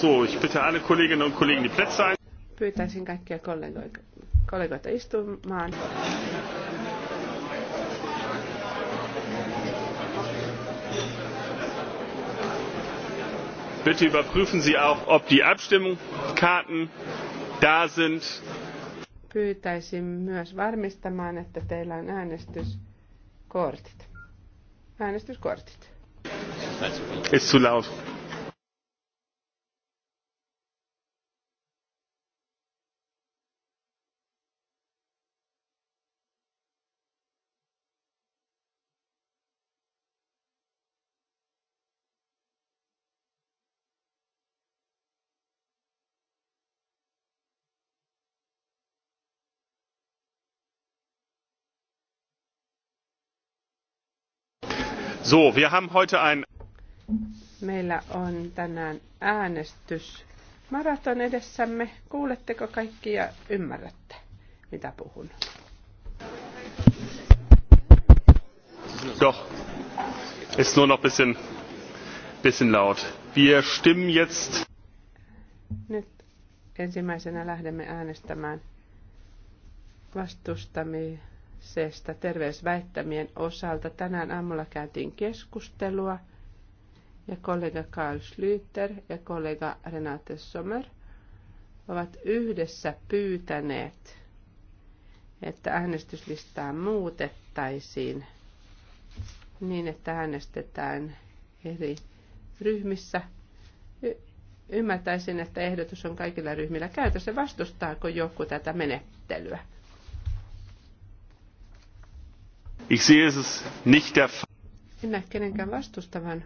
So, ich bitte alle Kolleginnen und Kollegen die Plätze ein. Pyytäisin kaikkia kollegoita, kollegoita istumaan. Bitte überprüfen Sie auch, ob die Abstimmungskarten da sind. Pyytäisin myös varmistamaan, että teillä on äänestyskortit. Äänestyskortit. Ist zu laut. So, wir haben heute ein... Meillä on tänään äänestys. Maraton edessämme. Kuuletteko kaikki ja ymmärrätte, mitä puhun? Doch. Ist nur noch bisschen, bisschen laut. Wir stimmen jetzt. Nyt ensimmäisenä lähdemme äänestämään vastustamia sestä terveysväittämien osalta. Tänään aamulla käytiin keskustelua ja kollega Karl Schlüter ja kollega Renate Sommer ovat yhdessä pyytäneet, että äänestyslistaa muutettaisiin niin, että äänestetään eri ryhmissä. Y- ymmärtäisin, että ehdotus on kaikilla ryhmillä käytössä. Vastustaako joku tätä menettelyä? Ich sehe es nicht der Fall. En näe kenenkään vastustavan,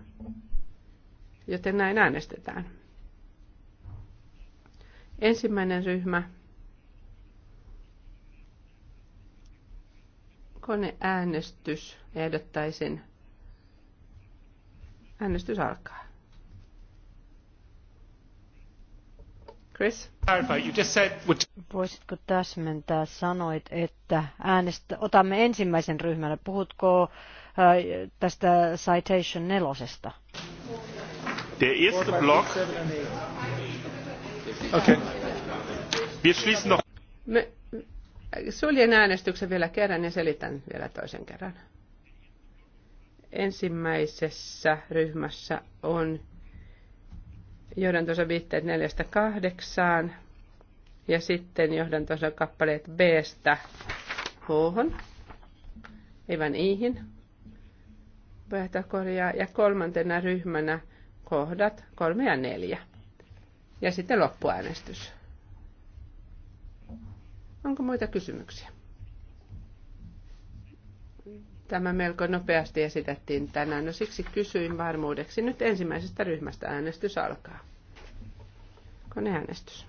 joten näin äänestetään. Ensimmäinen ryhmä. Koneäänestys ehdottaisin. Äänestys alkaa. Chris? Voisitko täsmentää? Sanoit, että äänestä, otamme ensimmäisen ryhmän. Puhutko äh, tästä Citation nelosesta? Der Block. Okay. Wir schließen noch. Me, suljen äänestyksen vielä kerran ja selitän vielä toisen kerran. Ensimmäisessä ryhmässä on johdantonsa viitteet neljästä kahdeksaan ja sitten johdantonsa kappaleet B-stä h ei vaan ihin. korjaa ja kolmantena ryhmänä kohdat kolme ja neljä. Ja sitten loppuäänestys. Onko muita kysymyksiä? Tämä melko nopeasti esitettiin tänään, no siksi kysyin varmuudeksi. Nyt ensimmäisestä ryhmästä äänestys alkaa. Koneäänestys.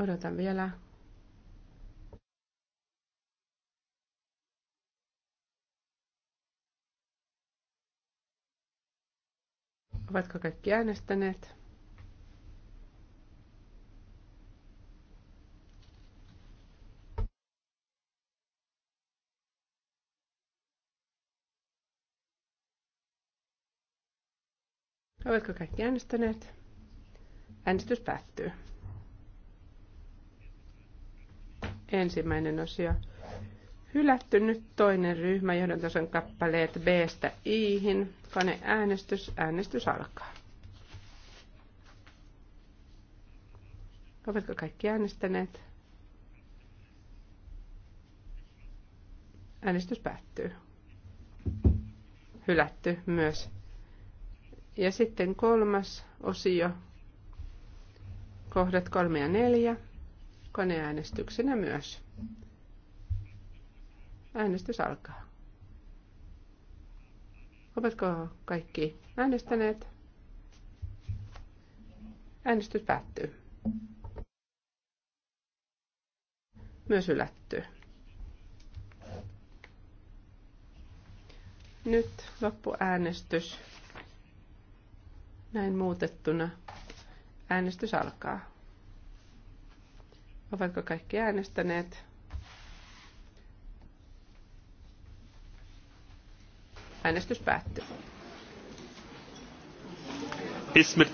Odotan vielä. Ovatko kaikki äänestäneet? Ovatko kaikki äänestäneet? Äänestys päättyy. Ensimmäinen osio hylätty. Nyt toinen ryhmä, johdantason kappaleet B-stä I-hin. Kone äänestys. Äänestys alkaa. Ovatko kaikki äänestäneet? Äänestys päättyy. Hylätty myös ja sitten kolmas osio, kohdat kolme ja neljä, koneäänestyksenä myös. Äänestys alkaa. Ovatko kaikki äänestäneet? Äänestys päättyy. Myös ylättyy. Nyt loppuäänestys. Näin muutettuna äänestys alkaa. Ovatko kaikki äänestäneet? Äänestys päättyy. mit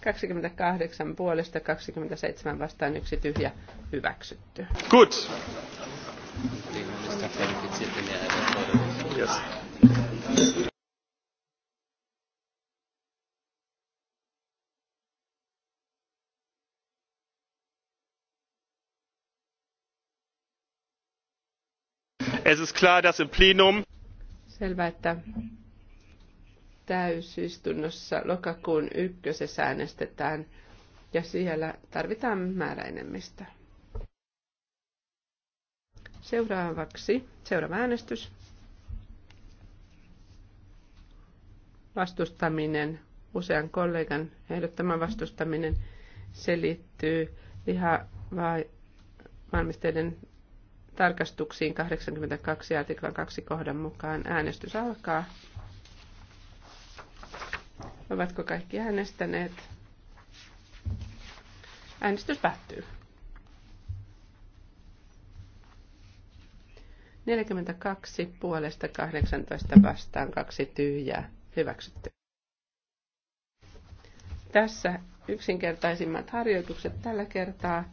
28 puolesta 27 vastaan yksi tyhjä hyväksytty. Good. Niin, no, yes. Es ist klar, dass im Plenum Selvä, että täysistunnossa lokakuun ykkösessä äänestetään ja siellä tarvitaan määräenemmistö. Seuraavaksi seuraava äänestys. Vastustaminen, usean kollegan ehdottama vastustaminen, se liittyy liha- vai valmisteiden tarkastuksiin 82 artiklan 2 kohdan mukaan. Äänestys alkaa. Ovatko kaikki äänestäneet? Äänestys päättyy. 42 puolesta 18 vastaan kaksi tyhjää hyväksytty. Tässä yksinkertaisimmat harjoitukset tällä kertaa.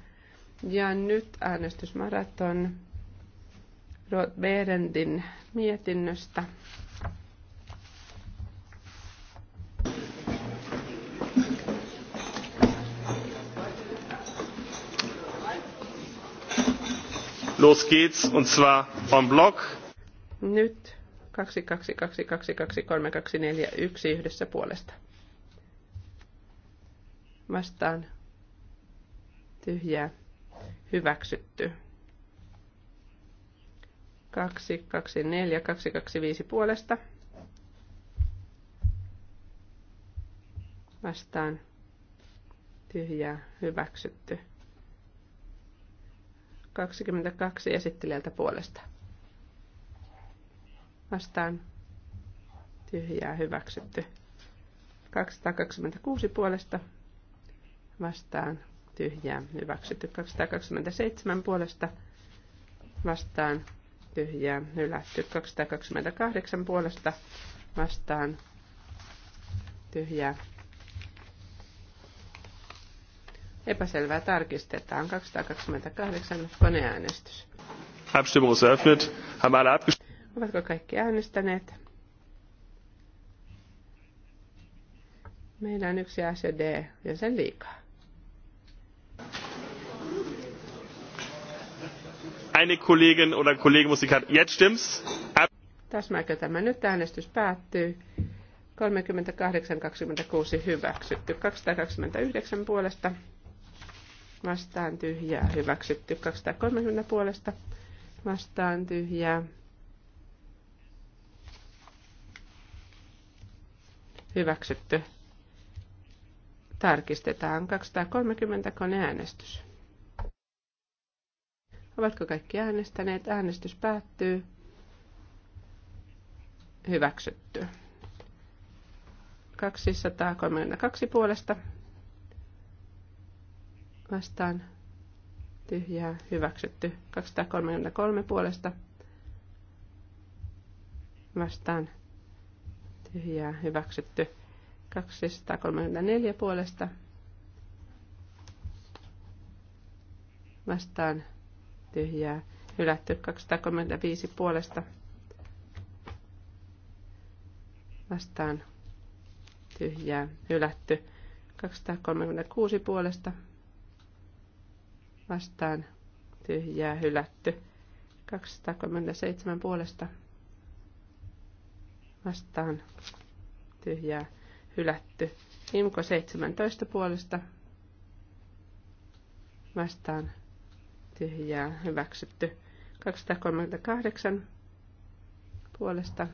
Ja nyt äänestysmaraton. Rod Berendin mietinnöstä. Los geht's, und zwar en bloc. Nyt 22222321 yhdessä puolesta. Vastaan tyhjää hyväksytty. 224, 225 puolesta. Vastaan tyhjää hyväksytty. 22 esittelijältä puolesta. Vastaan tyhjää hyväksytty. 226 puolesta vastaan tyhjää hyväksytty. 227 puolesta vastaan tyhjää hylätty. 228 puolesta vastaan tyhjää. Epäselvää tarkistetaan. 228 koneäänestys. Ovatko kaikki äänestäneet? Meillä on yksi asia D ja sen liikaa. Eine Kollegin oder Kollege muss die Karte. Jetzt stimmt's. Täsmääkö tämä nyt? Äänestys päättyy. 38-26 hyväksytty. 229 puolesta vastaan tyhjää hyväksytty. 230 puolesta vastaan tyhjää hyväksytty. Tarkistetaan 230 koneäänestys. Ovatko kaikki äänestäneet? Äänestys päättyy. Hyväksytty. 232 puolesta vastaan tyhjää hyväksytty. 233 puolesta vastaan tyhjää hyväksytty. 234 puolesta vastaan tyhjää hylätty 235 puolesta vastaan tyhjää hylätty 236 puolesta vastaan tyhjää hylätty 237 puolesta vastaan tyhjää hylätty Imko 17 puolesta vastaan tyhjää hyväksytty. 238 puolesta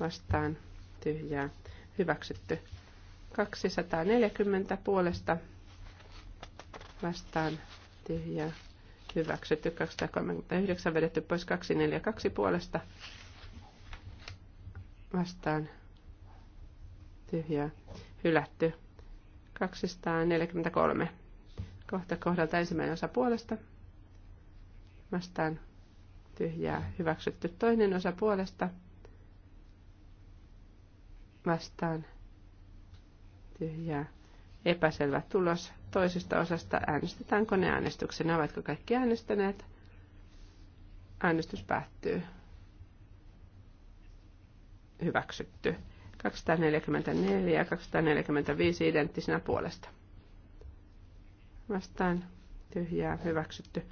vastaan tyhjää hyväksytty. 240 puolesta vastaan tyhjää hyväksytty. 239 vedetty pois 242 puolesta vastaan tyhjää hylätty. 243 kohta kohdalta ensimmäinen osa puolesta. Vastaan tyhjää hyväksytty toinen osa puolesta. Vastaan tyhjää epäselvä tulos toisesta osasta. Äänestetään koneäänestyksenä. Ovatko kaikki äänestäneet? Äänestys päättyy. Hyväksytty. 244 ja 245 identtisinä puolesta vastaan tyhjää hyväksytty.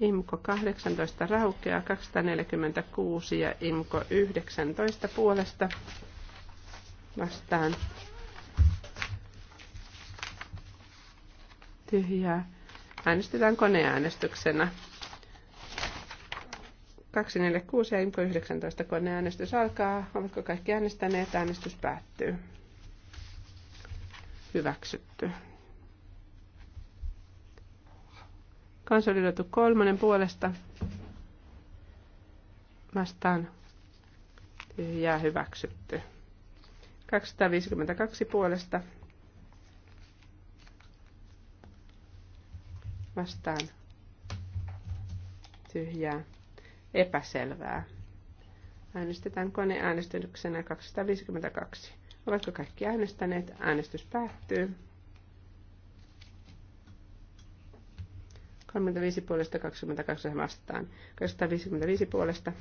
Imko 18 raukeaa 246 ja Imko 19 puolesta vastaan tyhjää. Äänestetään koneäänestyksenä. 246 ja Imko 19 koneäänestys alkaa. Oletko kaikki äänestäneet? Äänestys päättyy. Hyväksytty. Konsolidoitu kolmonen puolesta vastaan tyhjää hyväksytty. 252 puolesta vastaan tyhjää epäselvää. Äänestetään koneäänestyksenä 252. Ovatko kaikki äänestäneet? Äänestys päättyy. 35 puolesta 22 vastaan. 255 puolesta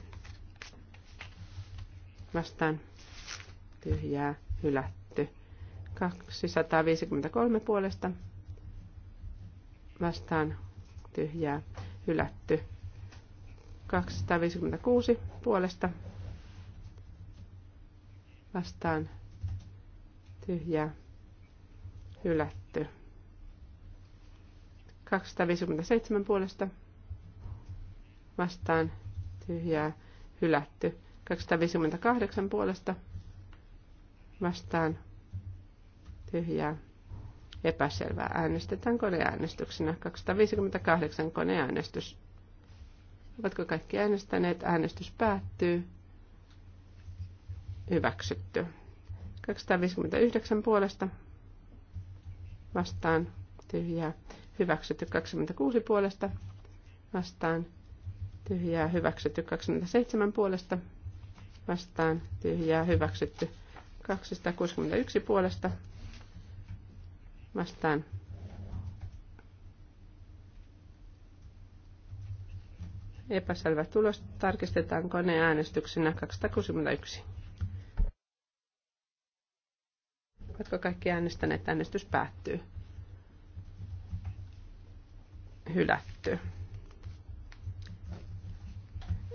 vastaan. Tyhjää, hylätty. 253 puolesta vastaan. Tyhjää, hylätty. 256 puolesta vastaan. Tyhjää, hylätty. 257 puolesta vastaan tyhjää hylätty. 258 puolesta vastaan tyhjää epäselvää. Äänestetään koneäänestyksenä. 258 koneäänestys. Ovatko kaikki äänestäneet? Äänestys päättyy. Hyväksytty. 259 puolesta vastaan tyhjää hyväksytty 26 puolesta vastaan tyhjää hyväksytty 27 puolesta vastaan tyhjää hyväksytty 261 puolesta vastaan epäselvä tulos tarkistetaan koneäänestyksenä 261. Oletko kaikki äänestäneet? Äänestys päättyy hylätty.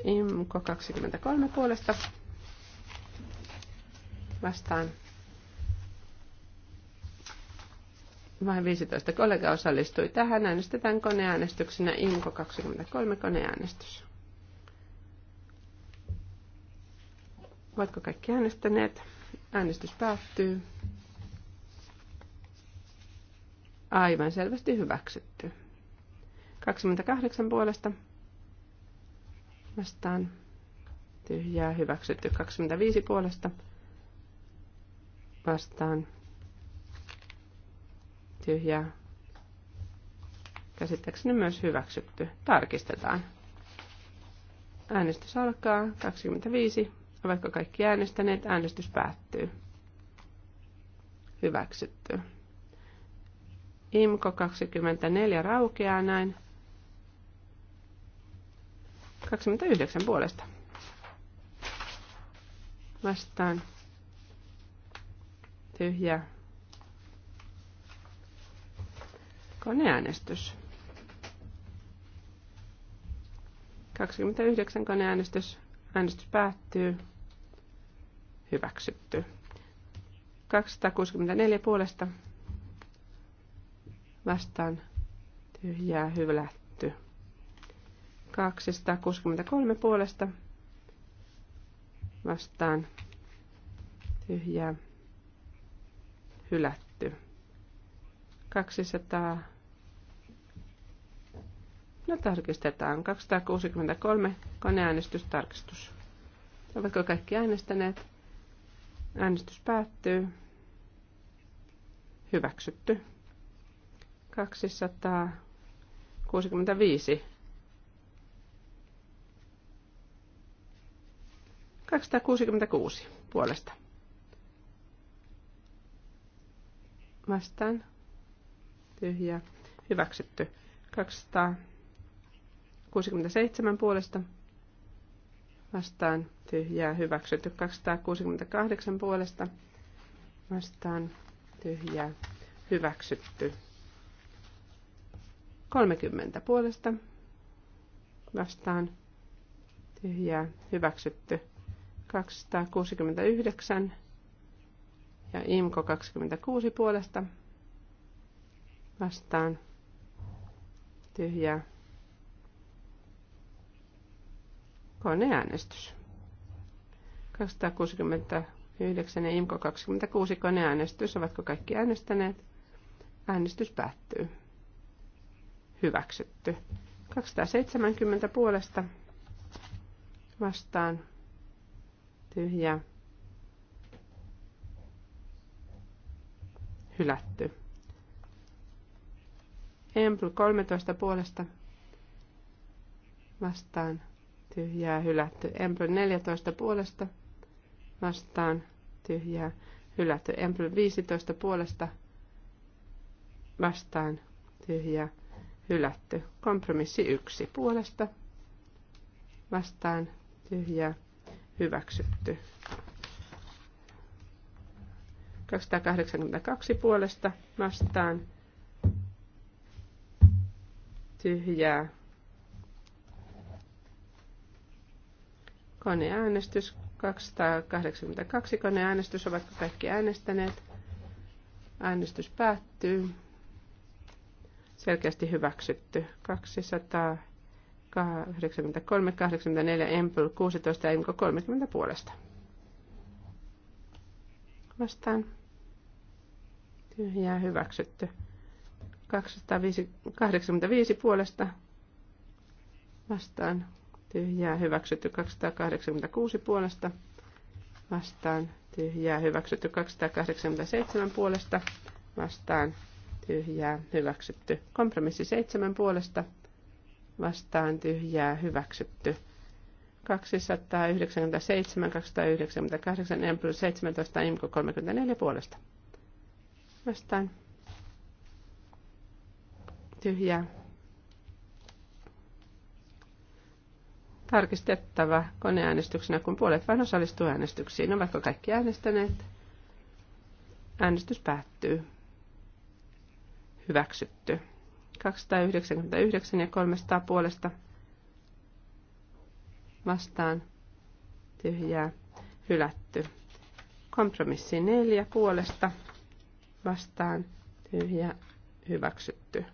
Imko 23 puolesta vastaan vain 15 kollega osallistui tähän. Äänestetään koneäänestyksenä IMKO 23 koneäänestys. Voitko kaikki äänestäneet? Äänestys päättyy. Aivan selvästi hyväksytty. 28 puolesta vastaan tyhjää hyväksytty 25 puolesta vastaan tyhjää käsittääkseni myös hyväksytty. Tarkistetaan. Äänestys alkaa 25. Ovatko kaikki äänestäneet? Äänestys päättyy. Hyväksytty. IMKO 24 raukeaa näin. 29 puolesta. Vastaan. Tyhjä. Koneäänestys. 29 koneäänestys. Äänestys päättyy. Hyväksytty. 264 puolesta. Vastaan. Tyhjää hylätty. 263 puolesta vastaan tyhjää hylätty. 200 No tarkistetaan. 263 koneäänestystarkistus. Ovatko kaikki äänestäneet? Äänestys päättyy. Hyväksytty. 265 266 puolesta. Vastaan. Tyhjä. Hyväksytty. 267 puolesta. Vastaan. Tyhjää. Hyväksytty. 268 puolesta. Vastaan. Tyhjää. Hyväksytty. 30 puolesta. Vastaan. Tyhjää. Hyväksytty. 269 ja IMKO 26 puolesta vastaan tyhjää koneäänestys. 269 ja IMKO 26 koneäänestys. Ovatko kaikki äänestäneet? Äänestys päättyy. Hyväksytty. 270 puolesta vastaan tyhjä, hylätty. Empl 13 puolesta vastaan tyhjää hylätty. Empl 14 puolesta vastaan tyhjää hylätty. Empl 15 puolesta vastaan tyhjää hylätty. Kompromissi 1 puolesta vastaan tyhjää hyväksytty. 282 puolesta vastaan tyhjää. Koneäänestys 282 koneäänestys. Ovatko kaikki äänestäneet? Äänestys päättyy. Selkeästi hyväksytty. 200 83, 84, Empel 16 ja 30 puolesta. Vastaan. Tyhjää hyväksytty. 285 puolesta. Vastaan. Tyhjää hyväksytty 286 puolesta. Vastaan. Tyhjää hyväksytty 287 puolesta. Vastaan. Tyhjää hyväksytty. Kompromissi 7 puolesta vastaan tyhjää hyväksytty. 297, 298, M plus 17, IMK 34 puolesta. Vastaan tyhjää. Tarkistettava koneäänestyksenä, kun puolet vain osallistuu äänestyksiin. Ovatko kaikki äänestäneet? Äänestys päättyy. Hyväksytty. 299 ja 300 puolesta vastaan tyhjää hylätty. Kompromissi 4 puolesta vastaan tyhjä hyväksytty.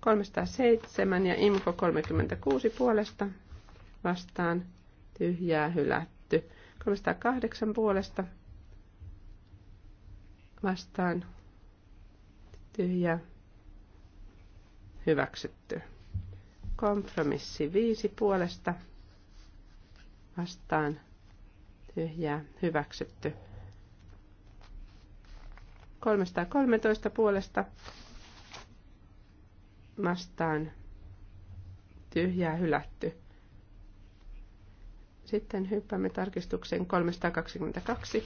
307 ja IMKO 36 puolesta vastaan tyhjää hylätty. 308 puolesta vastaan tyhjää Hyväksytty. Kompromissi viisi puolesta vastaan tyhjää hyväksytty. 313 puolesta vastaan tyhjää hylätty. Sitten hyppäämme tarkistukseen 322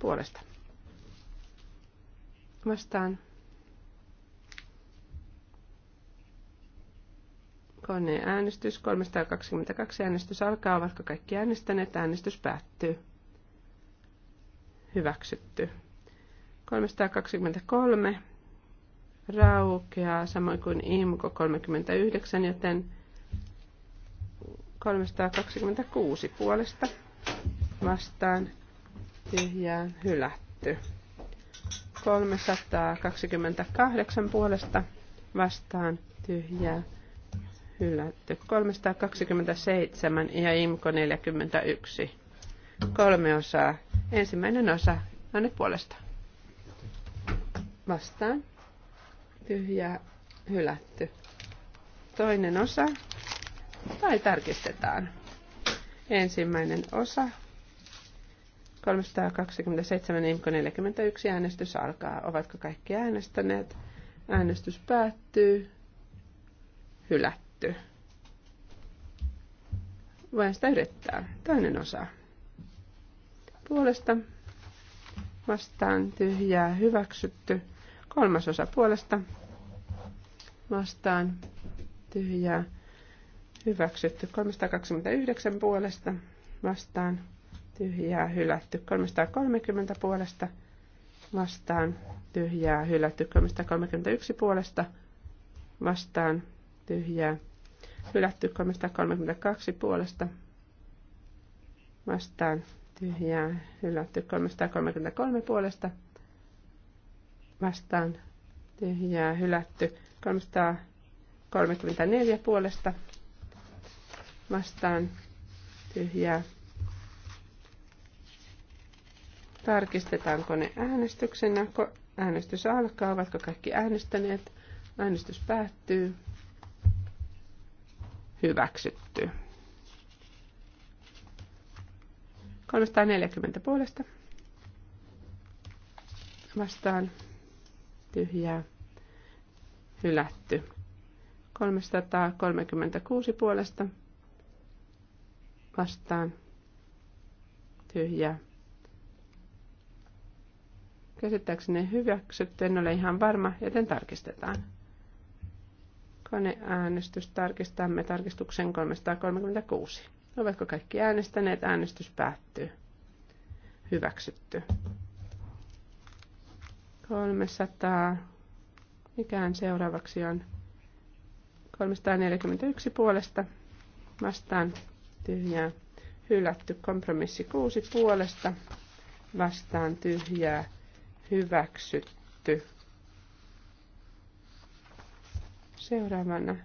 puolesta. Vastaan Koneen äänestys. 322 äänestys alkaa. Ovatko kaikki äänestäneet? Äänestys päättyy. Hyväksytty. 323 raukeaa, samoin kuin IMKO 39, joten 326 puolesta vastaan tyhjään hylätty. 328 puolesta vastaan tyhjään hylätty hylätty. 327 ja IMKO 41. Kolme osaa. Ensimmäinen osa. Anne no puolesta. Vastaan. Tyhjä hylätty. Toinen osa. Tai tarkistetaan. Ensimmäinen osa. 327 IMKO 41 äänestys alkaa. Ovatko kaikki äänestäneet? Äänestys päättyy. Hylätty hylätty. Vain sitä yrittää. Toinen osa. Puolesta vastaan tyhjää hyväksytty. Kolmas osa puolesta vastaan tyhjää hyväksytty. 329 puolesta vastaan tyhjää hylätty. 330 puolesta vastaan tyhjää hylätty. 331 puolesta vastaan tyhjää Hylätty 332 puolesta vastaan tyhjää. Hylätty 333 puolesta vastaan tyhjää. Hylätty 334 puolesta vastaan tyhjää. tarkistetaanko ne äänestyksenä. Äänestys alkaa, ovatko kaikki äänestäneet. Äänestys päättyy hyväksytty. 340 puolesta vastaan tyhjää hylätty. 336 puolesta vastaan tyhjää. Käsittääkseni hyväksytty, en ole ihan varma, joten tarkistetaan. Koneäänestys tarkistamme tarkistuksen 336. Ovatko kaikki äänestäneet? Äänestys päättyy. Hyväksytty. 300. Mikään seuraavaksi on 341 puolesta vastaan tyhjää. Hylätty kompromissi 6 puolesta vastaan tyhjää. Hyväksytty. Seuraavana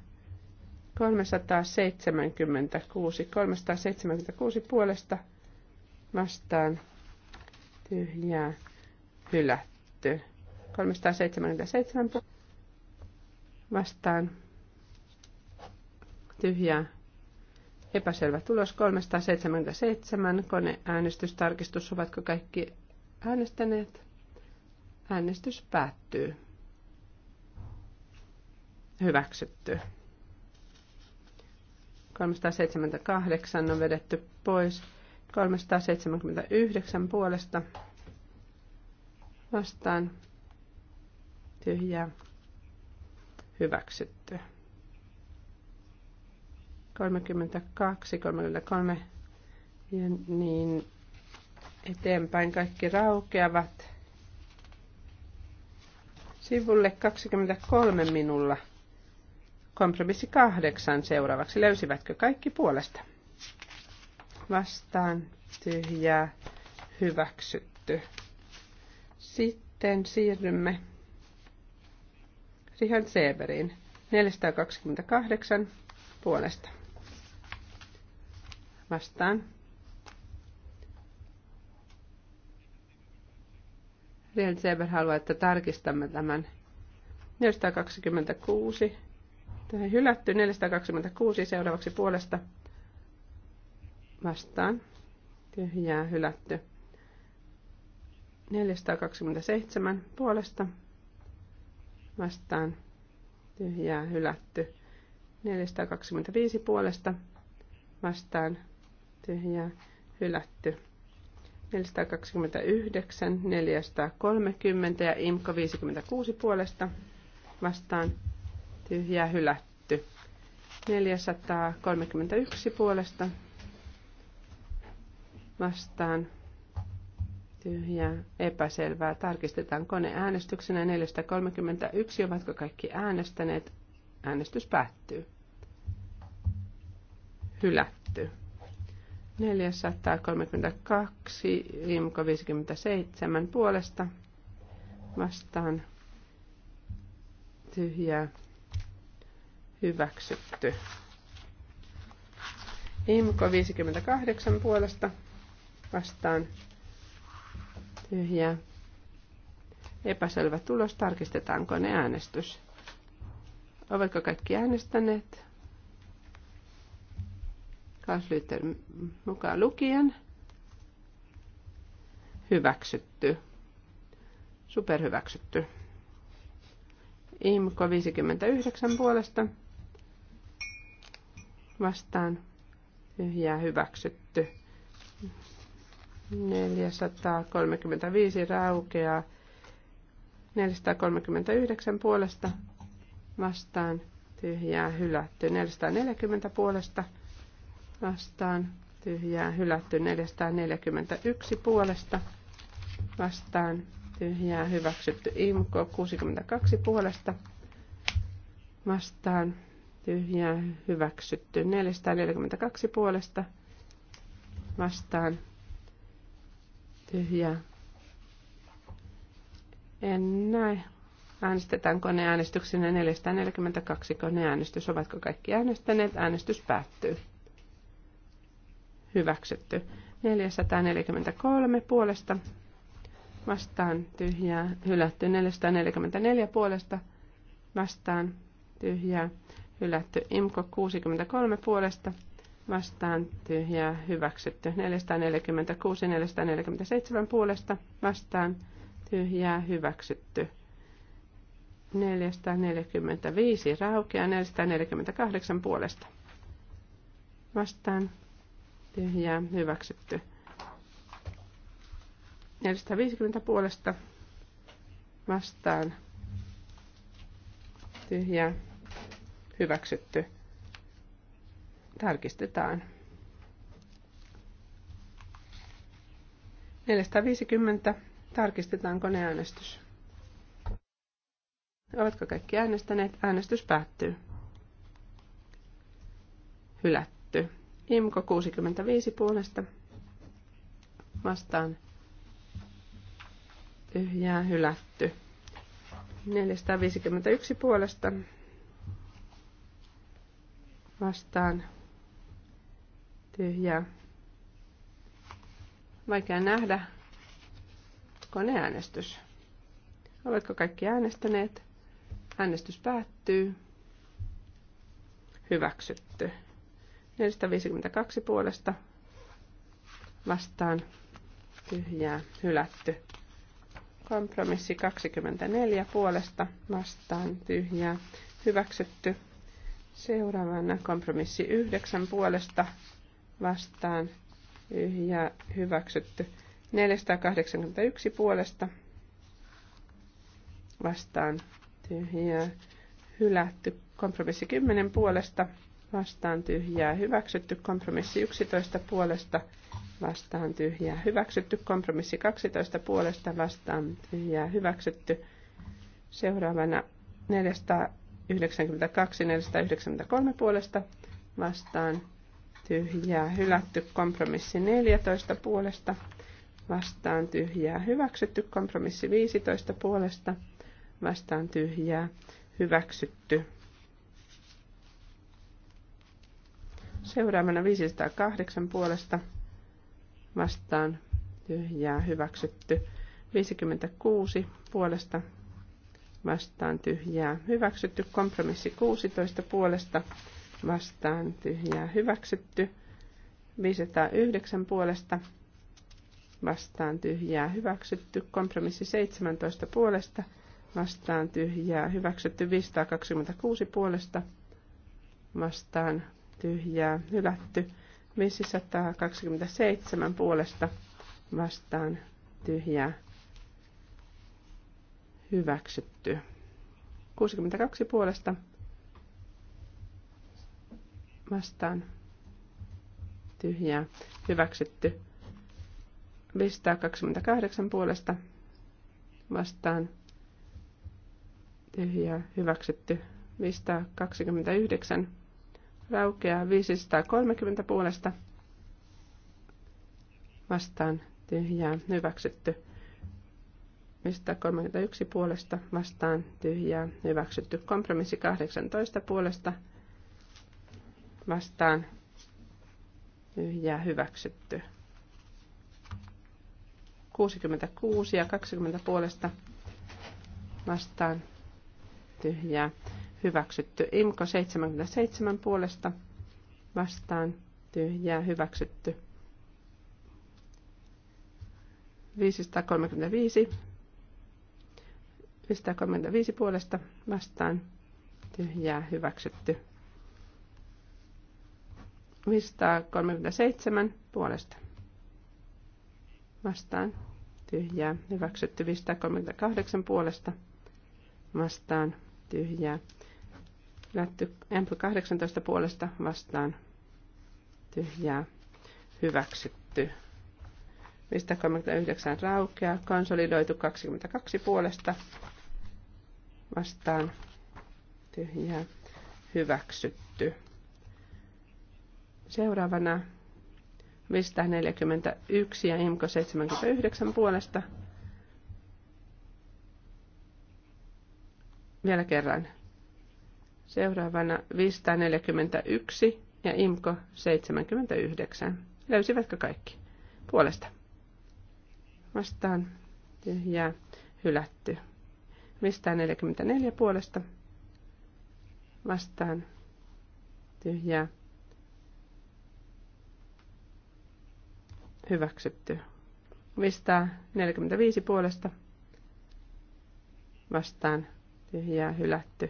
376. 376 puolesta vastaan tyhjää hylätty. 377 vastaan tyhjää epäselvä tulos. 377 koneäänestystarkistus. Ovatko kaikki äänestäneet? Äänestys päättyy hyväksytty. 378 on vedetty pois. 379 puolesta vastaan tyhjää hyväksytty. 32, 33 ja niin eteenpäin kaikki raukeavat. Sivulle 23 minulla. Kompromissi kahdeksan seuraavaksi. Löysivätkö kaikki puolesta? Vastaan tyhjää hyväksytty. Sitten siirrymme Richard Seberiin 428 puolesta. Vastaan. Richard Seber haluaa, että tarkistamme tämän 426 Tämä hylätty 426 seuraavaksi puolesta vastaan. Tyhjää hylätty. 427 puolesta vastaan. Tyhjää hylätty. 425 puolesta vastaan. Tyhjää hylätty. 429, 430 ja IMKO 56 puolesta vastaan tyhjää hylätty. 431 puolesta vastaan tyhjää epäselvää. Tarkistetaan äänestyksenä 431, ovatko kaikki äänestäneet. Äänestys päättyy. Hylätty. 432, Imko 57 puolesta vastaan tyhjää hyväksytty. Imko 58 puolesta vastaan tyhjää. Epäselvä tulos, Tarkistetaanko ne äänestys? Ovatko kaikki äänestäneet? Kanslyter mukaan lukien. Hyväksytty. Superhyväksytty. Imko 59 puolesta vastaan tyhjää hyväksytty. 435 raukeaa. 439 puolesta vastaan tyhjää hylätty. 440 puolesta vastaan tyhjää hylätty. 441 puolesta vastaan tyhjää hyväksytty. Imko 62 puolesta vastaan tyhjää hyväksytty. 442 puolesta vastaan tyhjää. En näe. Äänestetään koneäänestyksenä 442 koneäänestys. Ovatko kaikki äänestäneet? Äänestys päättyy. Hyväksytty. 443 puolesta vastaan tyhjää, hylätty 444 puolesta vastaan tyhjää, hylätty. Imko 63 puolesta vastaan tyhjää hyväksytty. 446, 447 puolesta vastaan tyhjää hyväksytty. 445 raukea 448 puolesta. Vastaan tyhjää hyväksytty. 450 puolesta vastaan tyhjää hyväksytty. Tarkistetaan. 450. Tarkistetaan koneäänestys. Ovatko kaikki äänestäneet? Äänestys päättyy. Hylätty. Imko 65 puolesta. Vastaan. Tyhjää hylätty. 451 puolesta vastaan tyhjää. Vaikea nähdä. Koneäänestys. Oletko kaikki äänestäneet? Äänestys päättyy. Hyväksytty. 452 puolesta vastaan tyhjää hylätty. Kompromissi 24 puolesta vastaan tyhjää hyväksytty. Seuraavana kompromissi yhdeksän puolesta vastaan ja hyväksytty 481 puolesta vastaan tyhjää hylätty kompromissi 10 puolesta vastaan tyhjää hyväksytty kompromissi 11 puolesta vastaan tyhjää hyväksytty kompromissi 12 puolesta vastaan tyhjää hyväksytty seuraavana 400 492, 493 puolesta vastaan tyhjää hylätty kompromissi 14 puolesta vastaan tyhjää hyväksytty kompromissi 15 puolesta vastaan tyhjää hyväksytty. Seuraavana 508 puolesta vastaan tyhjää hyväksytty. 56 puolesta vastaan tyhjää hyväksytty. Kompromissi 16 puolesta vastaan tyhjää hyväksytty. 509 puolesta vastaan tyhjää hyväksytty. Kompromissi 17 puolesta vastaan tyhjää hyväksytty. 526 puolesta vastaan tyhjää hylätty. 527 puolesta vastaan tyhjää hyväksytty. 62 puolesta vastaan tyhjää hyväksytty. 528 puolesta vastaan tyhjää hyväksytty. 529 raukeaa 530 puolesta vastaan tyhjää hyväksytty. 531 puolesta vastaan tyhjää hyväksytty. Kompromissi 18 puolesta vastaan tyhjää hyväksytty. 66 ja 20 puolesta vastaan tyhjää hyväksytty. Imko 77 puolesta vastaan tyhjää hyväksytty. 535 535 puolesta vastaan tyhjää hyväksytty. 537 puolesta vastaan tyhjää hyväksytty. 538 puolesta vastaan tyhjää. Lätty Empl 18 puolesta vastaan tyhjää hyväksytty. 539 raukeaa, konsolidoitu 22 puolesta vastaan tyhjää hyväksytty. Seuraavana 541 ja IMKO 79 puolesta. Vielä kerran. Seuraavana 541 ja IMKO 79. Löysivätkö kaikki? Puolesta. Vastaan tyhjää hylätty. Mistään 44 puolesta vastaan tyhjää. Hyväksytty. 45 puolesta vastaan tyhjää hylätty.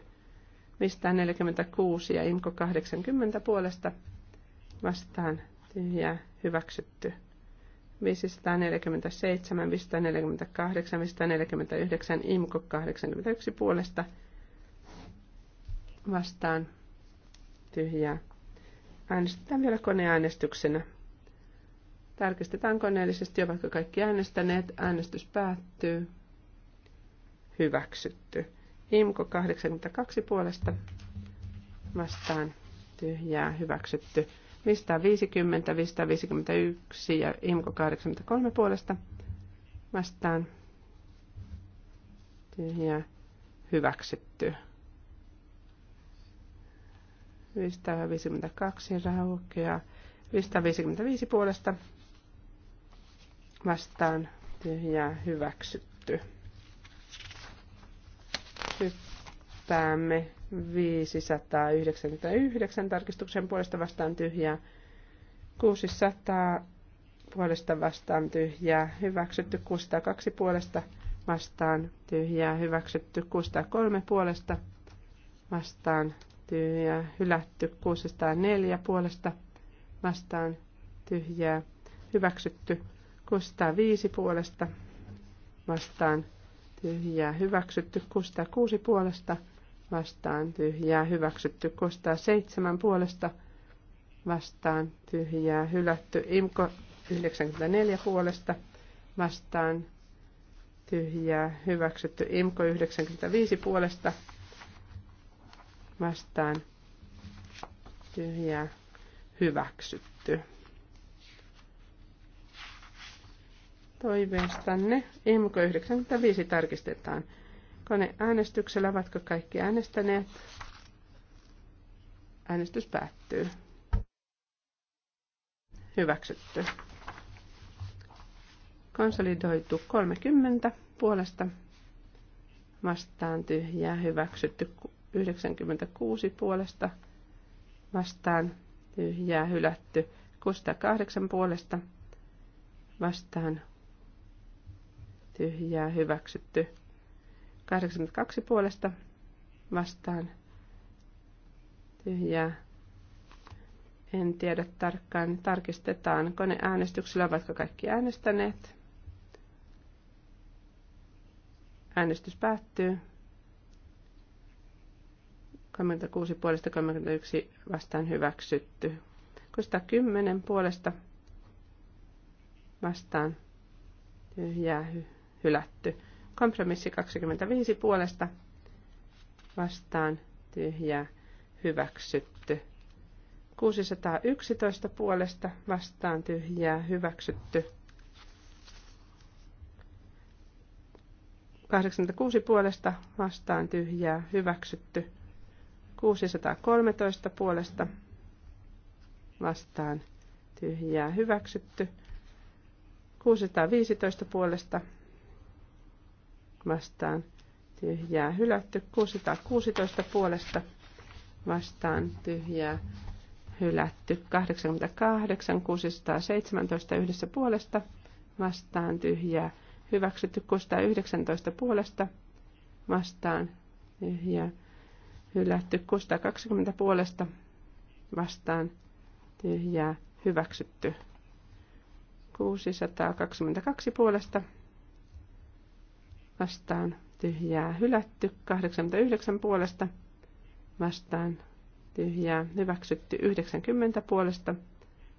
46 ja Inko 80 puolesta vastaan tyhjää hyväksytty. 547, 548, 549, IMKO 81 puolesta vastaan tyhjää. Äänestetään vielä koneäänestyksenä. Tarkistetaan koneellisesti, ovatko kaikki äänestäneet. Äänestys päättyy. Hyväksytty. IMKO 82 puolesta vastaan tyhjää. Hyväksytty. 550, 551 ja IMKO 83 puolesta vastaan ja hyväksytty. 552 raukeaa. 555 puolesta vastaan tyhjää hyväksytty. Äänestämme 599 tarkistuksen puolesta vastaan tyhjää. 600 puolesta vastaan tyhjää. Hyväksytty 602 puolesta vastaan tyhjää. Hyväksytty 603 puolesta vastaan tyhjää. Hylätty 604 puolesta vastaan tyhjää. Hyväksytty 605 puolesta vastaan tyhjää. Hyväksytty 606 puolesta vastaan, vastaan tyhjää hyväksytty. Kostaa seitsemän puolesta vastaan tyhjää hylätty. Imko 94 puolesta vastaan tyhjää hyväksytty. Imko 95 puolesta vastaan tyhjää hyväksytty. Toiveistanne IMKO 95 tarkistetaan. Koneäänestyksellä ovatko kaikki äänestäneet? Äänestys päättyy. Hyväksytty. Konsolidoitu 30 puolesta vastaan tyhjää hyväksytty 96 puolesta vastaan tyhjää hylätty 608 puolesta vastaan tyhjää hyväksytty 82 puolesta vastaan tyhjää. En tiedä tarkkaan. Tarkistetaan koneäänestyksellä, ovatko kaikki äänestäneet. Äänestys päättyy. 36 puolesta 31 vastaan hyväksytty. 610 puolesta vastaan tyhjää hy- hylätty. Kompromissi 25 puolesta vastaan tyhjää hyväksytty. 611 puolesta vastaan tyhjää hyväksytty. 86 puolesta vastaan tyhjää hyväksytty. 613 puolesta vastaan tyhjää hyväksytty. 615 puolesta vastaan tyhjää hylätty. 616 puolesta vastaan tyhjää hylätty. 88 617 yhdessä puolesta vastaan tyhjää hyväksytty. 619 puolesta vastaan tyhjää hylätty. 620 puolesta vastaan tyhjää hyväksytty. 622 puolesta vastaan tyhjää hylätty. 89 puolesta vastaan tyhjää hyväksytty. 90 puolesta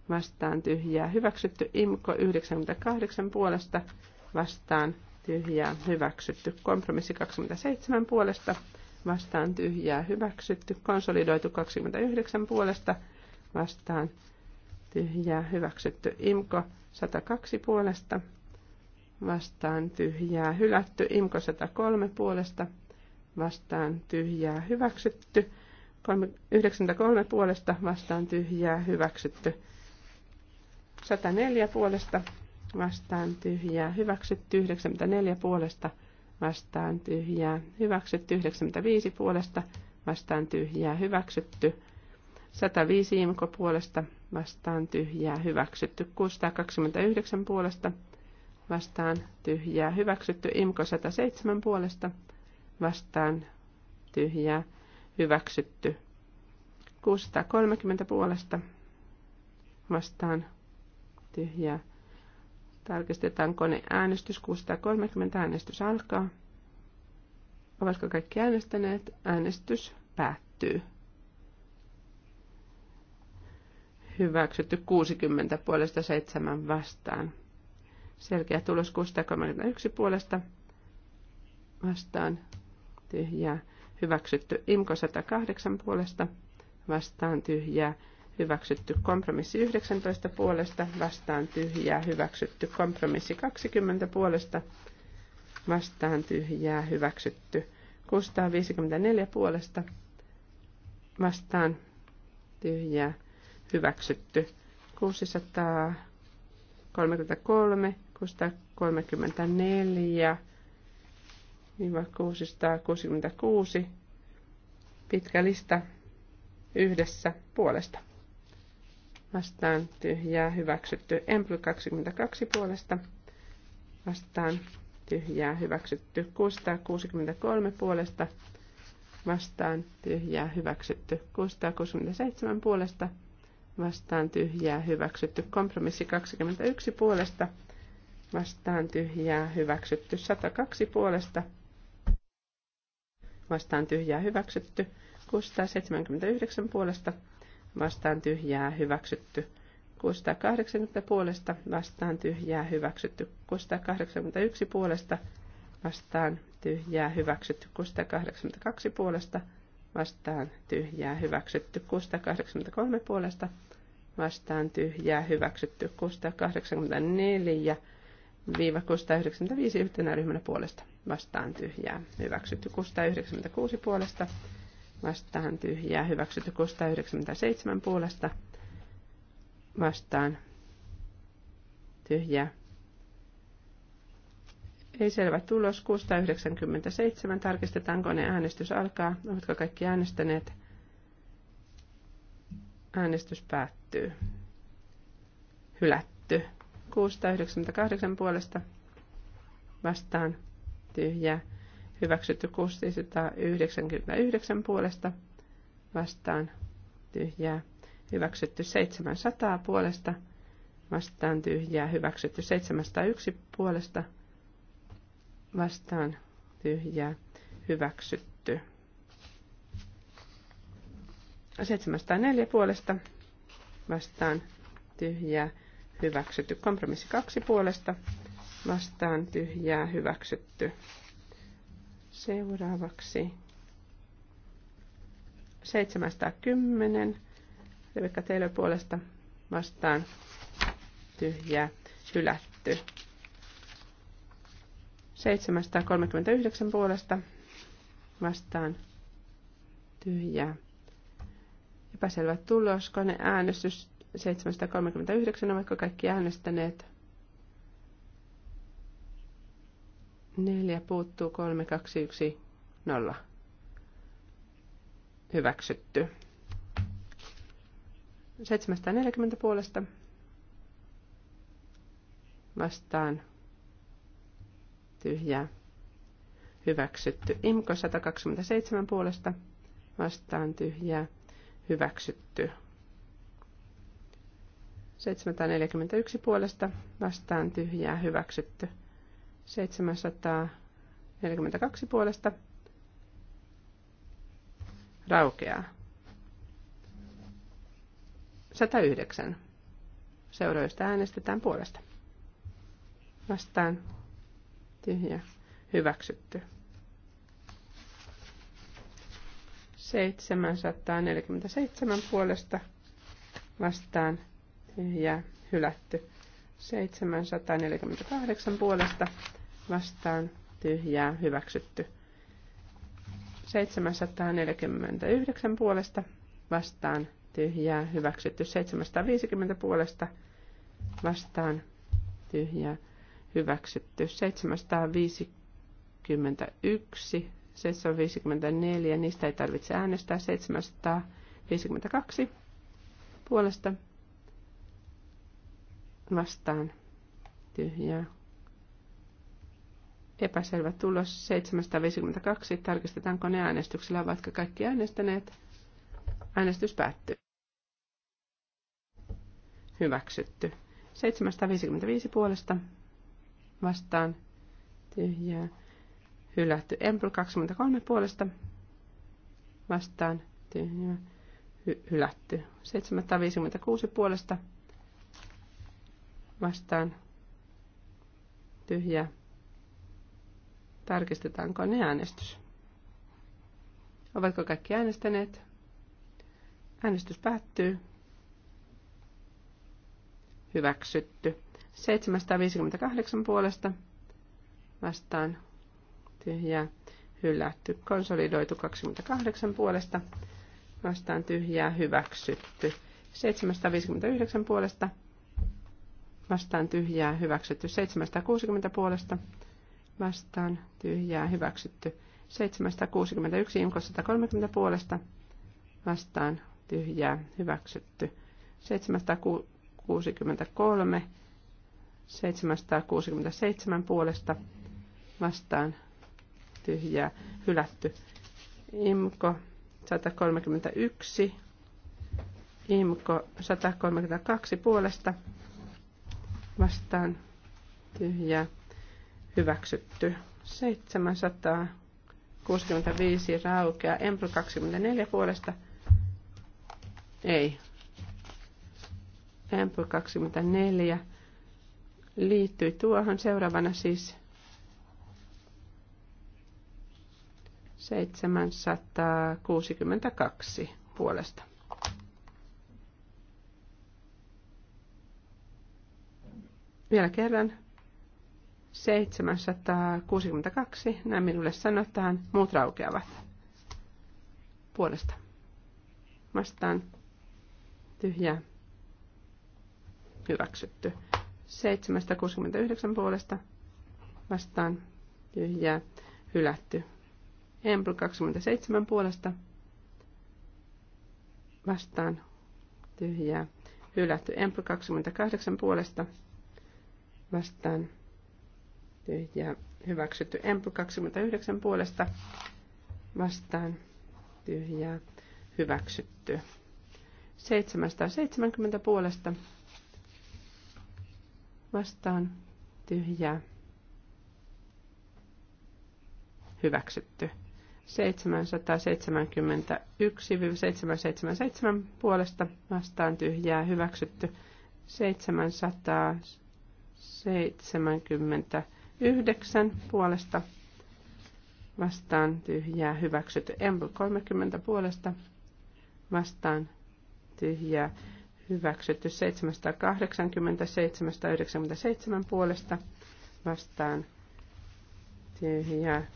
vastaan tyhjää hyväksytty. Imko 98 puolesta vastaan tyhjää hyväksytty. Kompromissi 27 puolesta vastaan tyhjää hyväksytty. Konsolidoitu 29 puolesta vastaan tyhjää hyväksytty. Imko 102 puolesta vastaan tyhjää hylätty. Imko 103 puolesta vastaan tyhjää hyväksytty. 93 puolesta vastaan tyhjää hyväksytty. 104 puolesta vastaan tyhjää hyväksytty. 94 puolesta vastaan tyhjää hyväksytty. 95 puolesta vastaan tyhjää hyväksytty. 105 imko puolesta vastaan tyhjää hyväksytty. 629 puolesta vastaan tyhjää. Hyväksytty Imko 107 puolesta vastaan tyhjää. Hyväksytty 630 puolesta vastaan tyhjää. Tarkistetaan kone äänestys 630 äänestys alkaa. Ovatko kaikki äänestäneet? Äänestys päättyy. Hyväksytty 60 puolesta 7 vastaan. Selkeä tulos 631 puolesta vastaan tyhjää. Hyväksytty IMKO 108 puolesta vastaan tyhjää. Hyväksytty kompromissi 19 puolesta vastaan tyhjää. Hyväksytty kompromissi 20 puolesta vastaan tyhjää. Hyväksytty 654 puolesta vastaan tyhjää. Hyväksytty 633 634 666 pitkä lista yhdessä puolesta. Vastaan tyhjää hyväksytty Empl 22 puolesta. Vastaan tyhjää hyväksytty 663 puolesta. Vastaan tyhjää hyväksytty 667 puolesta. Vastaan tyhjää hyväksytty kompromissi 21 puolesta vastaan tyhjää hyväksytty. 102 puolesta vastaan tyhjää hyväksytty. 679 puolesta vastaan tyhjää hyväksytty. 680 puolesta vastaan tyhjää hyväksytty. 681 puolesta vastaan tyhjää hyväksytty. 682 puolesta vastaan tyhjää hyväksytty. 683 puolesta vastaan tyhjää hyväksytty. 684 695 yhtenä ryhmänä puolesta vastaan tyhjää. Hyväksytty 696 puolesta vastaan tyhjää. Hyväksytty 697 puolesta vastaan tyhjää. Ei selvä tulos. 697. Tarkistetaan koneen äänestys alkaa. Ovatko kaikki äänestäneet? Äänestys päättyy. Hylätty. 698 puolesta vastaan tyhjää. Hyväksytty 699 puolesta vastaan tyhjää. Hyväksytty 700 puolesta vastaan tyhjää. Hyväksytty 701 puolesta vastaan tyhjää. Hyväksytty 704 puolesta vastaan tyhjää hyväksytty. Kompromissi kaksi puolesta vastaan tyhjää hyväksytty. Seuraavaksi 710. Rebekka Taylor puolesta vastaan tyhjää hylätty. 739 puolesta vastaan tyhjää. Epäselvä tulos, äänestys 739, vaikka kaikki äänestäneet. Neljä puuttuu, kolme, kaksi, yksi, nolla. Hyväksytty. 740 puolesta vastaan tyhjää. Hyväksytty. Imko 127 puolesta vastaan tyhjää. Hyväksytty. 741 puolesta vastaan tyhjää hyväksytty. 742 puolesta raukeaa. 109. Seuroista äänestetään puolesta. Vastaan tyhjä hyväksytty. 747 puolesta vastaan ja hylätty. 748 puolesta vastaan tyhjää hyväksytty. 749 puolesta vastaan tyhjää hyväksytty. 750 puolesta vastaan tyhjää hyväksytty. 751, 754, niistä ei tarvitse äänestää. 752 puolesta vastaan tyhjää. Epäselvä tulos 752. Tarkistetaan koneäänestyksellä, vaikka kaikki äänestäneet. Äänestys päättyy. Hyväksytty. 755 puolesta vastaan tyhjää. Hylätty. Empl 23 puolesta vastaan tyhjää. Hy- hylätty. 756 puolesta vastaan tyhjä. Tarkistetaan koneäänestys. Ovatko kaikki äänestäneet? Äänestys päättyy. Hyväksytty. 758 puolesta vastaan tyhjää. Hylätty. Konsolidoitu 28 puolesta vastaan tyhjää. Hyväksytty. 759 puolesta vastaan tyhjää hyväksytty 760 puolesta, vastaan tyhjää hyväksytty 761 imko 130 puolesta, vastaan tyhjää hyväksytty 763 767 puolesta vastaan tyhjää hylätty. Imko 131, Imko 132 puolesta vastaan tyhjää hyväksytty. 765 raukea. Empro 24 puolesta ei. Empro 24 liittyy tuohon. Seuraavana siis 762 puolesta Vielä kerran. 762, näin minulle sanotaan, muut raukeavat puolesta. Vastaan tyhjä hyväksytty. 769 puolesta vastaan tyhjä hylätty. Empl 27 puolesta vastaan tyhjä hylätty. Empl 28 puolesta vastaan tyhjää hyväksytty. Empl 29 puolesta vastaan tyhjää hyväksytty. 770 puolesta vastaan tyhjää hyväksytty. 771-777 puolesta vastaan tyhjää hyväksytty. 700 79 puolesta vastaan tyhjää hyväksytty. Embl 30 puolesta vastaan tyhjää hyväksytty. 780, 797 puolesta vastaan tyhjää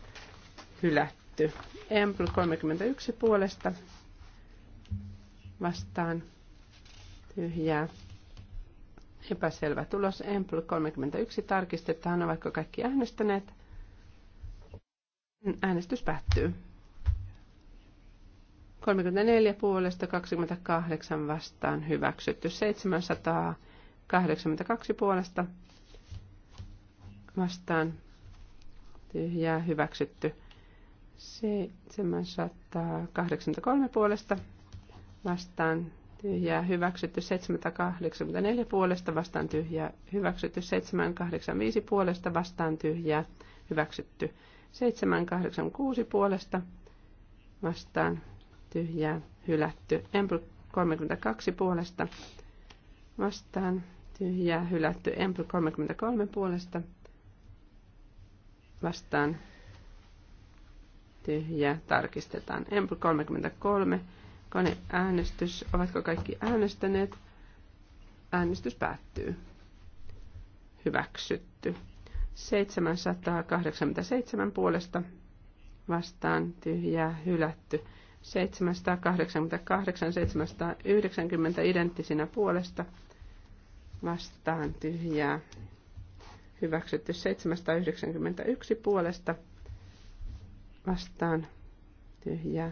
hylätty. Embl 31 puolesta vastaan tyhjää Epäselvä tulos. Empl 31 tarkistetaan, ovatko kaikki äänestäneet. Äänestys päättyy. 34 puolesta 28 vastaan hyväksytty. 782 puolesta vastaan tyhjää hyväksytty. 783 puolesta vastaan tyhjää hyväksytty 784 puolesta vastaan tyhjää hyväksytty 785 puolesta vastaan tyhjää hyväksytty 786 puolesta vastaan tyhjää hylätty Empl 32 puolesta vastaan tyhjää hylätty Empl 33 puolesta vastaan tyhjää tarkistetaan Empl 33 Koneäänestys. Ovatko kaikki äänestäneet? Äänestys päättyy. Hyväksytty. 787 puolesta vastaan tyhjää hylätty. 788, 790 identtisinä puolesta vastaan tyhjää hyväksytty. 791 puolesta vastaan tyhjää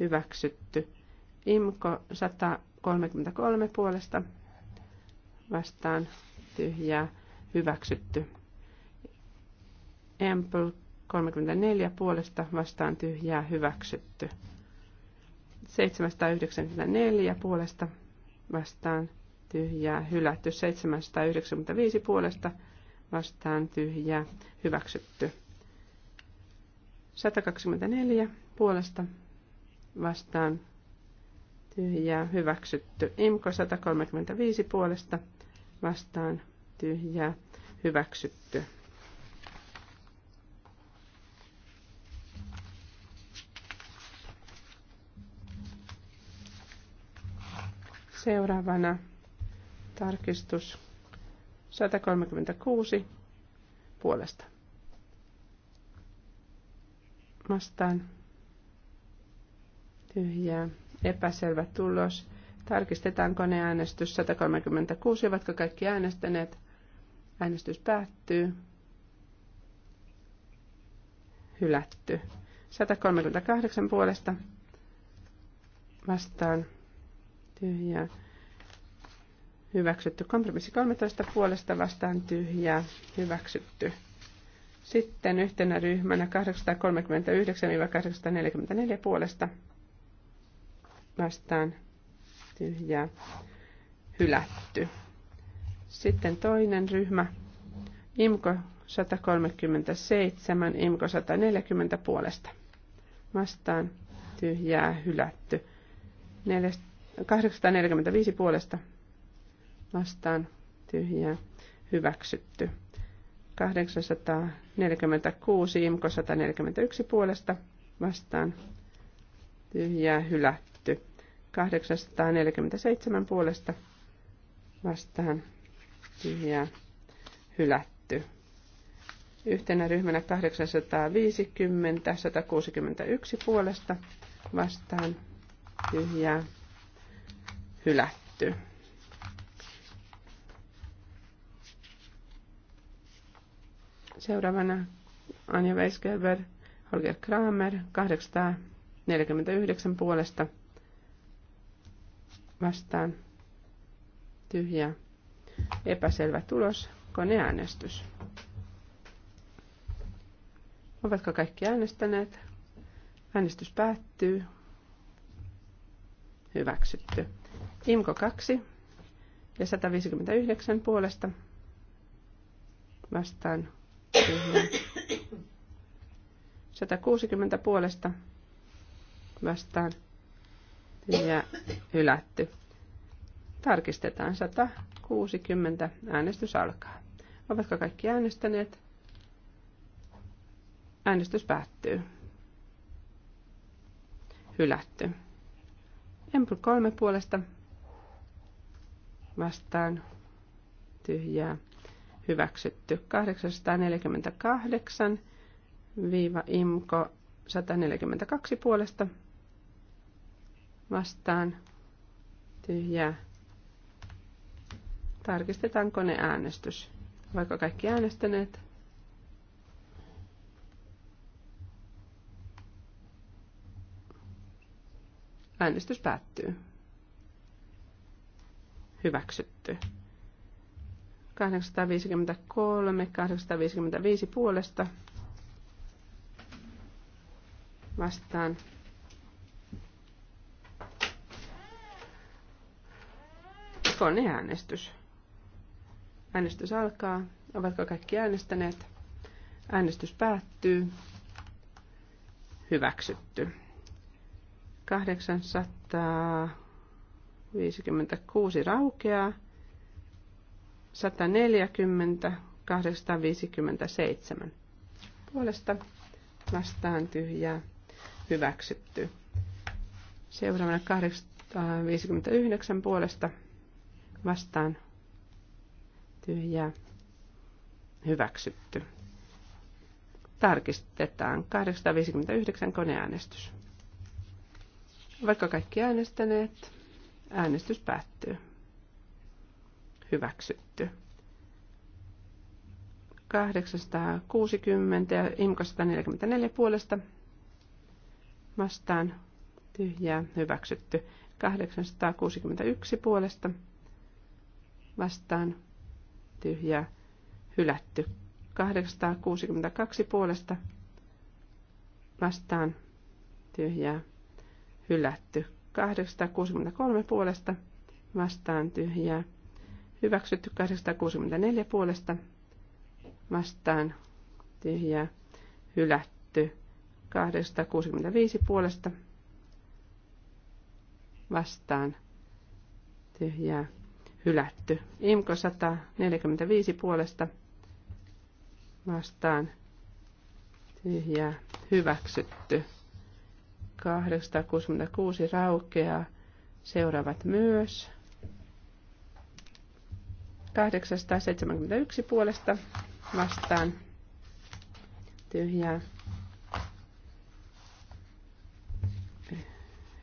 hyväksytty. Imko 133 puolesta vastaan tyhjää hyväksytty. Ample 34 puolesta vastaan tyhjää hyväksytty. 794 puolesta vastaan tyhjää hylätty. 795 puolesta vastaan tyhjää hyväksytty. 124 puolesta vastaan tyhjää, hyväksytty. Imko 135 puolesta vastaan, tyhjää, hyväksytty. Seuraavana tarkistus 136 puolesta. Vastaan tyhjää epäselvä tulos. Tarkistetaan koneäänestys 136, ovatko kaikki äänestäneet. Äänestys päättyy. Hylätty. 138 puolesta vastaan tyhjää. Hyväksytty. Kompromissi 13 puolesta vastaan tyhjää. Hyväksytty. Sitten yhtenä ryhmänä 839-844 puolesta vastaan tyhjää hylätty. Sitten toinen ryhmä, IMKO 137, IMKO 140 puolesta. Vastaan tyhjää hylätty. 845 puolesta vastaan tyhjää hyväksytty. 846, IMKO 141 puolesta vastaan tyhjää hylätty. 847 puolesta vastaan ja hylätty. Yhtenä ryhmänä 850, 161 puolesta vastaan tyhjää hylätty. Seuraavana Anja Weisgerber, Holger Kramer, 849 puolesta vastaan tyhjä Epäselvä tulos. Koneäänestys. Ovatko kaikki äänestäneet? Äänestys päättyy. Hyväksytty. Imko 2 ja 159 puolesta vastaan tyhjää. 160 puolesta vastaan ja hylätty. Tarkistetaan 160. Äänestys alkaa. Ovatko kaikki äänestäneet? Äänestys päättyy. Hylätty. Empul kolme puolesta vastaan tyhjää hyväksytty. 848 viiva imko 142 puolesta vastaan tyhjää. Tarkistetaan koneäänestys. Vaikka kaikki äänestäneet. Äänestys päättyy. Hyväksytty. 853, 855 puolesta vastaan äänestys. Äänestys alkaa. Ovatko kaikki äänestäneet? Äänestys päättyy. Hyväksytty. 856 raukeaa. 140, 857 puolesta vastaan tyhjää hyväksytty. Seuraavana 859 puolesta vastaan tyhjää hyväksytty. Tarkistetaan 859 koneäänestys. Vaikka kaikki äänestäneet, äänestys päättyy. Hyväksytty. 860 ja IMKO 144 puolesta vastaan tyhjää hyväksytty. 861 puolesta vastaan tyhjää hylätty. 862 puolesta vastaan tyhjää hylätty. 863 puolesta vastaan tyhjää hyväksytty. 864 puolesta vastaan tyhjää hylätty. 865 puolesta vastaan tyhjää hylätty. Imko 145 puolesta vastaan tyhjää hyväksytty. 866 raukeaa. Seuraavat myös. 871 puolesta vastaan tyhjää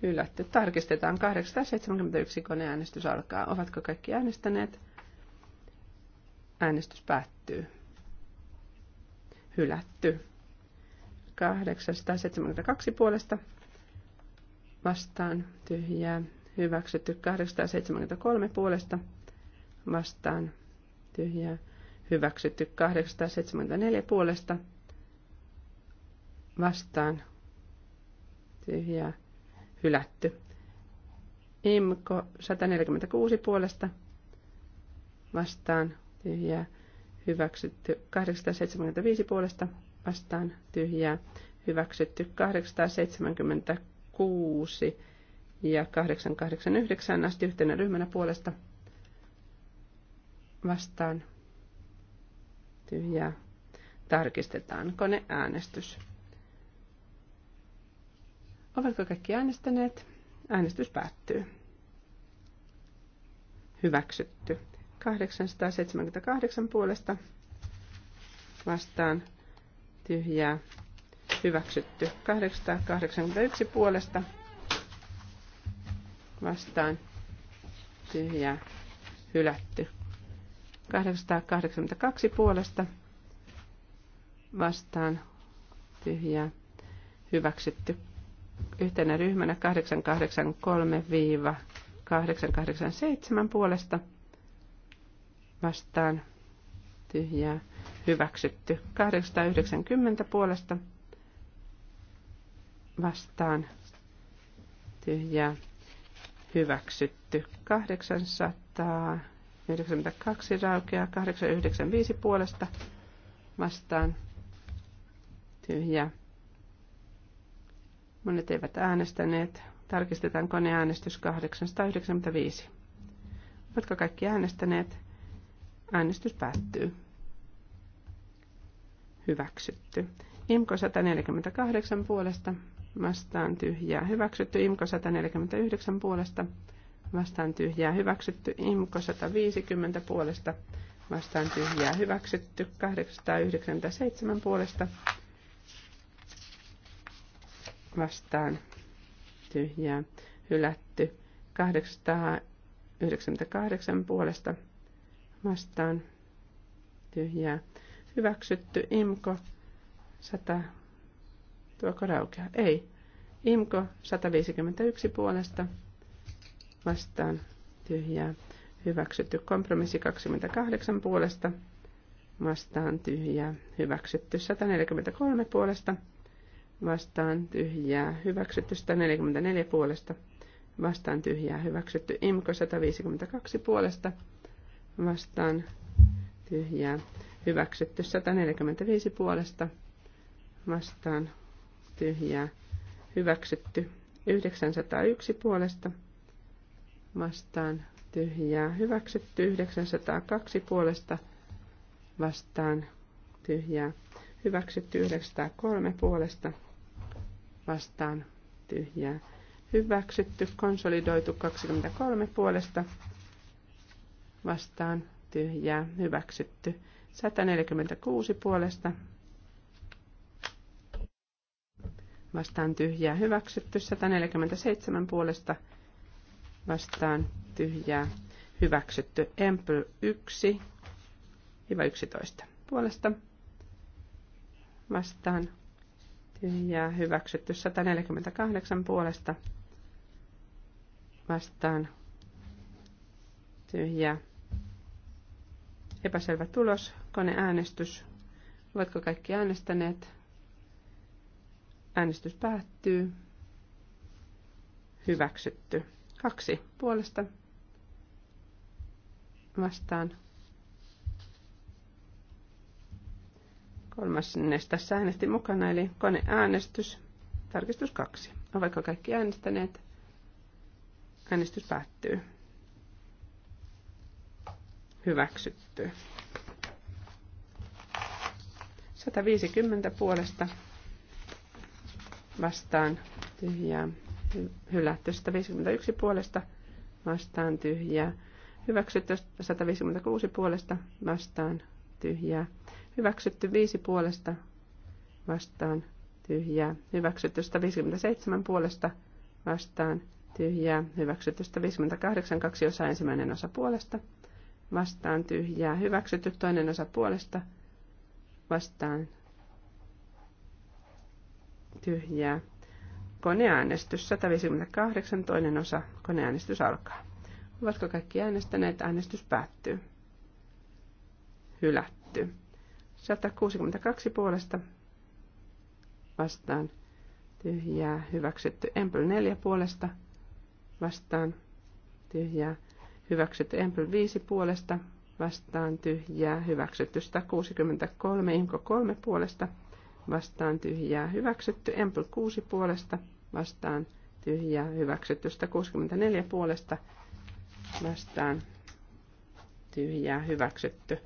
hylätty. Tarkistetaan 871 koneäänestys alkaa. Ovatko kaikki äänestäneet? Äänestys päättyy. Hylätty. 872 puolesta vastaan tyhjää. Hyväksytty 873 puolesta vastaan tyhjää. Hyväksytty 874 puolesta vastaan tyhjää hylätty. Imko 146 puolesta vastaan tyhjää hyväksytty 875 puolesta vastaan tyhjää hyväksytty 876 ja 889 asti yhtenä ryhmänä puolesta vastaan tyhjää tarkistetaan koneäänestys. Ovatko kaikki äänestäneet? Äänestys päättyy. Hyväksytty. 878 puolesta vastaan tyhjää. Hyväksytty. 881 puolesta vastaan tyhjää. Hylätty. 882 puolesta vastaan tyhjää hyväksytty yhtenä ryhmänä 883-887 puolesta vastaan tyhjää hyväksytty. 890 puolesta vastaan tyhjää hyväksytty. 892 raukeaa 895 puolesta vastaan tyhjää Monet eivät äänestäneet. Tarkistetaan koneäänestys 895. Ovatko kaikki äänestäneet? Äänestys päättyy. Hyväksytty. Imko 148 puolesta vastaan tyhjää hyväksytty. Imko 149 puolesta vastaan tyhjää hyväksytty. Imko 150 puolesta vastaan tyhjää hyväksytty. 897 puolesta vastaan tyhjää hylätty. 898 puolesta vastaan tyhjää hyväksytty. Imko 100. Tuoko raukea? Ei. Imko 151 puolesta vastaan tyhjää hyväksytty. Kompromissi 28 puolesta vastaan tyhjää hyväksytty. 143 puolesta vastaan vastaan tyhjää hyväksytty 144 puolesta, vastaan tyhjää hyväksytty IMKO 152 puolesta, vastaan tyhjää hyväksytty 145 puolesta, vastaan tyhjää hyväksytty 901 puolesta, vastaan tyhjää hyväksytty 902 puolesta, vastaan tyhjää hyväksytty 903 puolesta, vastaan tyhjää. Hyväksytty konsolidoitu 23 puolesta vastaan tyhjää. Hyväksytty 146 puolesta vastaan tyhjää. Hyväksytty 147 puolesta vastaan tyhjää. Hyväksytty Empl 1, hyvä 11 puolesta vastaan ja hyväksytty 148 puolesta vastaan tyhjä Epäselvä tulos, koneäänestys. Ovatko kaikki äänestäneet? Äänestys päättyy. Hyväksytty. Kaksi puolesta vastaan Kolmannes tässä äänesti mukana, eli koneäänestys, tarkistus kaksi. Ovatko kaikki äänestäneet? Äänestys päättyy. Hyväksytty. 150 puolesta vastaan tyhjää. Hylätty 151 puolesta vastaan tyhjää. Hyväksytty 156 puolesta vastaan tyhjää Hyväksytty 5 puolesta vastaan tyhjää. Hyväksytty 157 puolesta vastaan tyhjää. Hyväksytty 158 kaksi osa ensimmäinen osa puolesta vastaan tyhjää. Hyväksytty toinen osa puolesta vastaan tyhjää. Koneäänestys 158 toinen osa. Koneäänestys alkaa. Ovatko kaikki äänestäneet? Äänestys päättyy. Hylätty. 162 puolesta vastaan tyhjää hyväksytty. Empl 4 puolesta vastaan tyhjää hyväksytty. Empl 5 puolesta vastaan tyhjää hyväksytty. 163 Inko 3 puolesta vastaan tyhjää hyväksytty. Empl 6 puolesta vastaan tyhjää hyväksytty. 164 puolesta vastaan tyhjää hyväksytty.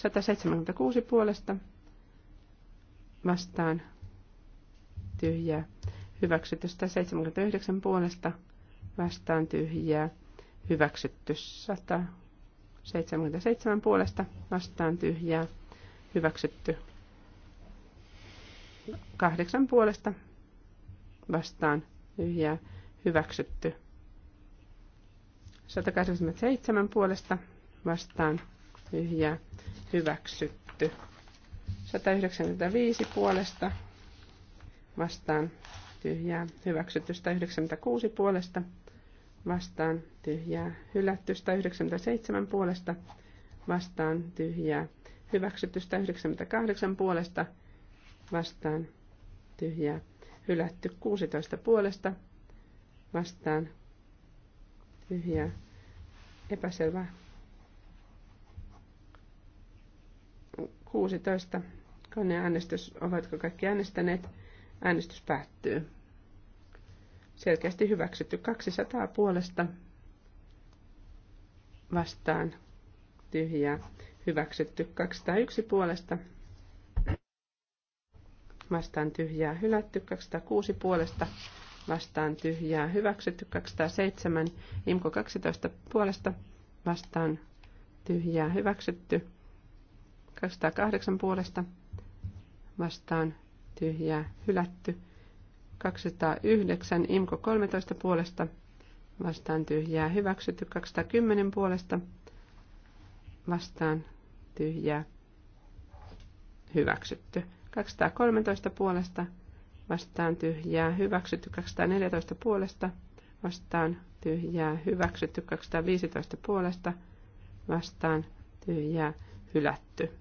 176 puolesta vastaan tyhjää. Hyväksytty 179 puolesta vastaan tyhjää. Hyväksytty 177 puolesta vastaan tyhjää. Hyväksytty 8 puolesta vastaan tyhjää. Hyväksytty 187 puolesta vastaan tyhjää hyväksytty. 195 puolesta vastaan tyhjää hyväksytty. 196 puolesta vastaan tyhjää hylätty. 197 puolesta vastaan tyhjää hyväksytty. 198 puolesta vastaan tyhjää hylätty. 16 puolesta vastaan tyhjää epäselvää 16. äänestys, Ovatko kaikki äänestäneet? Äänestys päättyy. Selkeästi hyväksytty 200 puolesta vastaan tyhjää. Hyväksytty 201 puolesta vastaan tyhjää. Hylätty 206 puolesta vastaan tyhjää. Hyväksytty 207. Imko 12 puolesta vastaan tyhjää. Hyväksytty 208 puolesta vastaan tyhjää hylätty. 209 Imko 13 puolesta vastaan tyhjää hyväksytty. 210 puolesta vastaan tyhjää hyväksytty. 213 puolesta vastaan tyhjää hyväksytty. 214 puolesta vastaan tyhjää hyväksytty. 215 puolesta vastaan tyhjää hylätty.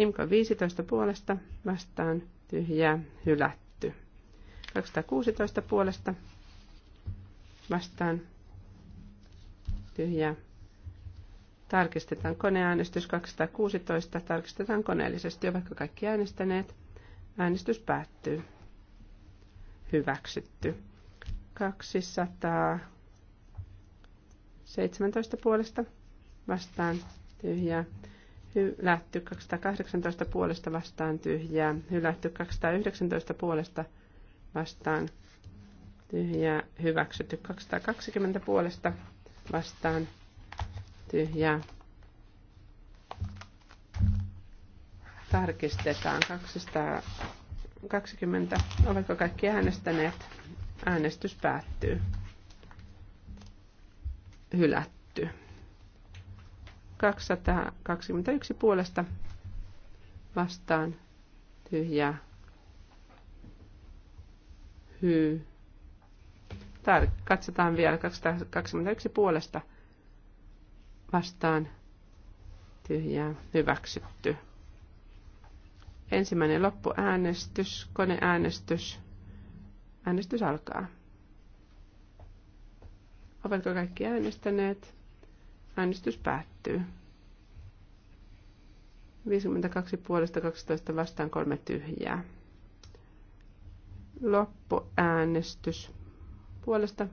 Imko 15 puolesta vastaan tyhjää hylätty. 216 puolesta vastaan tyhjää. Tarkistetaan koneäänestys 216. Tarkistetaan koneellisesti, ovatko kaikki äänestäneet. Äänestys päättyy. Hyväksytty. 217 puolesta vastaan tyhjää hylätty 218 puolesta vastaan tyhjää, hylätty 219 puolesta vastaan tyhjää, hyväksytty 220 puolesta vastaan tyhjää. Tarkistetaan 220. Ovatko kaikki äänestäneet? Äänestys päättyy. Hylätty. 221 puolesta vastaan tyhjää hyy. Tar- katsotaan vielä 221 puolesta vastaan tyhjää hyväksytty. Ensimmäinen loppuäänestys, koneäänestys. Äänestys alkaa. Ovatko kaikki äänestäneet? Äänestys päättyy. 52 puolesta 12 vastaan kolme tyhjää. Loppuäänestys puolesta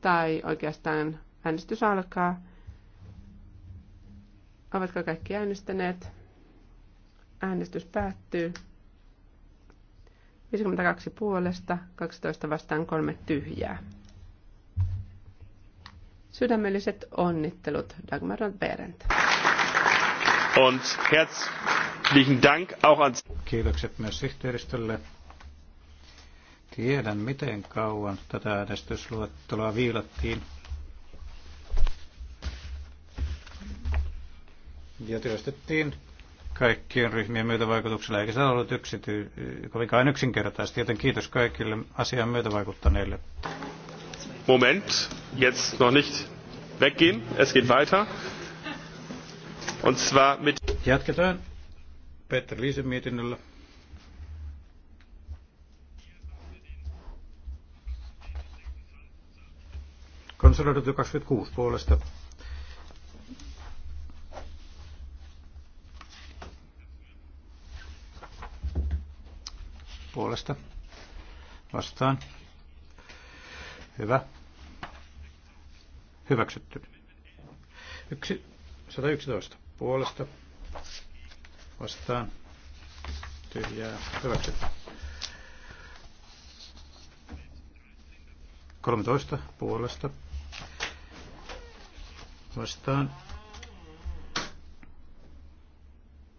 tai oikeastaan äänestys alkaa. Ovatko kaikki äänestäneet? Äänestys päättyy. 52 puolesta, 12 vastaan kolme tyhjää. Sydämelliset onnittelut Dagmar und Berend. Und herzlichen Dank auch ans Kiitokset myös sihteeristölle. Tiedän, miten kauan tätä äänestysluettelua viilattiin. Ja työstettiin kaikkien ryhmien myötävaikutuksella, eikä se ollut yksity, kovinkaan yksinkertaisesti, joten kiitos kaikille asian myötävaikuttaneille. Moment, jetzt noch nicht weggehen. Es geht weiter. Und zwar mit. Jatketaan mietinnöllä. 26 puolesta. Puolesta. Vastaan. Hyvä. Hyväksytty. Yksi, 111 puolesta vastaan tyhjää hyväksytty. 13 puolesta vastaan.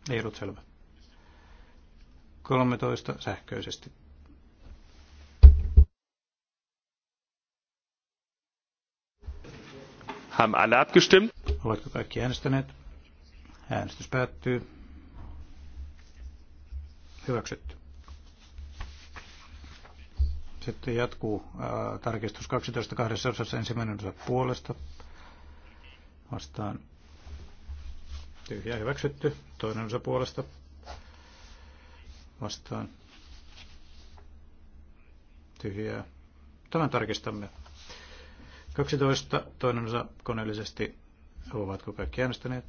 Ei ollut selvä. 13 sähköisesti Haben alle abgestimmt? Ovatko kaikki äänestäneet? Äänestys päättyy. Hyväksytty. Sitten jatkuu tarkistus 12 kahdessa osassa ensimmäinen osa puolesta. Vastaan tyhjä hyväksytty. Toinen osa puolesta. Vastaan tyhjää. Tämän tarkistamme. 12. Toinen osa koneellisesti. Ovatko kaikki äänestäneet?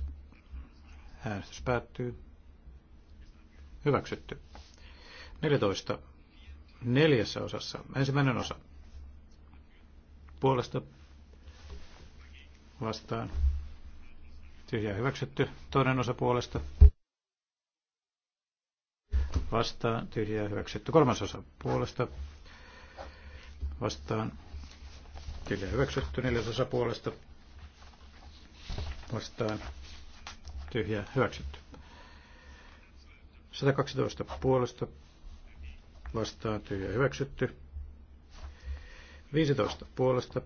Äänestys päättyy. Hyväksytty. 14. Neljässä osassa. Ensimmäinen osa. Puolesta vastaan. Tyhjä hyväksytty. Toinen osa puolesta. Vastaan. Tyhjä hyväksytty. Kolmas osa puolesta. Vastaan Tyhjä hyväksytty neljäsosa puolesta. Vastaan. Tyhjä hyväksytty. 112 puolesta. Vastaan tyhjä hyväksytty. 15 puolesta.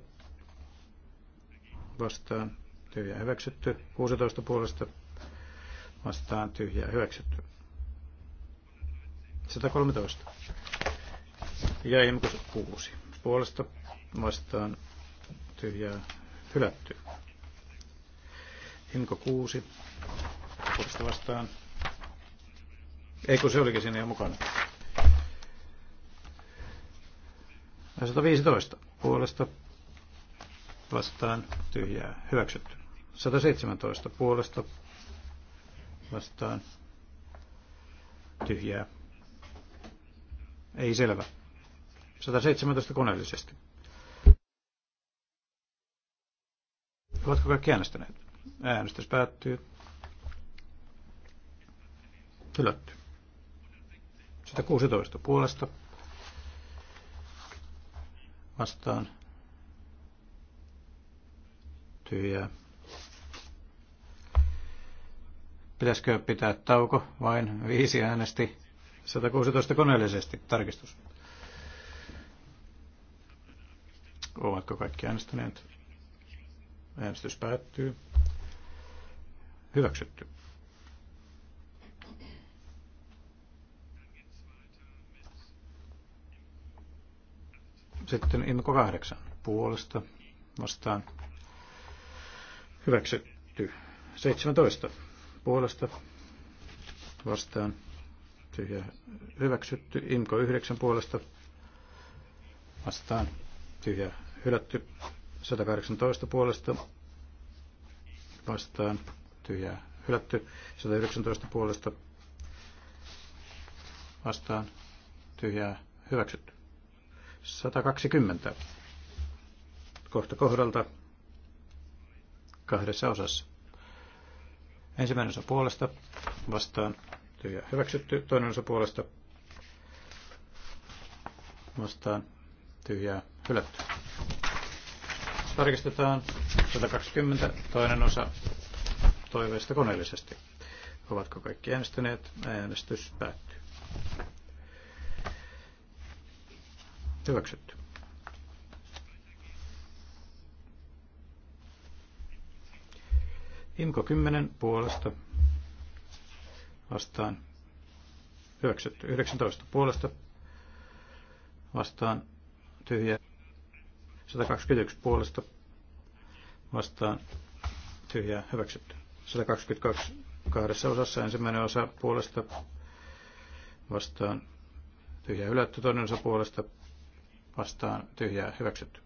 Vastaan tyhjä hyväksytty. 16 puolesta. Vastaan tyhjä hyväksytty. 113. Ja 6. Puolesta vastaan tyhjää hylätty. Imko 6 puolesta vastaan. Ei kun se olikin siinä jo mukana. 115 no, puolesta vastaan tyhjää hyväksytty. 117 puolesta vastaan tyhjää. Ei selvä. 117 koneellisesti. Ovatko kaikki äänestäneet? Äänestys päättyy. Hylätty. 116 puolesta. Vastaan. Tyhjää. Pitäisikö pitää tauko? Vain viisi äänesti. 116 koneellisesti. Tarkistus. Ovatko kaikki äänestäneet? Äänestys päättyy. Hyväksytty. Sitten Imko 8 puolesta vastaan. Hyväksytty. 17 puolesta vastaan. Tyhjä hyväksytty. Imko 9 puolesta vastaan. Tyhjä hylätty. 118 puolesta vastaan tyhjää hylätty. 119 puolesta vastaan tyhjää hyväksytty. 120 kohta kohdalta kahdessa osassa. Ensimmäinen osa puolesta vastaan tyhjää hyväksytty. Toinen osa puolesta vastaan tyhjää hylätty. Tarkistetaan 120 toinen osa toiveista koneellisesti. Ovatko kaikki äänestäneet? Äänestys päättyy. Hyväksytty. Imko 10 puolesta vastaan. Hyväksytty. 19 puolesta vastaan tyhjä 121 puolesta vastaan tyhjää hyväksytty. 122 kahdessa osassa ensimmäinen osa puolesta vastaan tyhjää hylätty, toinen osa puolesta vastaan tyhjää hyväksytty.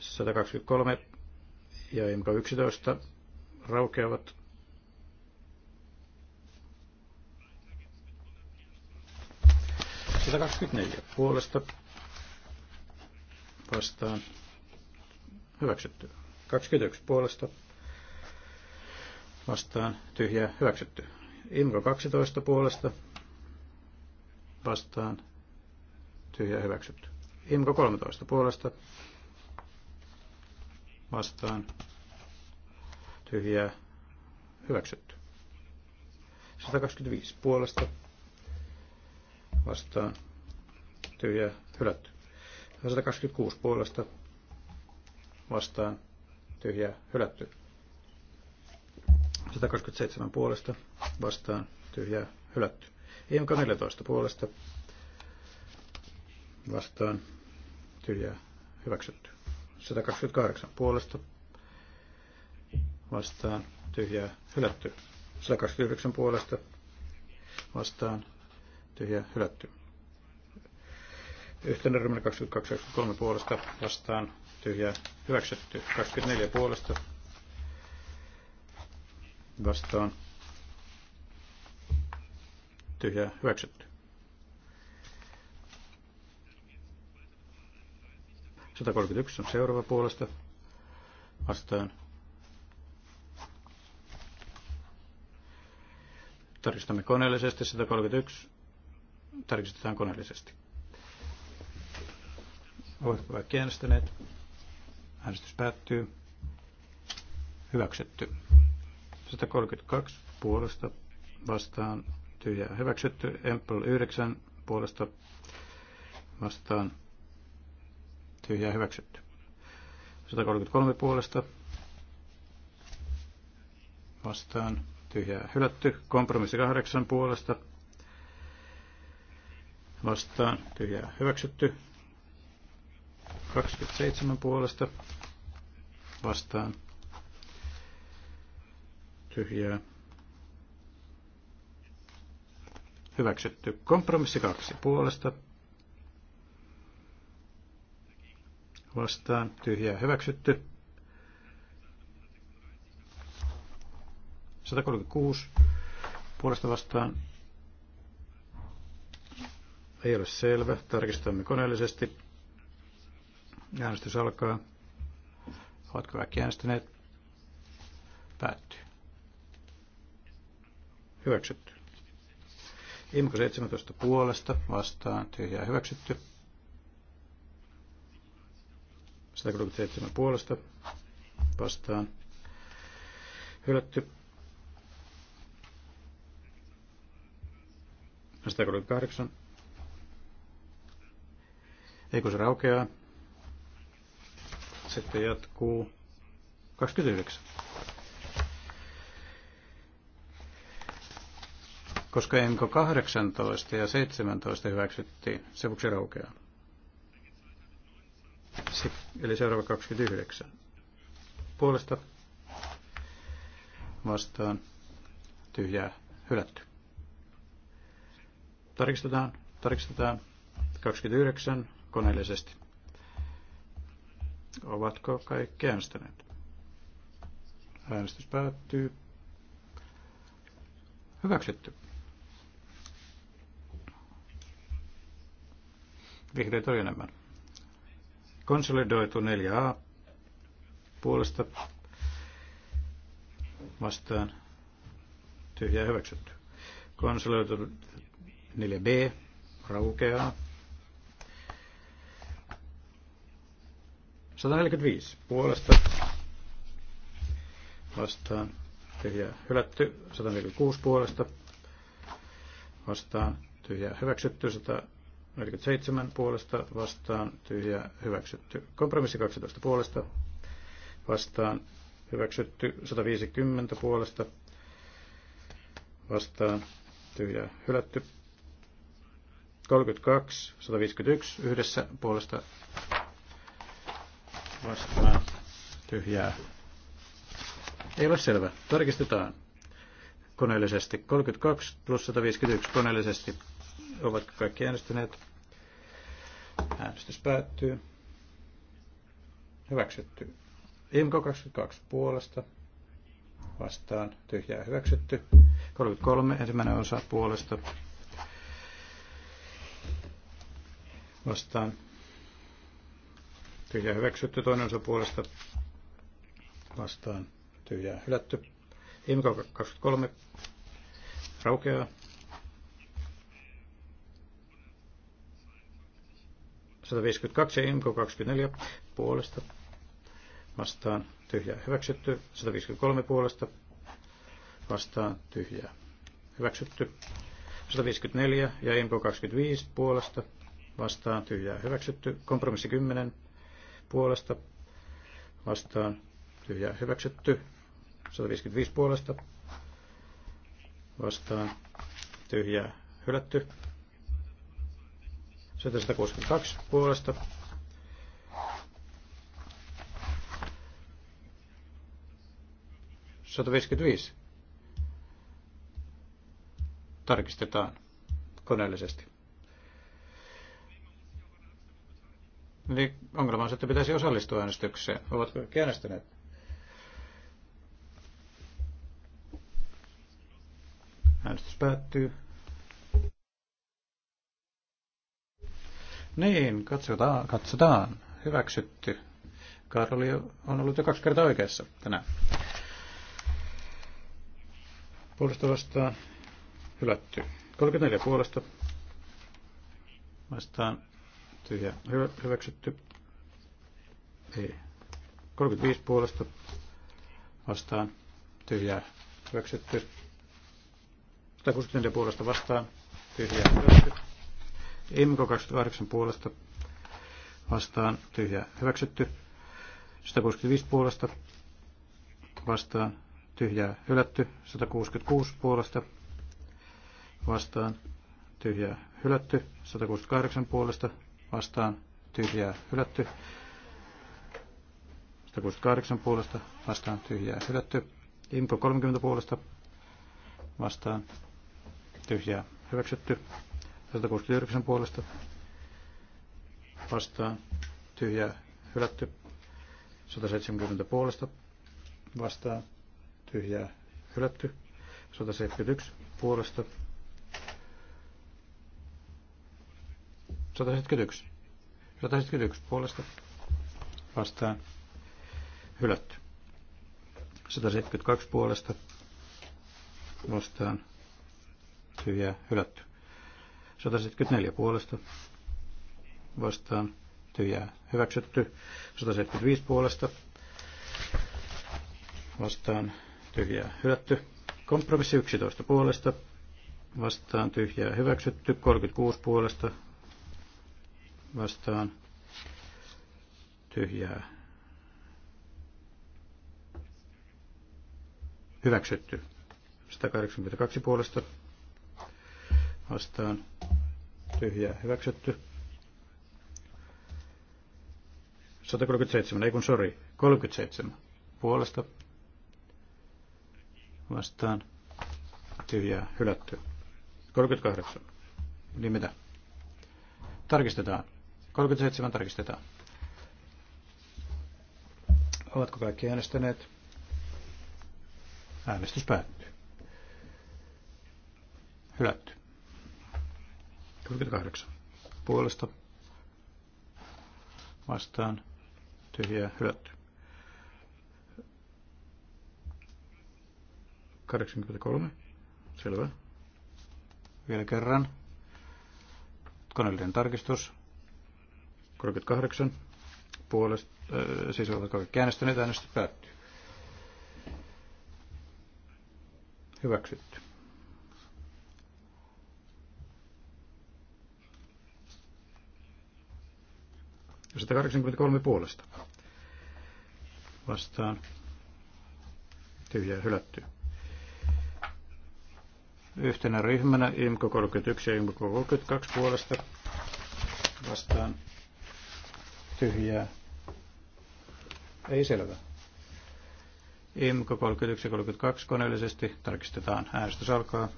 123 ja IMK 11 raukeavat. Sata puolesta vastaan hyväksytty. 21 puolesta vastaan tyhjä hyväksytty. Imko 12 puolesta vastaan tyhjä hyväksytty. Imko 13 puolesta vastaan tyhjä hyväksytty. 125 puolesta vastaan tyhjä hylätty. 126 puolesta vastaan tyhjä hylätty. 127 puolesta vastaan tyhjä hylätty. IMK 14 puolesta vastaan tyhjä hyväksytty. 128 puolesta vastaan tyhjä hylätty. 129 puolesta vastaan tyhjä hylätty. Yhtenä ryhmänä 22-23 puolesta vastaan tyhjää hyväksytty. 24 puolesta vastaan tyhjää hyväksytty. 131 on seuraava puolesta vastaan. Tarkistamme koneellisesti 131. Tarkistetaan koneellisesti. Oletko kaikki äänestäneet? Äänestys päättyy. Hyväksytty. 132 puolesta vastaan tyhjää hyväksytty. Empel 9 puolesta vastaan tyhjää hyväksytty. 133 puolesta vastaan tyhjää hylätty. Kompromissi 8 puolesta vastaan tyhjää hyväksytty. 27 puolesta vastaan tyhjää. Hyväksytty. Kompromissi 2 puolesta vastaan tyhjää. Hyväksytty. 136 puolesta vastaan ei ole selvä. Tarkistamme koneellisesti. Äänestys alkaa. Ovatko kaikki äänestäneet? Päättyy. Hyväksytty. Imko 17 puolesta vastaan tyhjää hyväksytty. 137 puolesta vastaan hylätty. 138. Ei kun se raukeaa. Sitten jatkuu 29. Koska enko 18 ja 17 hyväksyttiin, se vuoksi raukeaa. eli seuraava 29. Puolesta vastaan tyhjää hylätty. Tarkistetaan, tarkistetaan 29 koneellisesti. Ovatko kaikki äänestäneet? Äänestys päättyy. Hyväksytty. Vihreät oli enemmän. Konsolidoitu 4a puolesta vastaan tyhjä hyväksytty. Konsolidoitu 4b raukeaa 145 puolesta vastaan tyhjää hylätty, 146 puolesta vastaan tyhjää hyväksytty, 147 puolesta vastaan tyhjää hyväksytty, kompromissi 12 puolesta vastaan hyväksytty, 150 puolesta vastaan tyhjää hylätty, 32, 151 yhdessä puolesta vastaan tyhjää. Ei ole selvä. Tarkistetaan koneellisesti. 32 plus 151 koneellisesti ovat kaikki äänestyneet. Äänestys päättyy. Hyväksytty. IMKO 22 puolesta vastaan tyhjää hyväksytty. 33 ensimmäinen osa puolesta vastaan tyhjää hyväksytty, toinen osa puolesta vastaan tyhjää hylätty. Imko 23 raukeaa. 152 ja Imko 24 puolesta vastaan tyhjää hyväksytty. 153 puolesta vastaan tyhjää hyväksytty. 154 ja Imko 25 puolesta vastaan tyhjää hyväksytty. Kompromissi 10 puolesta vastaan tyhjää hyväksytty. 155 puolesta vastaan tyhjää hylätty. 762 puolesta Tarkistetaan koneellisesti. Eli ongelma on se, että pitäisi osallistua äänestykseen. Ovatko kaikki äänestäneet? Äänestys päättyy. Niin, katsotaan, katsotaan. Hyväksytty. Karoli on ollut jo kaksi kertaa oikeassa tänään. Puolesta vastaan hylätty. 34 puolesta vastaan tyhjä hyvä, hyväksytty. Ei. 35 puolesta vastaan tyhjää hyväksytty. 160 puolesta vastaan tyhjää hyväksytty. IMKO 28 puolesta vastaan tyhjää hyväksytty. 165 puolesta vastaan tyhjää hylätty. 166 puolesta vastaan tyhjää hylätty. 168 puolesta vastaan tyhjää hylätty. 168 puolesta vastaan tyhjää hylätty. Imko 30 puolesta vastaan tyhjää hyväksytty. 169 puolesta vastaan tyhjää hylätty. 170 puolesta vastaan tyhjää hylätty. 171 puolesta 171. 171 puolesta vastaan hylätty. 172 puolesta vastaan tyhjää hylätty. 174 puolesta vastaan tyhjää hyväksytty. 175 puolesta vastaan tyhjää hylätty. Kompromissi 11 puolesta vastaan tyhjää hyväksytty. 36 puolesta vastaan tyhjää hyväksytty. 182 puolesta vastaan tyhjää hyväksytty. 137, ei kun sori, 37 puolesta vastaan tyhjää hylätty. 38, niin mitä? Tarkistetaan. 37 tarkistetaan. Ovatko kaikki äänestäneet? Äänestys päättyy. Hylätty. 38. Puolesta vastaan tyhjää hylätty. 83. Selvä. Vielä kerran. Koneellinen tarkistus. 38 puolesta, äh, siis ovat kaikki äänestäneet, äänestys päättyy. Hyväksytty. Ja 183 puolesta. Vastaan tyhjää hylätty. Yhtenä ryhmänä IMKO 31 ja IMKO 32 puolesta vastaan tyhjää. Ei selvä. IMKO 31-32 koneellisesti tarkistetaan. Äänestys alkaa.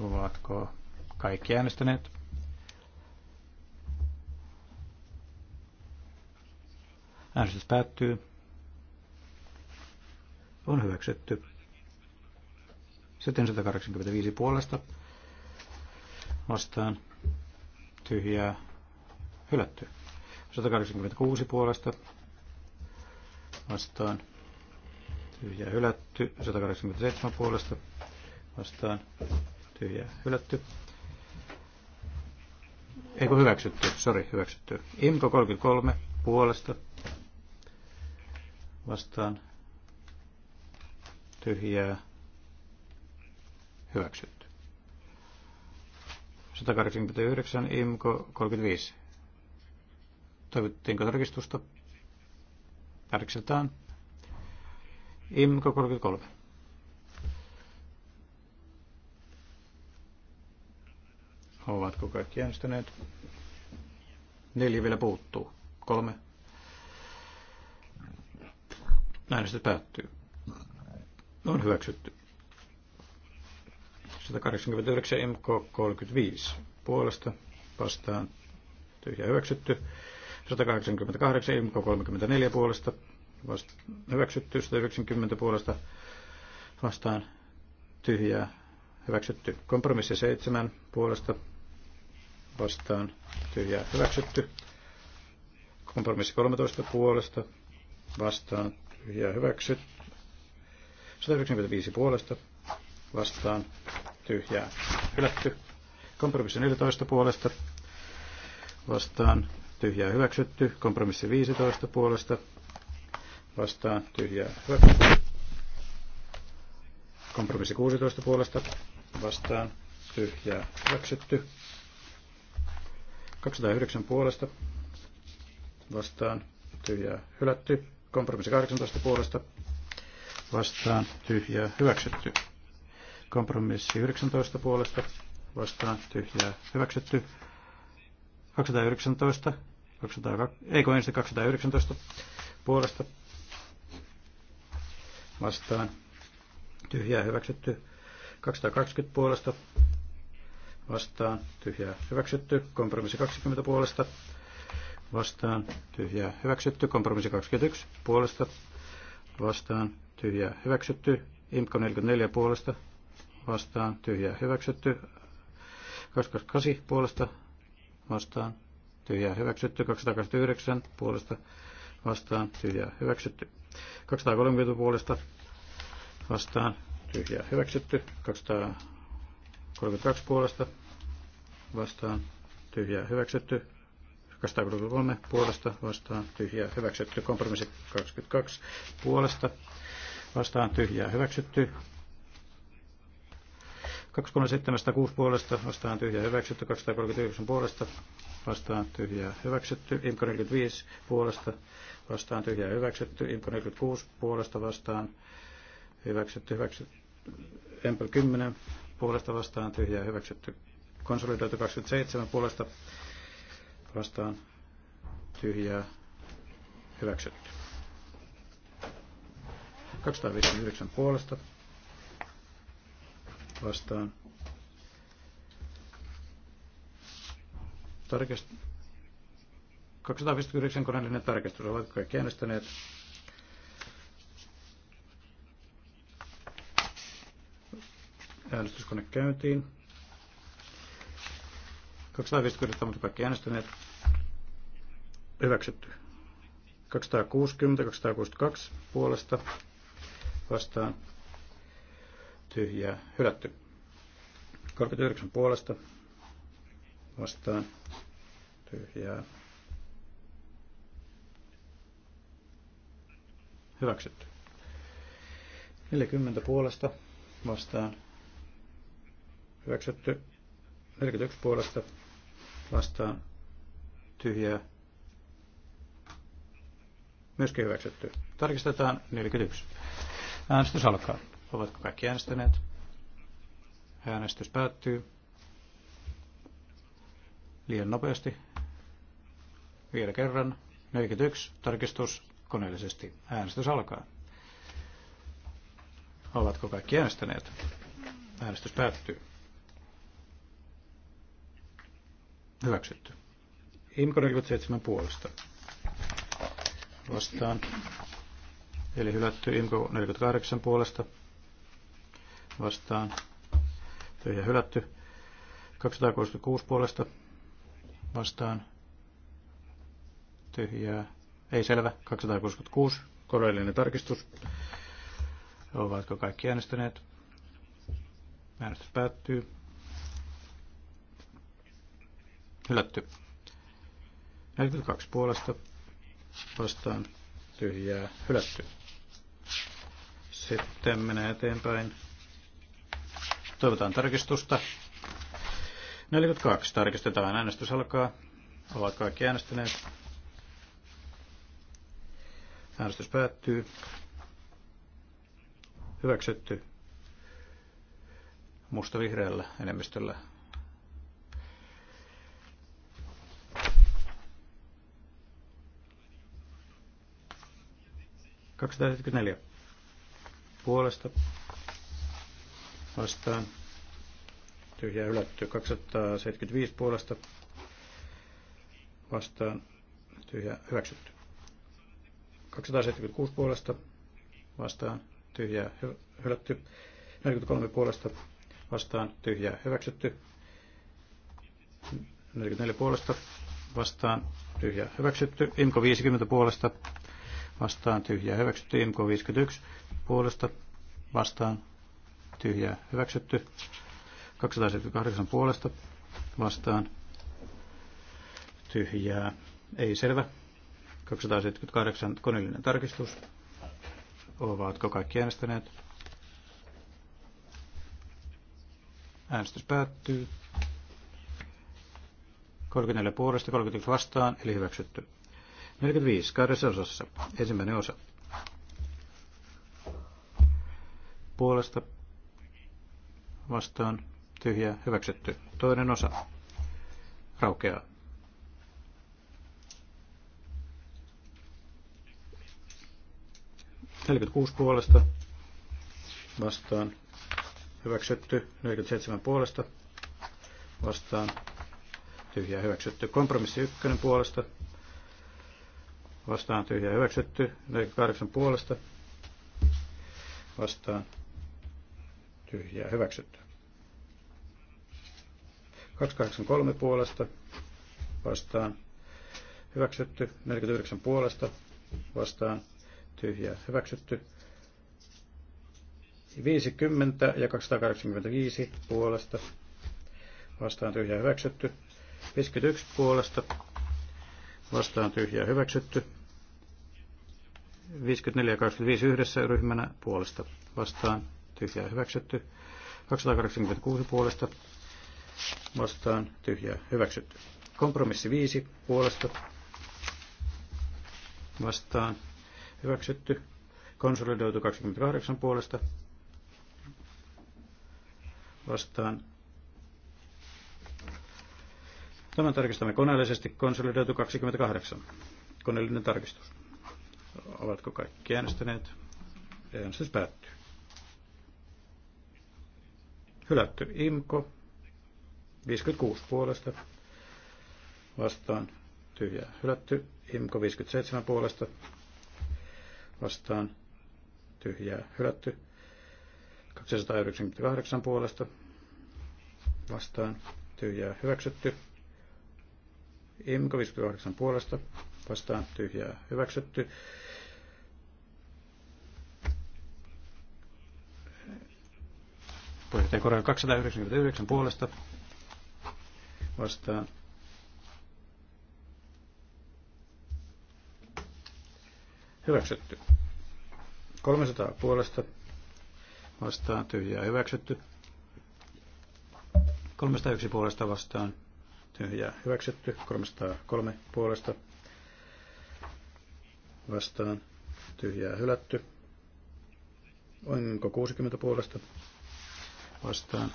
Ovatko kaikki äänestäneet? Äänestys päättyy. On hyväksytty. Sitten 185 puolesta vastaan tyhjää hylätty. 186 puolesta vastaan tyhjää hylätty. 187 puolesta vastaan tyhjää hylätty. Eikö hyväksytty, sori, hyväksytty. Imko 33 puolesta vastaan tyhjää hyväksytty. 189, IMKO 35. Toivottiinko tarkistusta? Tarkistetaan. IMKO 33. Ovatko kaikki äänestäneet? Neljä vielä puuttuu. Kolme. Äänestys päättyy. On hyväksytty. 189 MK 35 puolesta vastaan tyhjä hyväksytty. 188 MK 34 puolesta vasta, hyväksytty. 190 puolesta vastaan tyhjää hyväksytty. Kompromissi 7 puolesta vastaan tyhjää hyväksytty. Kompromissi 13 puolesta vastaan tyhjää hyväksytty. 195 puolesta vastaan tyhjää hylätty. Kompromissi 14 puolesta vastaan tyhjää hyväksytty. Kompromissi 15 puolesta vastaan tyhjää hyväksytty. Kompromissi 16 puolesta vastaan tyhjää hyväksytty. 209 puolesta vastaan tyhjää hylätty. Kompromissi 18 puolesta vastaan tyhjää hyväksytty. Kompromissi 19 puolesta vastaan tyhjää hyväksytty. 219, 202, ei kun ensin 219 puolesta vastaan tyhjää hyväksytty. 220 puolesta vastaan tyhjää hyväksytty. Kompromissi 20 puolesta vastaan tyhjää hyväksytty. Kompromissi 21 puolesta vastaan tyhjää hyväksytty. IMKO 44 puolesta vastaan tyhjää hyväksytty. 228 puolesta vastaan tyhjää hyväksytty. 229 puolesta vastaan tyhjää hyväksytty. 230 puolesta vastaan tyhjää hyväksytty. 232 puolesta vastaan tyhjää hyväksytty. 233 puolesta vastaan tyhjää hyväksytty. Kompromissi 22 puolesta vastaan tyhjää hyväksytty. 23706 puolesta vastaan tyhjää hyväksytty, 239 puolesta vastaan tyhjää hyväksytty, IMKO 45 puolesta vastaan tyhjää hyväksytty, IMKO 46 puolesta vastaan hyväksytty, hyväksytty, Empel 10 puolesta vastaan tyhjää hyväksytty, konsolidoitu 27 puolesta vastaan tyhjää hyväksytty. 259 puolesta vastaan. Tarkist... 259 koneellinen tarkistus. ovat kaikki äänestäneet? Äänestyskone käyntiin. 250, mutta kaikki äänestäneet. Hyväksytty. 260, 262 puolesta vastaan tyhjää hylätty. 39 puolesta vastaan tyhjää hyväksytty. 40 puolesta vastaan hyväksytty. 41 puolesta vastaan tyhjää myöskin hyväksytty. Tarkistetaan 41. Äänestys alkaa. Ovatko kaikki äänestäneet? Äänestys päättyy. Liian nopeasti. Vielä kerran. 41. Tarkistus koneellisesti. Äänestys alkaa. Ovatko kaikki äänestäneet? Äänestys päättyy. Hyväksytty. Imko 47 puolesta. Vastaan. Eli hylätty Imko 48 puolesta vastaan tyhjä hylätty. 266 puolesta vastaan tyhjää. Ei selvä. 266. Koreellinen tarkistus. Ovatko kaikki äänestäneet? Äänestys päättyy. Hylätty. 42 puolesta vastaan tyhjää hylätty. Sitten menee eteenpäin. Toivotaan tarkistusta. 42. Tarkistetaan. Äänestys alkaa. Ovat kaikki äänestäneet. Äänestys päättyy. Hyväksytty. Musta-vihreällä enemmistöllä. Kaksi puolesta vastaan tyhjää hylätty 275 puolesta vastaan tyhjää hyväksytty. 276 puolesta vastaan tyhjää hylätty. 43 puolesta vastaan Tyhjä hyväksytty. 44 puolesta vastaan tyhjää hyväksytty. Imko 50 puolesta vastaan tyhjää hyväksytty. Imko 51 puolesta vastaan tyhjää hyväksytty. 278 puolesta vastaan tyhjää ei selvä. 278 koneellinen tarkistus. Ovatko kaikki äänestäneet? Äänestys päättyy. 34 puolesta, 31 vastaan, eli hyväksytty. 45, kahdessa osassa. Ensimmäinen osa. Puolesta vastaan tyhjää hyväksytty. Toinen osa raukeaa. Neljäkymmentäkuusi puolesta vastaan hyväksytty. seitsemän puolesta vastaan tyhjää hyväksytty. Kompromissi ykkönen puolesta vastaan tyhjää hyväksytty. kahdeksan puolesta vastaan tyhjää hyväksytty. 283 puolesta vastaan hyväksytty, 49 puolesta vastaan tyhjää hyväksytty, 50 ja 285 puolesta vastaan tyhjää hyväksytty, 51 puolesta vastaan tyhjää hyväksytty, 54 ja 25 yhdessä ryhmänä puolesta vastaan tyhjää hyväksytty. 286 puolesta vastaan tyhjää hyväksytty. Kompromissi 5 puolesta vastaan hyväksytty. Konsolidoitu 28 puolesta vastaan. Tämän tarkistamme koneellisesti konsolidoitu 28. Koneellinen tarkistus. Ovatko kaikki äänestäneet? Äänestys päättyy. Hylätty Imko, 56 puolesta vastaan tyhjää. Hylätty Imko 57 puolesta vastaan tyhjää. Hylätty 298 puolesta vastaan tyhjää. Hyväksytty Imko 58 puolesta vastaan tyhjää. Hyväksytty Puheenjohtaja Korja 299 puolesta vastaan. Hyväksytty. 300 puolesta vastaan tyhjää hyväksytty. 301 puolesta vastaan tyhjää hyväksytty. 303 puolesta vastaan tyhjää hylätty. Onko 60 puolesta vastaan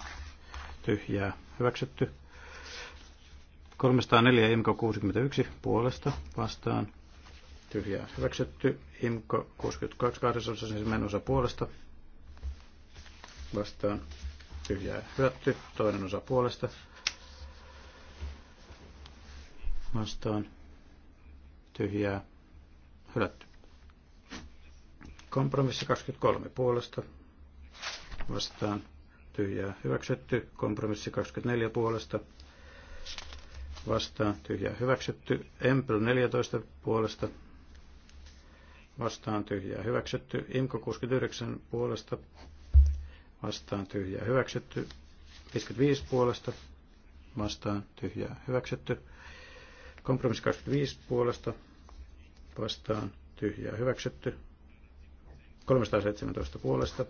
tyhjää hyväksytty. 304 IMKO 61 puolesta vastaan tyhjää hyväksytty. IMKO 62 kahdesosa osa puolesta vastaan tyhjää hylätty. Toinen osa puolesta vastaan tyhjää hylätty. Kompromissi 23 puolesta vastaan tyhjää hyväksytty. Kompromissi 24 puolesta vastaan tyhjää hyväksytty. Empel 14 puolesta vastaan tyhjää hyväksytty. Imko 69 puolesta vastaan tyhjää hyväksytty. 55 puolesta vastaan tyhjää hyväksytty. Kompromissi 25 puolesta vastaan tyhjää hyväksytty. 317 puolesta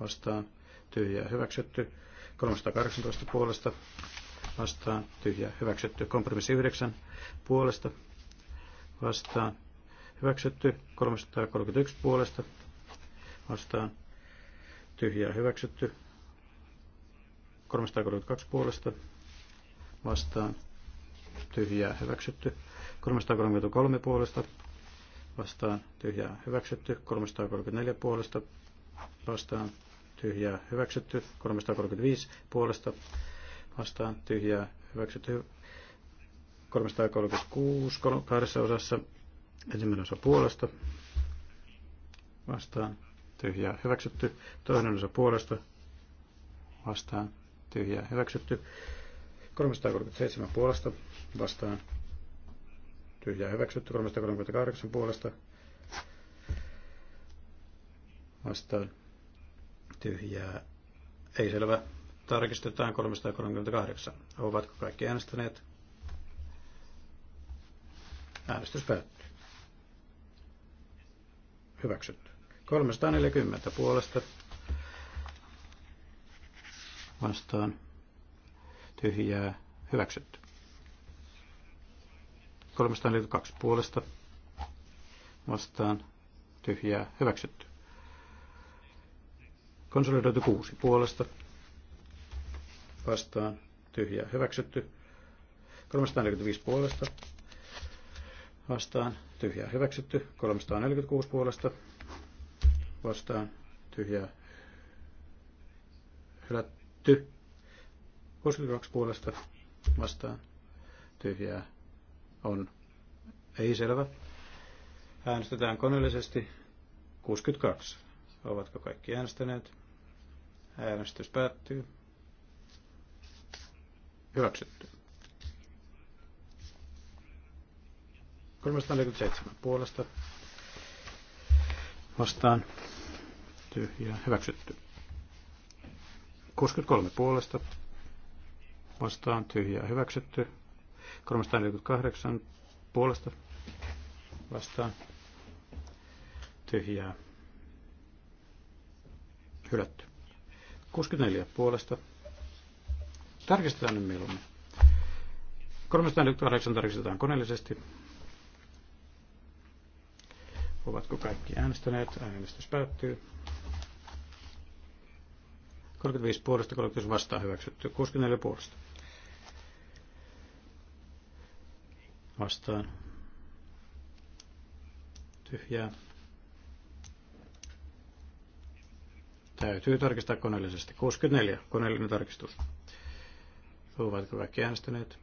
vastaan tyhjää hyväksytty. 318 puolesta vastaan tyhjää hyväksytty. Kompromissi 9 puolesta vastaan hyväksytty. 331 puolesta vastaan tyhjää hyväksytty. 332 puolesta vastaan tyhjää hyväksytty. 333 puolesta vastaan tyhjää hyväksytty. 334 puolesta vastaan tyhjää hyväksytty. 335 puolesta vastaan tyhjää hyväksytty. 336 kahdessa osassa ensimmäinen osa puolesta vastaan tyhjää hyväksytty. Toinen osa puolesta vastaan tyhjää hyväksytty. 337 puolesta vastaan tyhjää hyväksytty. 338 puolesta vastaan tyhjää, ei selvä. Tarkistetaan 338. Ovatko kaikki äänestäneet? Äänestys päättyy. Hyväksytty. 340 puolesta vastaan tyhjää hyväksytty. 342 puolesta vastaan tyhjää hyväksytty. Konsolidoitu 6 puolesta vastaan tyhjä hyväksytty. 345 puolesta vastaan tyhjä hyväksytty. 346 puolesta vastaan tyhjä hylätty. 62 puolesta vastaan tyhjä on ei selvä. Äänestetään koneellisesti 62. Ovatko kaikki äänestäneet? Äänestys päättyy. Hyväksytty. 347 puolesta vastaan tyhjää hyväksytty. 63 puolesta vastaan tyhjää hyväksytty. 348 puolesta vastaan tyhjää hylätty. 64 puolesta. Tarkistetaan nyt mieluummin. 348 tarkistetaan koneellisesti. Ovatko kaikki äänestäneet? Äänestys päättyy. 35 puolesta, 30 vastaan hyväksytty. 64 puolesta. Vastaan. Tyhjää. Täytyy tarkistaa koneellisesti. 64. Koneellinen tarkistus. Ovatko kaikki äänestäneet?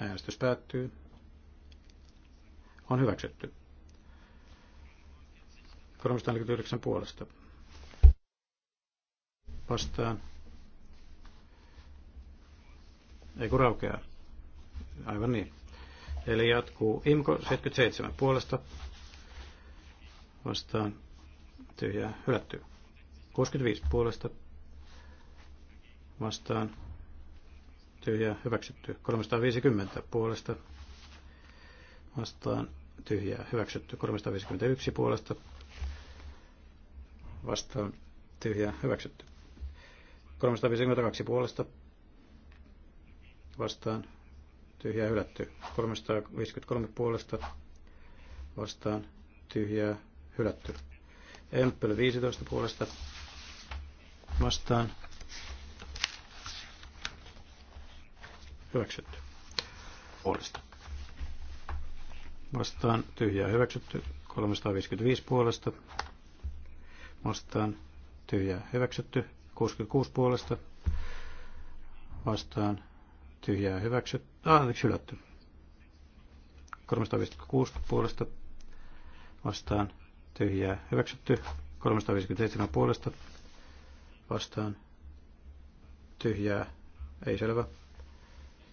Äänestys päättyy. On hyväksytty. 349 puolesta. Vastaan. Ei kun raukeaa. Aivan niin. Eli jatkuu IMKO 77 puolesta. Vastaan tyhjää Hylättyy. 65 puolesta vastaan tyhjä hyväksytty. 350 puolesta vastaan tyhjä hyväksytty. 351 puolesta vastaan tyhjä hyväksytty. 352 puolesta vastaan tyhjä hylätty. 353 puolesta vastaan tyhjä hylätty. Empel 15 puolesta vastaan hyväksytty. Puolesta. Vastaan tyhjää hyväksytty. 355 puolesta. Vastaan tyhjää hyväksytty. 66 puolesta. Vastaan tyhjää hyväksytty. Ah, hylätty. 356 puolesta. Vastaan tyhjää hyväksytty. 357 puolesta vastaan tyhjää, ei selvä.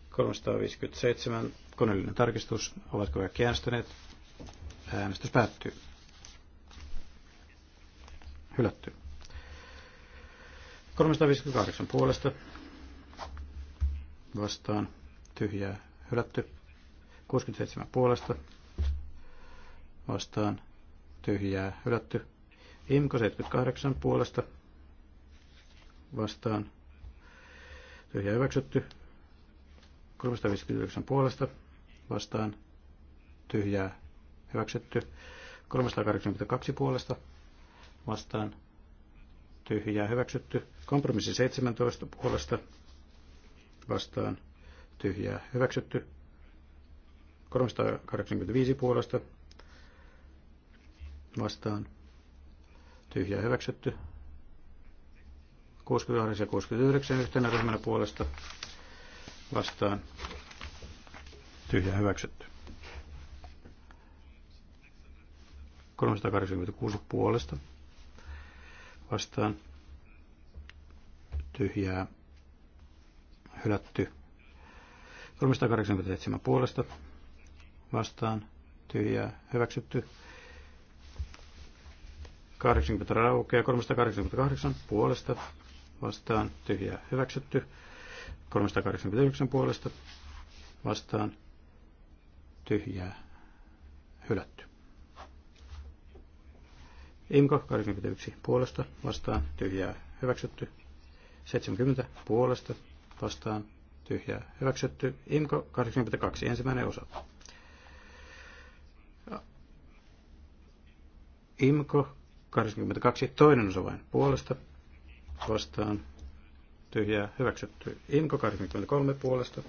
357, koneellinen tarkistus, ovatko kaikki äänestäneet? Äänestys päättyy. Hylätty. 358 puolesta vastaan tyhjää hylätty. 67 puolesta vastaan tyhjää hylätty. Imko 78 puolesta vastaan tyhjä hyväksytty. 359 puolesta vastaan tyhjää hyväksytty. 382 puolesta vastaan tyhjää hyväksytty. Kompromissi 17 puolesta vastaan tyhjää hyväksytty. 385 puolesta vastaan tyhjää hyväksytty. 68 ja 69 yhtenä ryhmänä puolesta vastaan tyhjä hyväksytty. 386 puolesta vastaan tyhjää hylätty. 387 puolesta vastaan tyhjää hyväksytty. 80 raukeaa 388 puolesta vastaan tyhjää hyväksytty. 389 puolesta vastaan tyhjää hylätty. Imko 81 puolesta vastaan tyhjää hyväksytty. 70 puolesta vastaan tyhjää hyväksytty. Imko 82 ensimmäinen osa. Imko 82 toinen osa vain puolesta vastaan tyhjää hyväksytty. Imko 83 puolesta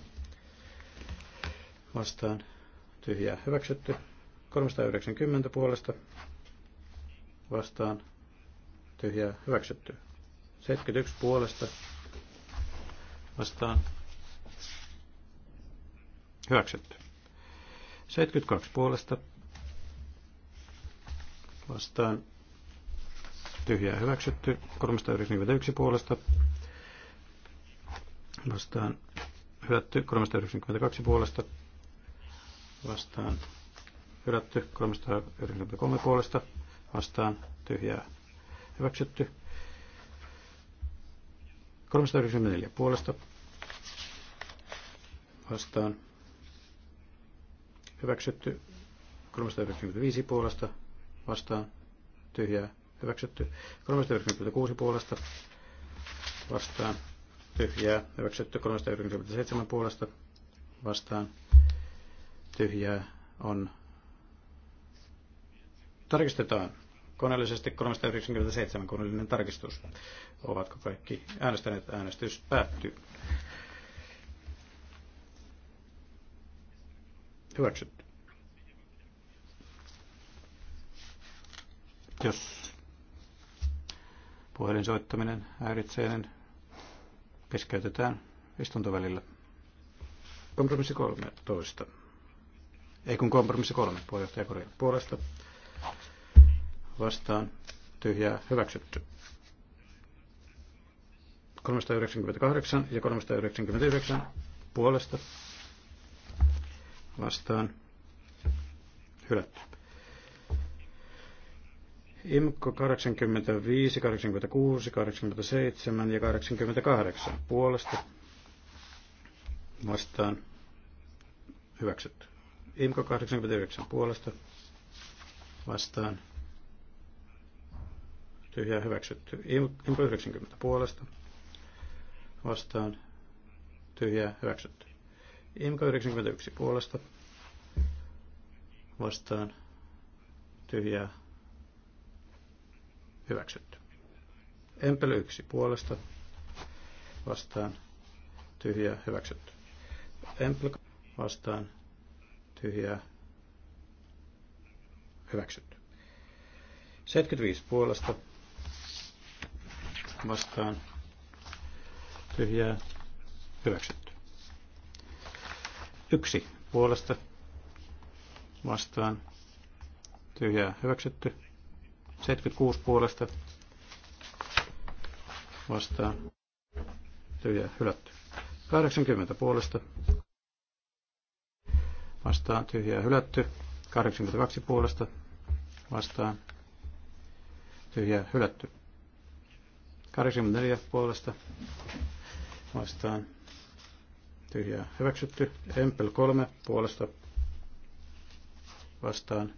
vastaan tyhjää hyväksytty. 390 puolesta vastaan tyhjää hyväksytty. 71 puolesta vastaan hyväksytty. 72 puolesta vastaan tyhjää hyväksytty. 391 puolesta vastaan hylätty. 392 puolesta vastaan hylätty. 393 puolesta vastaan tyhjää hyväksytty. 394 puolesta vastaan hyväksytty. 395 puolesta vastaan tyhjää hyväksytty. 396 puolesta vastaan tyhjää, hyväksytty 397 puolesta vastaan tyhjää on. Tarkistetaan koneellisesti 397 koneellinen tarkistus. Ovatko kaikki äänestäneet? Äänestys päättyy. Hyväksytty. Jos Puhelinsoittaminen häiritsee, niin keskeytetään istuntovälillä. Kompromissi 13. Ei kun kompromissi 3, puheenjohtaja Kori puolesta. Vastaan tyhjää hyväksytty. 398 ja 399 puolesta vastaan hylätty. Imko 85, 86, 87 ja 88 puolesta vastaan hyväksytty. Imko 89 puolesta vastaan tyhjää hyväksytty. Imko 90 puolesta vastaan tyhjää hyväksytty. Imko 91 puolesta vastaan tyhjää Hyväksytty. Empel 1 puolesta vastaan tyhjää hyväksytty. Empel vastaan tyhjää hyväksytty. 75 puolesta vastaan tyhjää hyväksytty. Yksi puolesta vastaan tyhjää hyväksytty. 76 puolesta vastaan Tyhjä hylätty. 80 puolesta vastaan Tyhjä hylätty. 82 puolesta vastaan Tyhjä hylätty. 84 puolesta vastaan Tyhjä hyväksytty. Empel 3 puolesta vastaan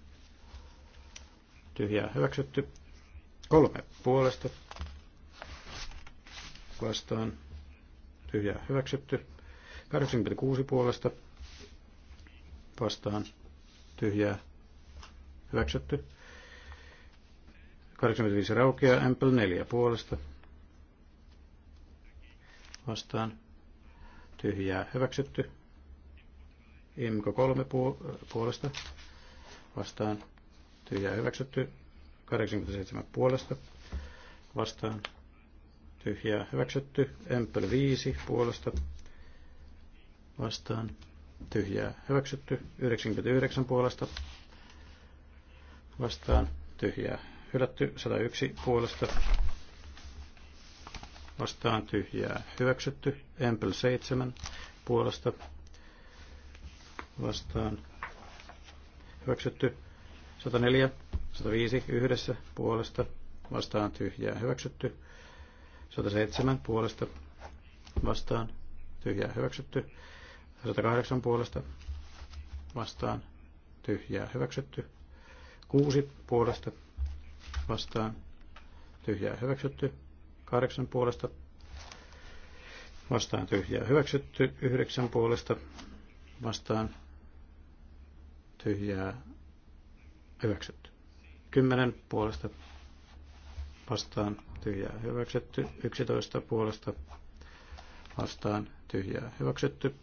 tyhjää hyväksytty. Kolme puolesta vastaan tyhjää hyväksytty. 86 puolesta vastaan tyhjää hyväksytty. 85 raukeaa, Empel 4 puolesta vastaan tyhjää hyväksytty. Imko 3 puolesta vastaan tyhjää hyväksytty 87 puolesta vastaan tyhjää hyväksytty Empel 5 puolesta vastaan tyhjää hyväksytty 99 puolesta vastaan tyhjää hylätty 101 puolesta vastaan tyhjää hyväksytty Empel 7 puolesta vastaan hyväksytty 104, 105 yhdessä puolesta vastaan tyhjää hyväksytty. 107 puolesta vastaan tyhjää hyväksytty. 108 puolesta vastaan tyhjää hyväksytty. 6 puolesta vastaan tyhjää hyväksytty. 8 puolesta vastaan tyhjää hyväksytty. 9 puolesta vastaan tyhjää hyväksytty. Kymmenen puolesta vastaan tyhjää hyväksytty. Yksitoista puolesta vastaan tyhjää hyväksytty.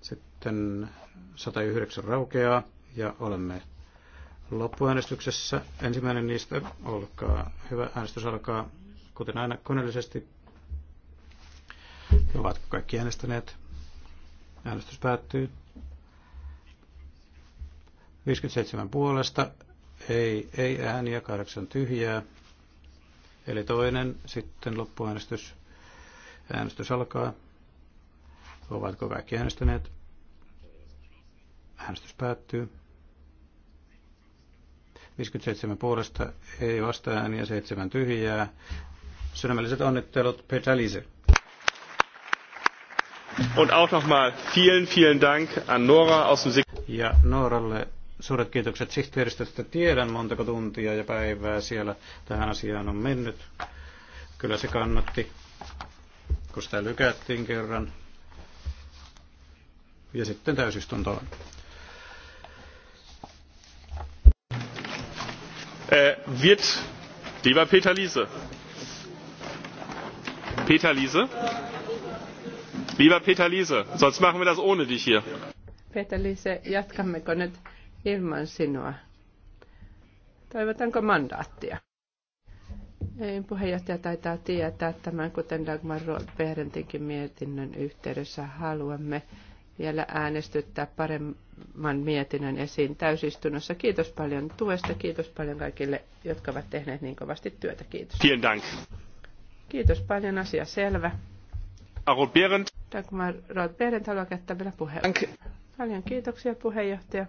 Sitten 109 raukeaa ja olemme loppuäänestyksessä. Ensimmäinen niistä olkaa hyvä. Äänestys alkaa kuten aina koneellisesti. Ovatko kaikki äänestäneet? Äänestys päättyy. 57 puolesta, ei, ei ääniä, 8 tyhjää. Eli toinen, sitten loppuäänestys. Äänestys alkaa. Ovatko kaikki äänestäneet? Äänestys päättyy. 57 puolesta, ei vasta ääniä, 7 tyhjää. Sydämelliset onnittelut Petra Liese. Und auch nochmal vielen, vielen Dank an Nora aus dem Sieg. Ja Noralle Suuret kiitokset sihteeristöstä. Tiedän montako tuntia ja päivää siellä tähän asiaan on mennyt. Kyllä se kannatti, kun sitä lykättiin kerran. Ja sitten täysistuntoon. Äh, wird, lieber Peter Liese. Peter Liese? Lieber Peter Liese, sonst machen wir das ohne dich hier. Peter Liese, jatkammeko nyt? ilman sinua. Toivotanko mandaattia? Ei, puheenjohtaja taitaa tietää tämän, kuten Dagmar Behrentinkin mietinnön yhteydessä haluamme vielä äänestyttää paremman mietinnön esiin täysistunnossa. Kiitos paljon tuesta, kiitos paljon kaikille, jotka ovat tehneet niin kovasti työtä. Kiitos. dank. Kiitos paljon, asia selvä. Arvo Berend. Dagmar Roth Berend haluaa käyttää vielä puheenjohtaja. Paljon kiitoksia puheenjohtaja.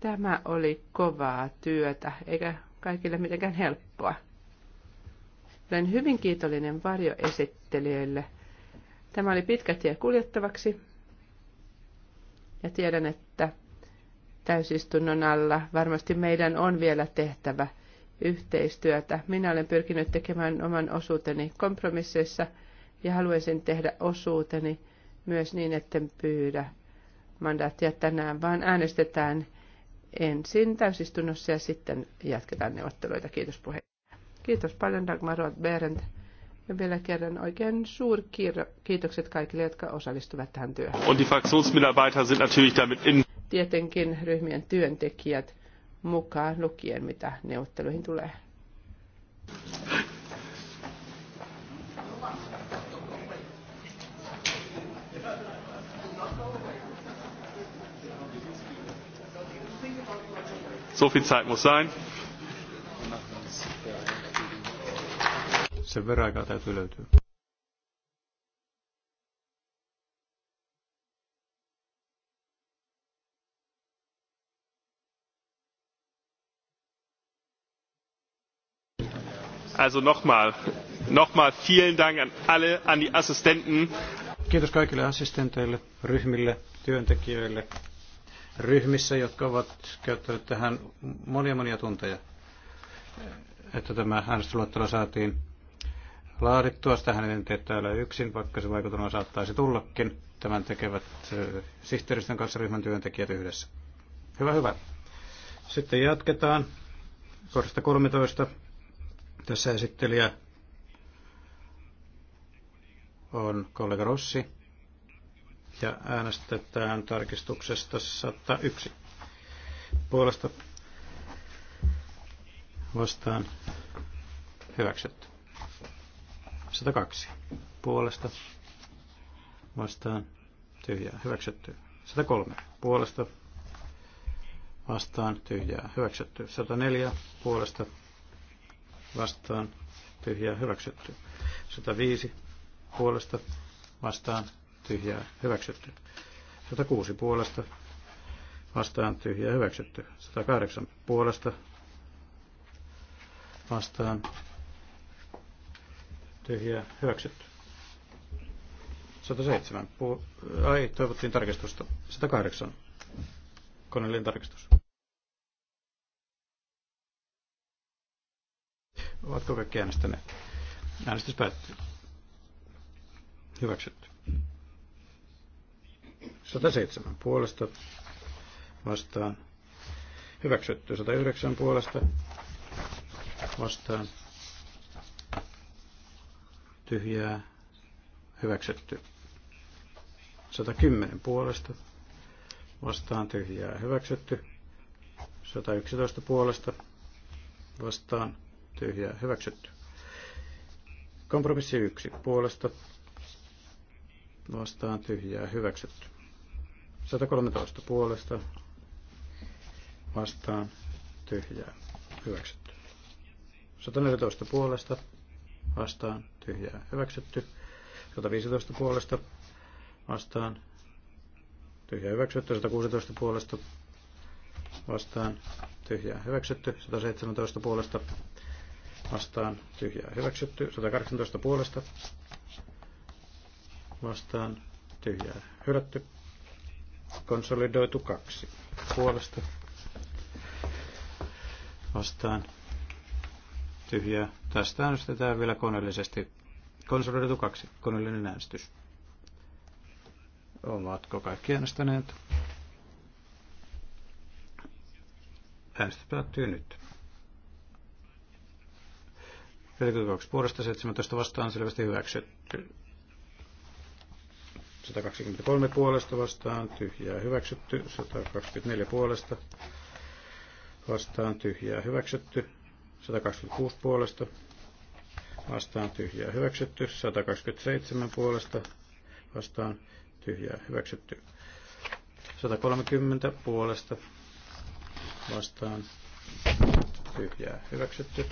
Tämä oli kovaa työtä, eikä kaikille mitenkään helppoa. Olen hyvin kiitollinen varjoesittelijöille. Tämä oli pitkä tie kuljettavaksi. Ja tiedän, että täysistunnon alla varmasti meidän on vielä tehtävä yhteistyötä. Minä olen pyrkinyt tekemään oman osuuteni kompromisseissa ja haluaisin tehdä osuuteni myös niin, etten pyydä mandaattia tänään, vaan äänestetään ensin täysistunnossa ja sitten jatketaan neuvotteluita. Kiitos puheenjohtaja. Kiitos paljon Dagmar Berend. Ja vielä kerran oikein suur kiitokset kaikille, jotka osallistuvat tähän työhön. Und die Fraktionsmitarbeiter sind natürlich damit in... Tietenkin ryhmien työntekijät mukaan lukien, mitä neuvotteluihin tulee. So viel Zeit muss sein. Sen verran aikaa täytyy löytyä. Also nochmal, nochmal vielen Dank an alle, an die Assistenten. Kiitos kaikille assistenteille, ryhmille, työntekijöille ryhmissä, jotka ovat käyttäneet tähän monia monia tunteja, että tämä äänestysluettelo saatiin laadittua. Sitä hänen tee täällä yksin, vaikka se vaikutelma saattaisi tullakin. Tämän tekevät sihteeristön kanssa ryhmän työntekijät yhdessä. Hyvä, hyvä. Sitten jatketaan. Kohdasta 13. Tässä esittelijä on kollega Rossi ja äänestetään tarkistuksesta 101 puolesta vastaan hyväksytty. 102 puolesta vastaan tyhjää hyväksytty. 103 puolesta vastaan tyhjää hyväksytty. 104 puolesta vastaan tyhjää hyväksytty. 105 puolesta vastaan tyhjää hyväksytty. 106 puolesta vastaan tyhjää hyväksytty. 108 puolesta vastaan tyhjää hyväksytty. 107. Pu- Ai, toivottiin tarkistusta. 108. Koneellinen tarkistus. Ovatko kaikki äänestäneet? Äänestys päättyy. Hyväksytty. 107 puolesta vastaan. Hyväksytty 109 puolesta vastaan. Tyhjää. Hyväksytty. 110 puolesta vastaan tyhjää. Hyväksytty. 111 puolesta vastaan tyhjää. Hyväksytty. Kompromissi 1 puolesta vastaan tyhjää. Hyväksytty. 113 puolesta vastaan tyhjää hyväksytty. 114 puolesta vastaan tyhjää hyväksytty. 115 puolesta vastaan tyhjää hyväksytty. 116 puolesta vastaan tyhjää hyväksytty. 117 puolesta vastaan tyhjää hyväksytty. 118 puolesta vastaan tyhjää hylätty. Konsolidoitu kaksi. Puolesta vastaan tyhjää. Tästä äänestetään vielä koneellisesti. Konsolidoitu kaksi. Koneellinen äänestys. Ovatko kaikki äänestäneet? Äänestys päättyy nyt. 42 puolesta 17 vastaan selvästi hyväksytty. 123 puolesta vastaan tyhjää hyväksytty, 124 puolesta vastaan tyhjää hyväksytty, 126 puolesta vastaan tyhjää hyväksytty, 127 puolesta vastaan tyhjää hyväksytty, 130 puolesta vastaan tyhjää hyväksytty,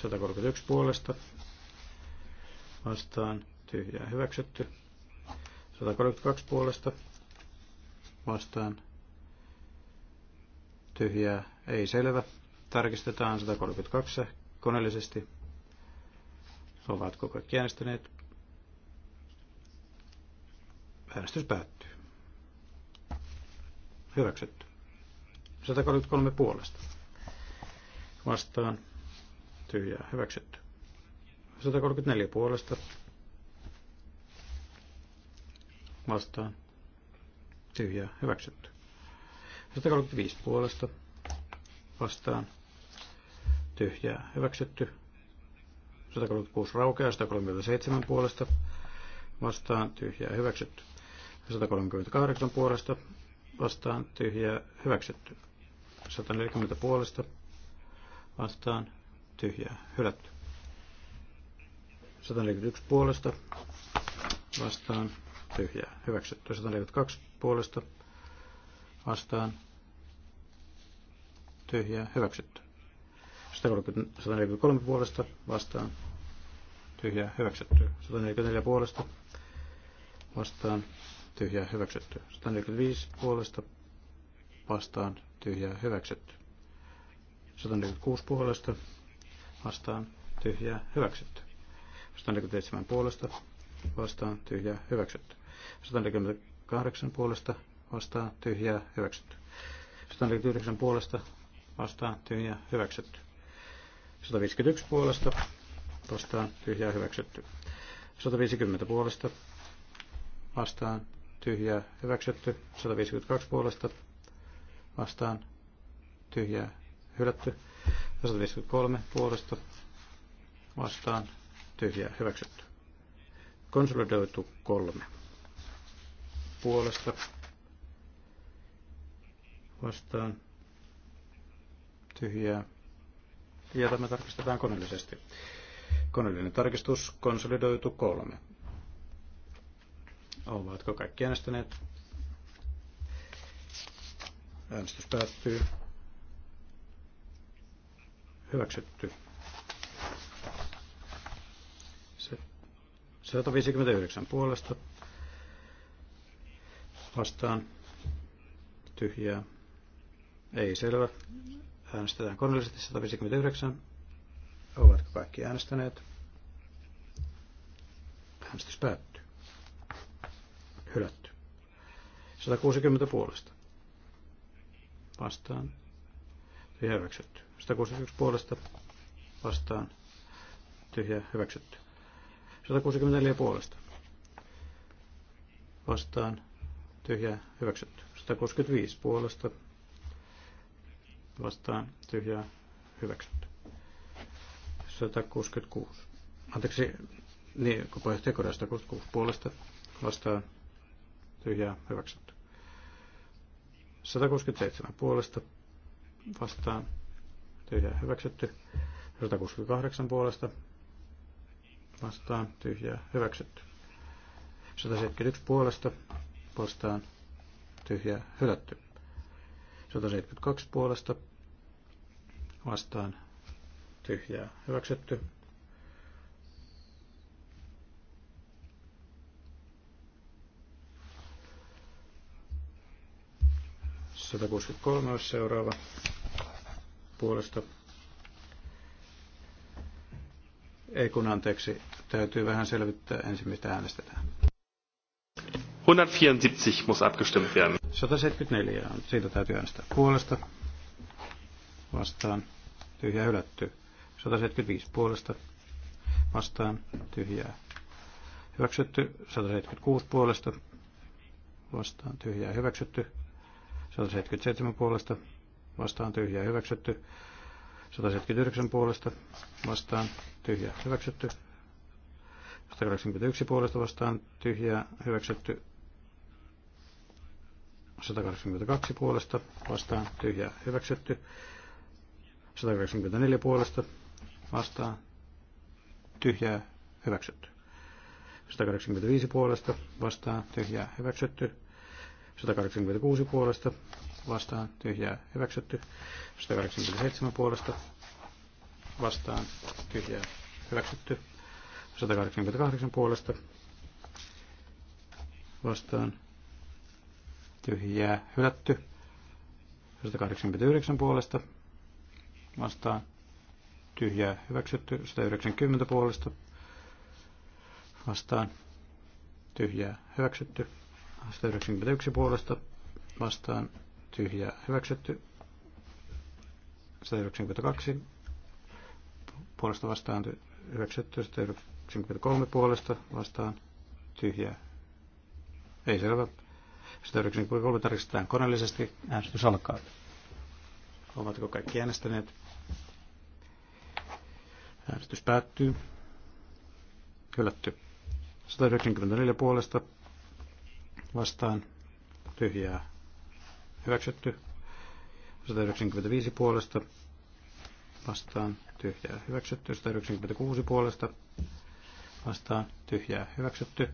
131 puolesta vastaan tyhjää hyväksytty. 132 puolesta vastaan tyhjää ei selvä. Tarkistetaan 132 koneellisesti. Ovatko kaikki äänestäneet? Äänestys päättyy. Hyväksytty. 133 puolesta. Vastaan tyhjää hyväksytty. 134 puolesta vastaan tyhjää hyväksytty. 135 puolesta vastaan tyhjää hyväksytty. 136 raukeaa, 137 puolesta vastaan tyhjää hyväksytty. 138 puolesta vastaan tyhjää hyväksytty. 140 puolesta vastaan tyhjää hylätty. 141 puolesta vastaan tyhjää hyväksytty. 142 puolesta vastaan tyhjää hyväksytty. 143 puolesta vastaan tyhjää hyväksytty. 144 puolesta vastaan tyhjää hyväksytty. 145 puolesta vastaan tyhjää hyväksytty. 146 puolesta vastaan tyhjää hyväksytty. 147 puolesta vastaan tyhjää hyväksytty. 148 puolesta vastaan tyhjää hyväksytty. 149 puolesta vastaan tyhjää hyväksytty. 151 puolesta vastaan tyhjää hyväksytty. 150 puolesta vastaan tyhjää hyväksytty. 152 puolesta vastaan tyhjää hylätty. 153 puolesta vastaan tyhjää hyväksytty. Konsolidoitu kolme puolesta vastaan tyhjää. Ja tämä tarkistetaan koneellisesti. Koneellinen tarkistus konsolidoitu kolme. Ovatko kaikki äänestäneet? Äänestys päättyy. Hyväksytty. 159 puolesta vastaan tyhjää. Ei selvä. Äänestetään koneellisesti 159. Ovatko kaikki äänestäneet? Äänestys päättyy. Hylätty. 160 puolesta. Vastaan. Hyväksytty. 161 puolesta vastaan tyhjä hyväksytty. 164 puolesta vastaan tyhjä hyväksytty. 165 puolesta vastaan tyhjä hyväksytty. 166. Anteeksi, niin, kun puheenjohtaja korjaa 166 puolesta vastaan tyhjää hyväksytty. 167 puolesta vastaan tyhjää hyväksytty. 168 puolesta vastaan tyhjää hyväksytty. 171 puolesta vastaan tyhjää hylätty. 172 puolesta vastaan tyhjää hyväksytty. 163 olisi seuraava puolesta. Ei kun anteeksi, täytyy vähän selvittää ensin, mitä äänestetään. 174 muss abgestimmt werden. 174 on. Siitä täytyy äänestää puolesta. Vastaan. Tyhjä hylätty. 175 puolesta. Vastaan. Tyhjää. Hyväksytty. 176 puolesta. Vastaan. Tyhjää. Hyväksytty. 177 puolesta vastaan tyhjää hyväksytty. 179 puolesta vastaan tyhjää hyväksytty. 181 puolesta vastaan tyhjää hyväksytty. 182 puolesta vastaan tyhjää hyväksytty. 184 puolesta vastaan tyhjää hyväksytty. 185 puolesta vastaan tyhjää hyväksytty. 186 puolesta vastaan tyhjää hyväksytty. 187 puolesta vastaan tyhjää hyväksytty. 188 puolesta vastaan tyhjää hylätty. 189 puolesta vastaan tyhjää hyväksytty. 190 puolesta vastaan tyhjää hyväksytty. 191 puolesta vastaan tyhjä hyväksytty. 192 puolesta vastaan hyväksytty. 193 puolesta vastaan tyhjä, Ei selvä. 193 tarkistetaan koneellisesti. Äänestys alkaa. Ovatko kaikki äänestäneet? Äänestys päättyy. Hylätty. 194 puolesta vastaan tyhjää hyväksytty. 195 puolesta vastaan tyhjää hyväksytty. 196 puolesta vastaan tyhjää hyväksytty.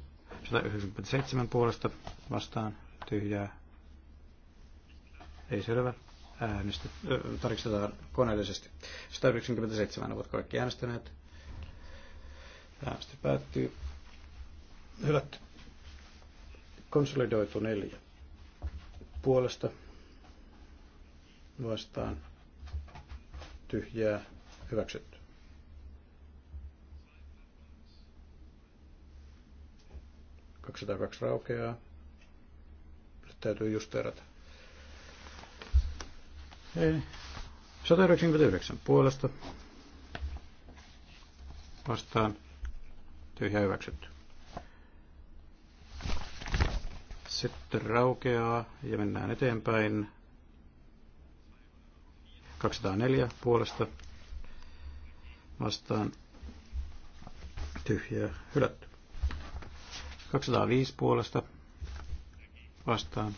197 puolesta vastaan tyhjää ei selvä. Äänestä, äh, tarkistetaan koneellisesti. 197 ovat kaikki äänestäneet. Äänestö päättyy. Hyvät. Konsolidoitu neljä puolesta vastaan tyhjää hyväksytty. kaksi raukeaa. Nyt täytyy just erätä. Ei. 199 puolesta vastaan tyhjä hyväksytty. Sitten raukeaa ja mennään eteenpäin. 204 puolesta vastaan tyhjää hylätty. 205 puolesta vastaan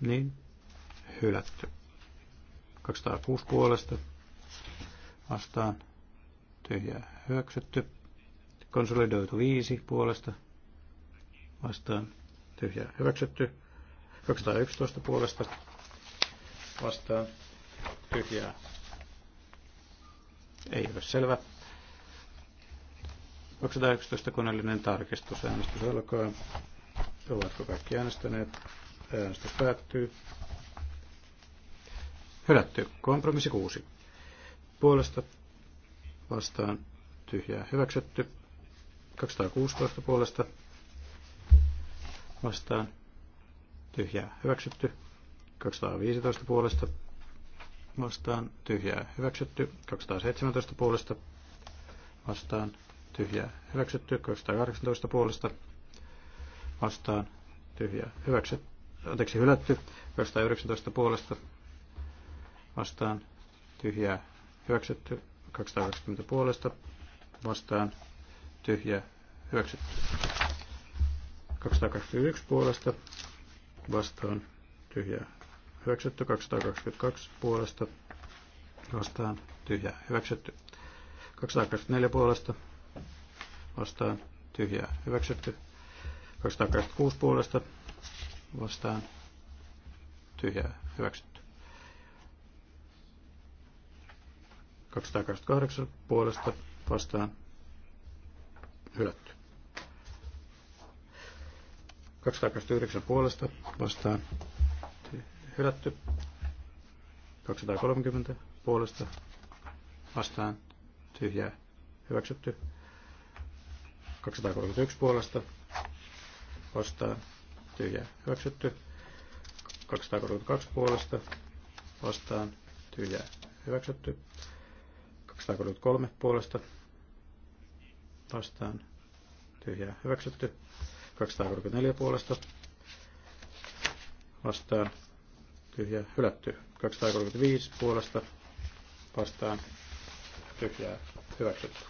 niin hylätty. 206 puolesta vastaan tyhjää hyväksytty. Konsolidoitu 5 puolesta vastaan tyhjää hyväksytty. 211 puolesta vastaan tyhjää ei ole selvä. 211 koneellinen tarkistus. Äänestys alkaa. Ovatko kaikki äänestäneet? Äänestys päättyy. Hylätty. Kompromissi 6. Puolesta vastaan tyhjää hyväksytty. 216 puolesta vastaan tyhjää hyväksytty. 215 puolesta vastaan tyhjää hyväksytty. 217 puolesta vastaan tyhjää hyväksytty. 218 puolesta vastaan tyhjää hyväksytty. Anteeksi, hylätty. 219 puolesta vastaan tyhjää hyväksytty. 220 puolesta vastaan tyhjää hyväksytty. 221 puolesta vastaan tyhjä hyväksytty. 222 puolesta vastaan tyhjä hyväksytty. 224 puolesta vastaan tyhjä hyväksytty. 226 puolesta vastaan tyhjä hyväksytty. 228 puolesta vastaan hylätty. 229 puolesta vastaan hylätty. 230 puolesta vastaan tyhjää hyväksytty. 231 puolesta vastaan tyhjää hyväksytty. 232 puolesta vastaan tyhjää hyväksytty. 233 puolesta vastaan tyhjää hyväksytty. 234 puolesta vastaan Tyhjä hylätty. 235 puolesta vastaan tyhjää hyväksytty.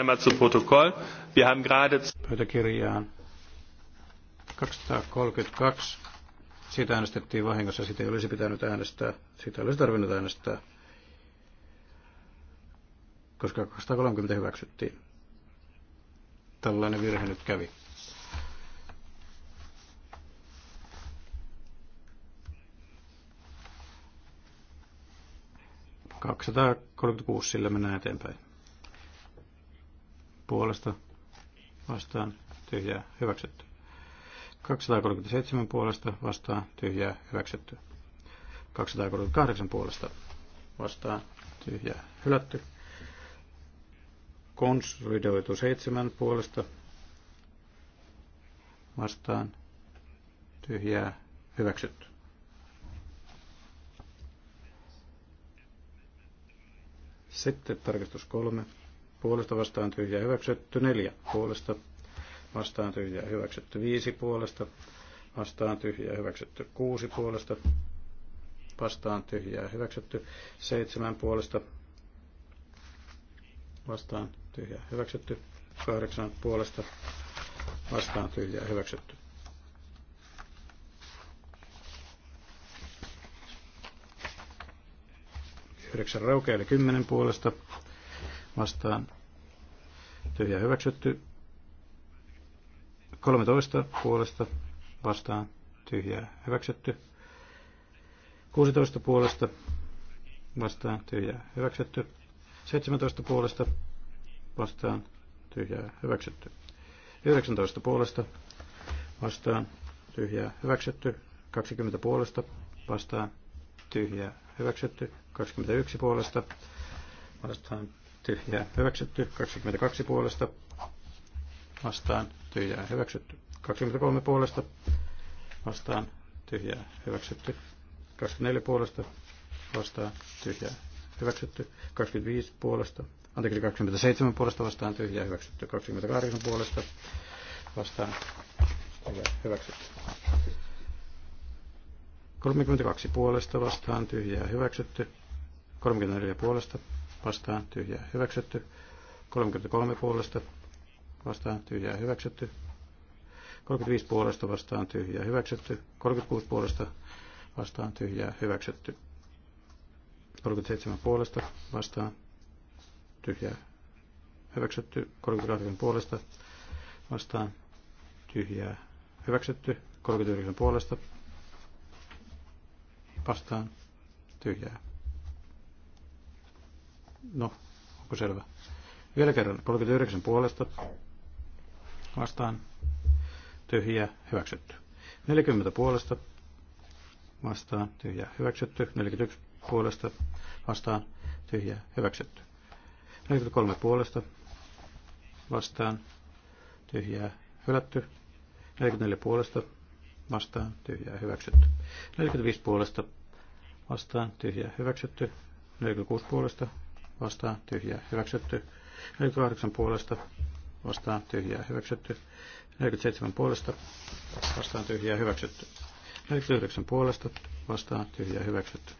einmal zu Protokoll. Wir haben gerade... Pöytäkirjaan 232. Siitä äänestettiin vahingossa, sitä ei olisi pitänyt äänestää, sitä olisi tarvinnut äänestää, koska 230 hyväksyttiin. Tällainen virhe nyt kävi. Kaksisataakolmekymmentäkuusi sillä mennään eteenpäin puolesta vastaan tyhjää hyväksytty. 237 puolesta vastaan tyhjää hyväksytty. 238 puolesta vastaan tyhjää hylätty. Konsolidoitu 7 puolesta vastaan tyhjää hyväksytty. Sitten tarkistus kolme puolesta vastaan tyhjä hyväksytty, neljä puolesta vastaan tyhjä hyväksytty, viisi puolesta vastaan tyhjä hyväksytty, kuusi puolesta vastaan tyhjä hyväksytty, seitsemän puolesta vastaan tyhjä hyväksytty, kahdeksan puolesta vastaan tyhjä hyväksytty. Yhdeksän raukea eli kymmenen puolesta vastaan tyhjä hyväksytty. 13 puolesta vastaan tyhjää hyväksytty. 16 puolesta vastaan tyhjää hyväksytty. 17 puolesta vastaan tyhjää hyväksytty. 19 puolesta vastaan tyhjää hyväksytty. 20 puolesta vastaan tyhjää hyväksytty. 21 puolesta vastaan tyhjä hyväksytty, 22 puolesta vastaan tyhjä hyväksytty, 23 puolesta vastaan tyhjä hyväksytty, 24 puolesta vastaan tyhjä hyväksytty, 25 puolesta, anteeksi 27 puolesta vastaan tyhjä hyväksytty, 28 puolesta vastaan tyhjä hyväksytty. 32 puolesta vastaan tyhjää hyväksytty, 34 puolesta vastaan tyhjää hyväksytty. 33 puolesta vastaan tyhjää hyväksytty. 35 puolesta vastaan tyhjää hyväksytty. 36 puolesta vastaan tyhjää hyväksytty. 37 puolesta vastaan tyhjää hyväksytty. 38 puolesta vastaan tyhjää hyväksytty. 39 puolesta vastaan tyhjää No, onko selvä? Vielä kerran, 39 puolesta vastaan tyhjä hyväksytty. 40 puolesta vastaan tyhjä hyväksytty. 41 puolesta vastaan tyhjä hyväksytty. 43 puolesta vastaan tyhjää hylätty. 44 puolesta vastaan tyhjää hyväksytty. 45 puolesta vastaan tyhjää hyväksytty. 46 puolesta vastaan tyhjää hyväksytty. 48 puolesta vastaan tyhjää hyväksytty. 47 puolesta vastaan tyhjää hyväksytty. 49 puolesta vastaan tyhjää hyväksytty.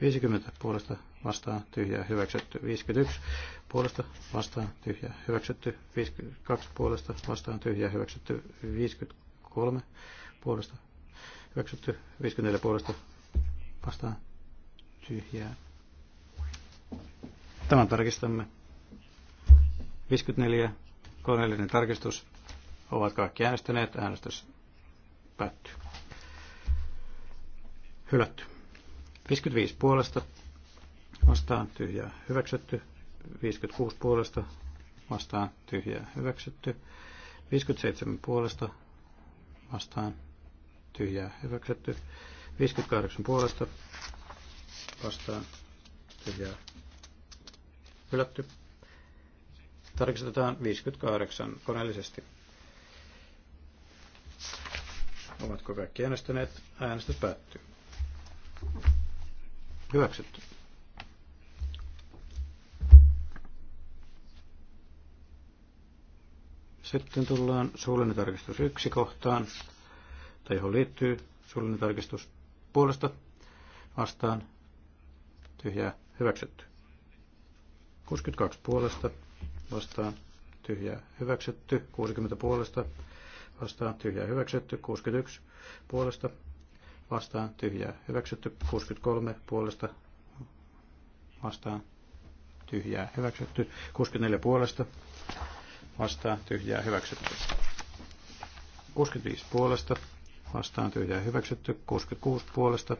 50 puolesta vastaan tyhjää hyväksytty. 51 puolesta vastaan tyhjää hyväksytty. 52 puolesta vastaan tyhjää hyväksytty. 53 puolesta hyväksytty. 54 puolesta vastaan tyhjää Tämän tarkistamme. 54 koneellinen tarkistus. Ovat kaikki äänestäneet. Äänestys päättyy. Hylätty. 55 puolesta vastaan tyhjää hyväksytty. 56 puolesta vastaan tyhjää hyväksytty. 57 puolesta vastaan tyhjää hyväksytty. 58 puolesta vastaan tyhjää Hylätty. Tarkistetaan 58 koneellisesti. Ovatko kaikki äänestäneet? Äänestys päättyy. Hyväksytty. Sitten tullaan suullinen tarkistus yksi kohtaan, tai johon liittyy suullinen tarkistus puolesta vastaan tyhjää hyväksytty. 62 puolesta vastaan tyhjää hyväksytty, 60 puolesta vastaan tyhjää hyväksytty, 61 puolesta vastaan tyhjää hyväksytty, 63 puolesta vastaan tyhjää hyväksytty, 64 puolesta vastaan tyhjää hyväksytty, 65 puolesta vastaan tyhjää hyväksytty, 66 puolesta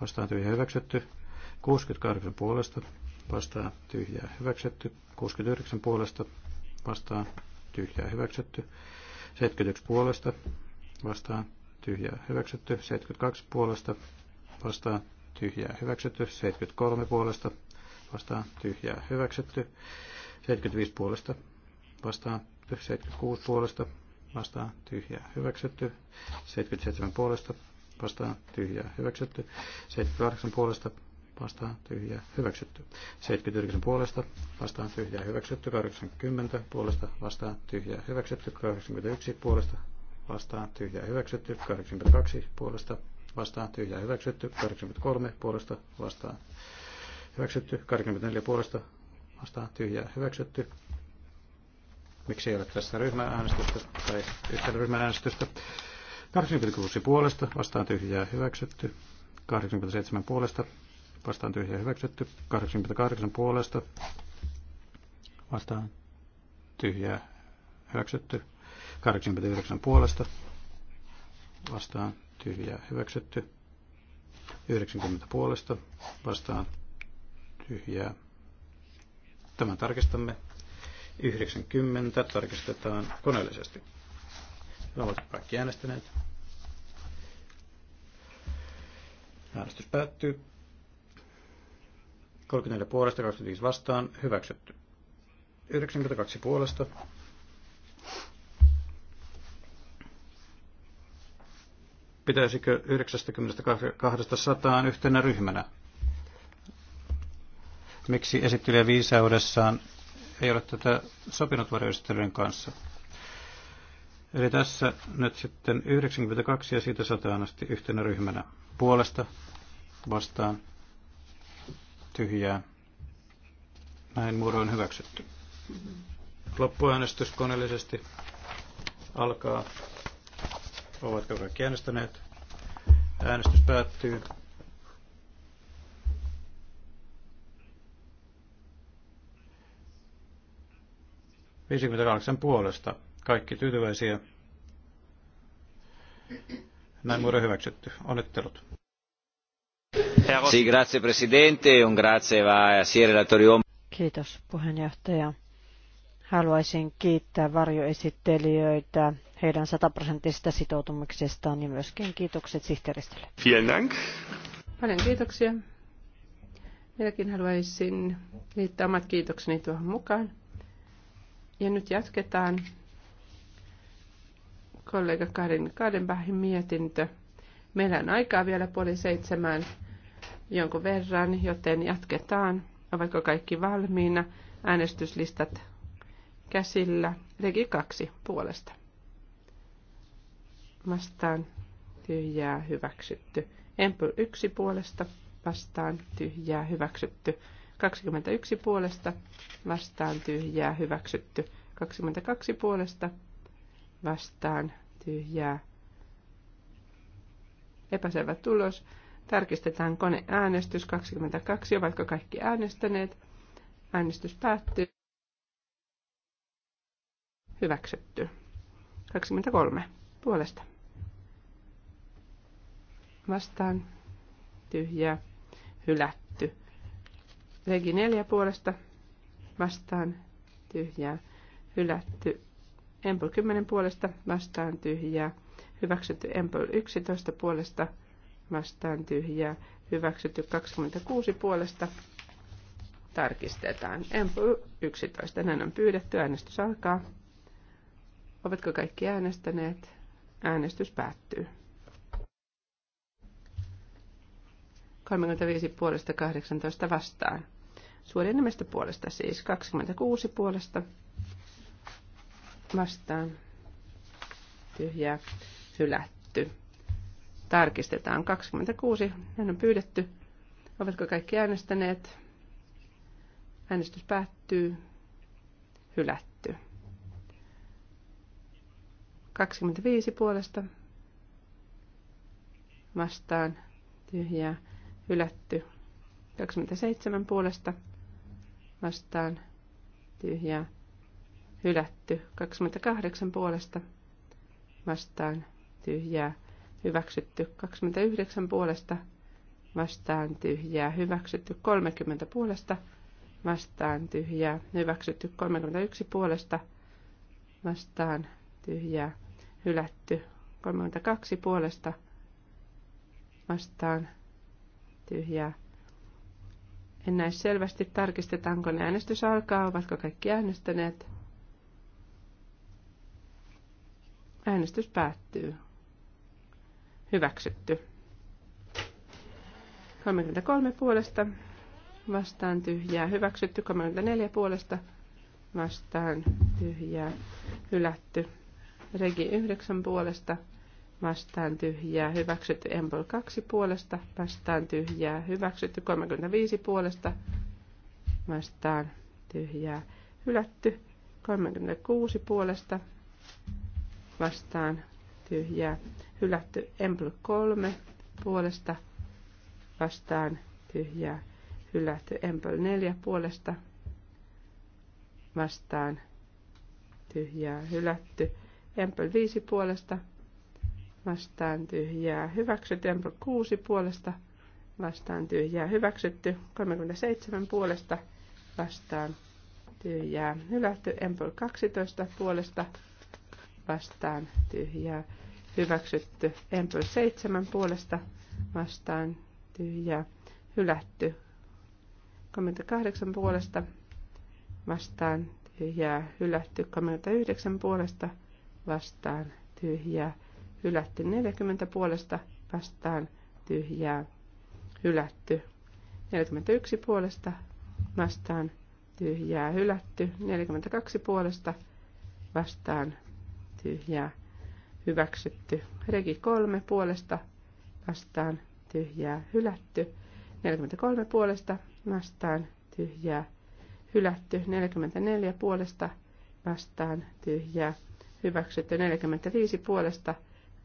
vastaan tyhjää hyväksytty, 68 puolesta vastaan tyhjää hyväksytty. 69 puolesta vastaan tyhjää hyväksytty. 71 puolesta vastaan tyhjää hyväksytty. 72 puolesta vastaan tyhjää hyväksytty. 73 puolesta vastaan tyhjää hyväksytty. 75 puolesta vastaan 76 puolesta vastaan tyhjää hyväksytty. 77 puolesta vastaan tyhjää hyväksytty. 78 puolesta vastaan tyhjää hyväksytty. 79 puolesta vastaan tyhjää hyväksytty. 80 puolesta vastaan tyhjää hyväksytty. 81 puolesta vastaan tyhjää hyväksytty. 82 puolesta vastaan tyhjää hyväksytty. 83 puolesta vastaan hyväksytty. 84 puolesta vastaan tyhjää hyväksytty. Miksi ei ole tässä ryhmääänestystä tai yhteen ryhmääänestystä? 86 puolesta vastaan tyhjää hyväksytty. 87 puolesta vastaan tyhjä hyväksytty. 88 puolesta vastaan tyhjä hyväksytty. 89 puolesta vastaan tyhjä hyväksytty. 90 puolesta vastaan tyhjää. Tämän tarkistamme. 90 tarkistetaan koneellisesti. Ovat kaikki äänestäneet. Äänestys päättyy. 34 puolesta, 25 vastaan, hyväksytty. 92 puolesta. Pitäisikö 90-100 yhtenä ryhmänä? Miksi esittelijä viisaudessaan ei ole tätä sopinut varjoistelujen kanssa? Eli tässä nyt sitten 92 ja siitä 100 asti yhtenä ryhmänä puolesta vastaan tyhjää. Näin muuro on hyväksytty. Loppuäänestys koneellisesti alkaa. Ovatko kaikki äänestäneet? Äänestys päättyy. Viisikymmentäkahdeksan puolesta. Kaikki tyytyväisiä. Näin muodon hyväksytty. Onnittelut grazie Presidente, un grazie va a relatori Kiitos puheenjohtaja. Haluaisin kiittää varjoesittelijöitä heidän sataprosenttisesta sitoutumuksestaan ja myöskin kiitokset sihteeristölle. Vielen dank. Paljon kiitoksia. Minäkin haluaisin liittää omat kiitokseni tuohon mukaan. Ja nyt jatketaan kollega Karin Kadenbachin mietintö. Meillä on aikaa vielä puoli seitsemän jonkun verran, joten jatketaan. Ovatko kaikki valmiina? Äänestyslistat käsillä. Regi kaksi puolesta. Vastaan tyhjää hyväksytty. Empu yksi puolesta. Vastaan tyhjää hyväksytty. 21 puolesta. Vastaan tyhjää hyväksytty. 22 puolesta. Vastaan tyhjää. Epäselvä tulos. Tarkistetaan koneäänestys 22, vaikka kaikki äänestäneet. Äänestys päättyy. Hyväksytty. 23. Puolesta. Vastaan. tyhjä Hylätty. Regi 4 puolesta. Vastaan. tyhjä Hylätty. Empel 10 puolesta. Vastaan. tyhjä Hyväksytty Empel 11 puolesta vastaan tyhjää hyväksytty 26 puolesta. Tarkistetaan. Empu 11. Näin on pyydetty. Äänestys alkaa. Ovatko kaikki äänestäneet? Äänestys päättyy. 35 puolesta 18 vastaan. Suuri enemmistö puolesta siis 26 puolesta vastaan. Tyhjää hylätty tarkistetaan. 26, hän on pyydetty. Ovatko kaikki äänestäneet? Äänestys päättyy. Hylätty. 25 puolesta. Vastaan. Tyhjää. Hylätty. 27 puolesta. Vastaan. Tyhjää. Hylätty. 28 puolesta. Vastaan. Tyhjää hyväksytty 29 puolesta vastaan tyhjää, hyväksytty 30 puolesta vastaan tyhjää, hyväksytty 31 puolesta vastaan tyhjää, hylätty 32 puolesta vastaan tyhjää. En näe selvästi, tarkistetaanko ne äänestys alkaa, ovatko kaikki äänestäneet. Äänestys päättyy. Hyväksytty. 33 puolesta vastaan tyhjää. Hyväksytty. 34 puolesta vastaan tyhjää. Hylätty. Regi 9 puolesta vastaan tyhjää, hyväksytty Embol 2 puolesta, vastaan tyhjää, hyväksytty 35 puolesta, vastaan tyhjää, hylätty 36 puolesta, vastaan tyhjää, hylätty Empl 3 puolesta vastaan tyhjää, hylätty Empl 4 puolesta vastaan tyhjää, hylätty Empl 5 puolesta vastaan tyhjää, hyväksytty Empl 6 puolesta vastaan tyhjää, hyväksytty 37 puolesta vastaan tyhjää, hylätty Empl 12 puolesta vastaan tyhjää, hyväksytty. Empel 7 puolesta vastaan tyhjää hylätty. 38 puolesta vastaan tyhjää hylätty. 39 puolesta vastaan tyhjää hylätty. 40 puolesta vastaan tyhjää hylätty. 41 puolesta vastaan tyhjää hylätty. 42 puolesta vastaan tyhjää hyväksytty. Regi 3 puolesta vastaan tyhjää hylätty. 43 puolesta vastaan tyhjää hylätty. 44 puolesta vastaan tyhjää hyväksytty. 45 puolesta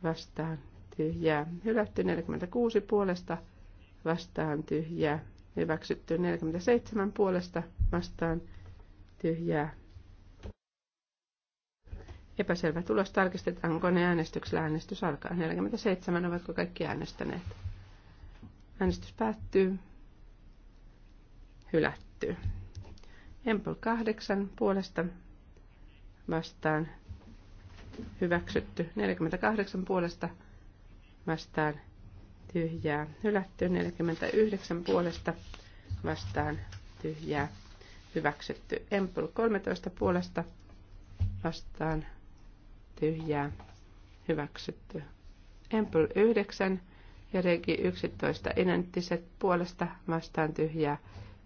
vastaan tyhjää hylätty. 46 puolesta vastaan tyhjää hyväksytty. 47 puolesta vastaan tyhjää Epäselvä tulos tarkistetaan koneäänestyksellä. Äänestys alkaa. 47. Ovatko kaikki äänestäneet? Äänestys päättyy. Hylätty. Empol 8 puolesta vastaan hyväksytty. 48 puolesta vastaan tyhjää. Hylätty. 49 puolesta vastaan tyhjää. Hyväksytty. Empol 13 puolesta vastaan tyhjää, hyväksytty. Empel 9 ja Regi 11 identtiset puolesta vastaan tyhjää,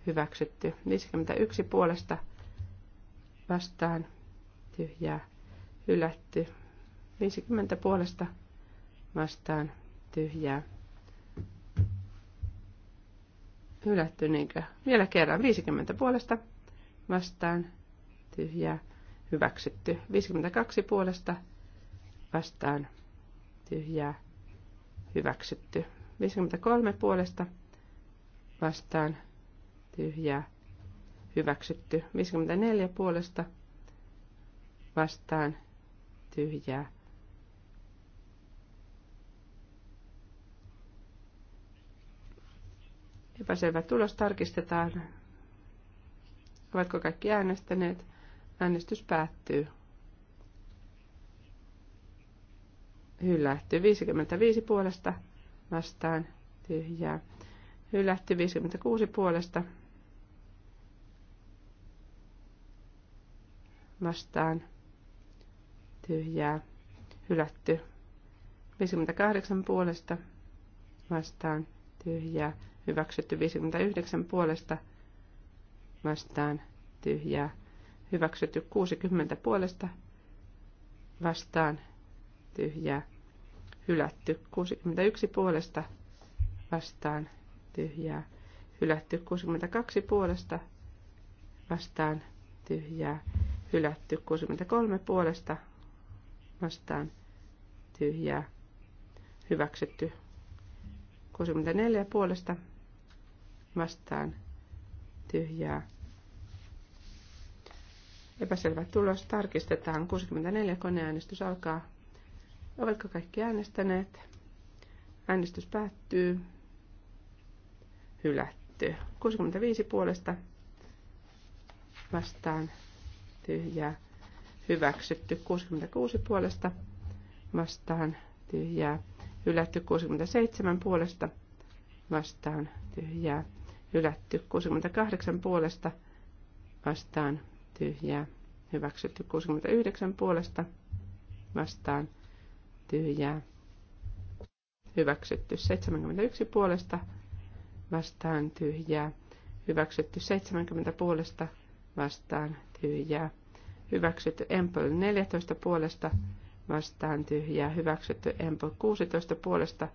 hyväksytty. 51 puolesta vastaan tyhjää, hylätty. 50 puolesta vastaan tyhjää, hylätty niinkö? Vielä kerran 50 puolesta vastaan tyhjää hyväksytty. 52 puolesta vastaan tyhjää hyväksytty. 53 puolesta vastaan tyhjää hyväksytty. 54 puolesta vastaan tyhjää Epäselvä tulos tarkistetaan. Ovatko kaikki äänestäneet? Äänestys päättyy. Hylähty 55 puolesta vastaan tyhjää. Hylähty 56 puolesta vastaan tyhjää. Hylätty 58 puolesta vastaan tyhjää. Hyväksytty 59 puolesta vastaan tyhjää hyväksytty 60 puolesta vastaan tyhjää, hylätty 61 puolesta vastaan tyhjää, hylätty 62 puolesta vastaan tyhjää, hylätty 63 puolesta vastaan tyhjää, hyväksytty 64 puolesta vastaan tyhjää, Epäselvä tulos tarkistetaan. 64 koneäänestys alkaa. Ovatko kaikki äänestäneet? Äänestys päättyy. Hylätty. 65 puolesta vastaan tyhjää. Hyväksytty 66 puolesta vastaan tyhjää. Hylätty 67 puolesta vastaan tyhjää. Hylätty 68 puolesta vastaan tyhjää, hyväksytty 69 puolesta vastaan, tyhjää, hyväksytty 71 puolesta vastaan, tyhjää, hyväksytty 70 puolesta vastaan, tyhjää, hyväksytty Empel 14 puolesta vastaan, tyhjää, hyväksytty Empel 16 puolesta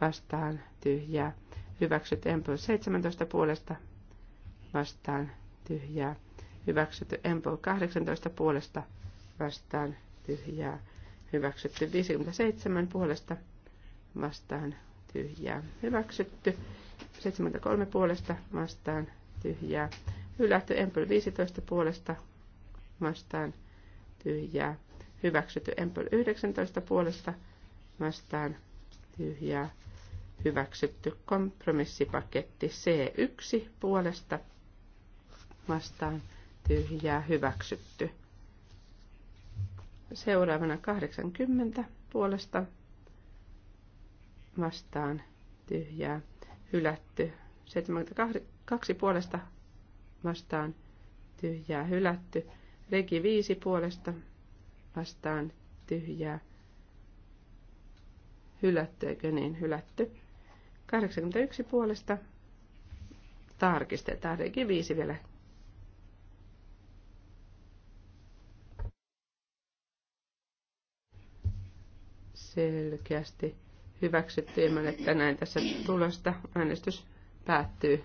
vastaan, tyhjää, hyväksytty Empel 17 puolesta vastaan, tyhjää, hyväksytty empo 18 puolesta vastaan tyhjää, hyväksytty 57 puolesta vastaan tyhjää, hyväksytty 73 puolesta vastaan tyhjää, hylätty empo 15 puolesta vastaan tyhjää, hyväksytty empo 19 puolesta vastaan tyhjää, hyväksytty kompromissipaketti C1 puolesta vastaan tyhjää tyhjää hyväksytty. Seuraavana 80 puolesta vastaan tyhjää hylätty. 72 puolesta vastaan tyhjää hylätty. Regi 5 puolesta vastaan tyhjää hylätty, eikö niin hylätty. 81 puolesta tarkistetaan regi 5 vielä selkeästi hyväksytty ilman, että näin tässä tulosta äänestys päättyy.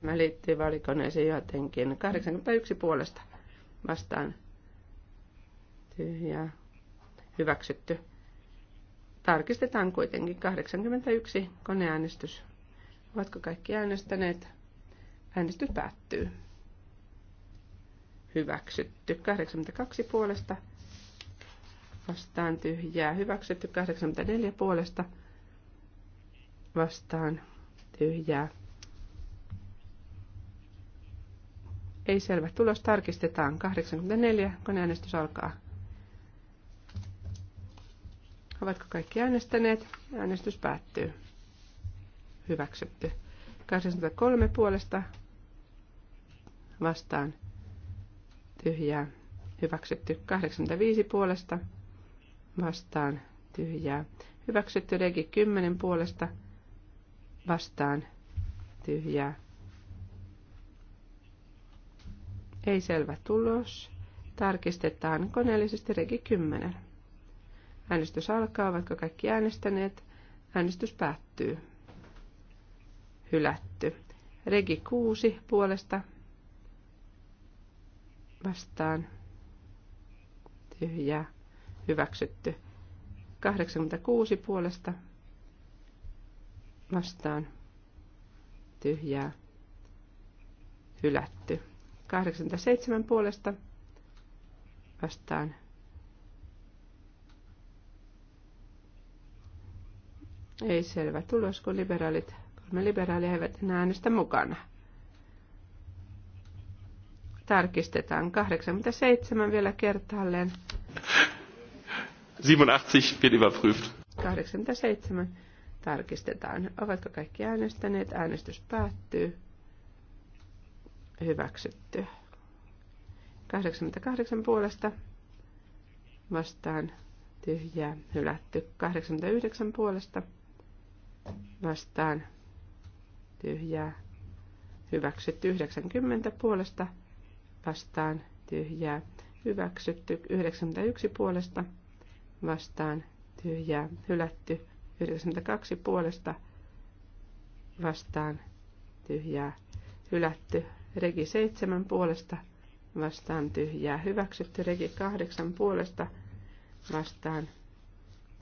Tämä liittyy valikoneeseen jotenkin. 81 puolesta vastaan tyhjää hyväksytty. Tarkistetaan kuitenkin 81 koneäänestys. Ovatko kaikki äänestäneet? Äänestys päättyy hyväksytty. 82 puolesta vastaan tyhjää hyväksytty. 84 puolesta vastaan tyhjää. Ei selvä. Tulos tarkistetaan. 84. Koneäänestys alkaa. Ovatko kaikki äänestäneet? Äänestys päättyy. Hyväksytty. 83 puolesta vastaan tyhjää hyväksytty 85 puolesta vastaan tyhjää hyväksytty regi 10 puolesta vastaan tyhjää. Ei selvä tulos. Tarkistetaan koneellisesti regi 10. Äänestys alkaa, ovatko kaikki äänestäneet. Äänestys päättyy. Hylätty. Regi 6 puolesta vastaan tyhjää hyväksytty. 86 puolesta vastaan tyhjää hylätty. 87 puolesta vastaan ei selvä tulos, kun liberaalit, kolme liberaalia eivät enää äänestä mukana tarkistetaan. 87 vielä kertaalleen. 87 wird überprüft. 87 tarkistetaan. Ovatko kaikki äänestäneet? Äänestys päättyy. Hyväksytty. 88 puolesta vastaan tyhjää hylätty. 89 puolesta vastaan tyhjää hyväksytty. 90 puolesta vastaan tyhjää hyväksytty. 91 puolesta vastaan tyhjää hylätty. 92 puolesta vastaan tyhjää hylätty. Regi 7 puolesta vastaan tyhjää hyväksytty. Regi 8 puolesta vastaan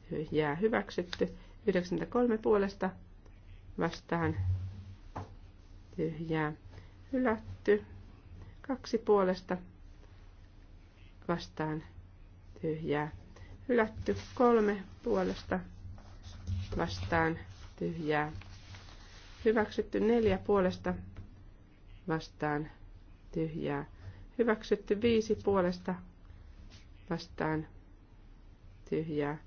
tyhjää hyväksytty. 93 puolesta vastaan tyhjää hylätty. Kaksi puolesta vastaan tyhjää. Hylätty kolme puolesta vastaan tyhjää. Hyväksytty neljä puolesta vastaan tyhjää. Hyväksytty viisi puolesta vastaan tyhjää.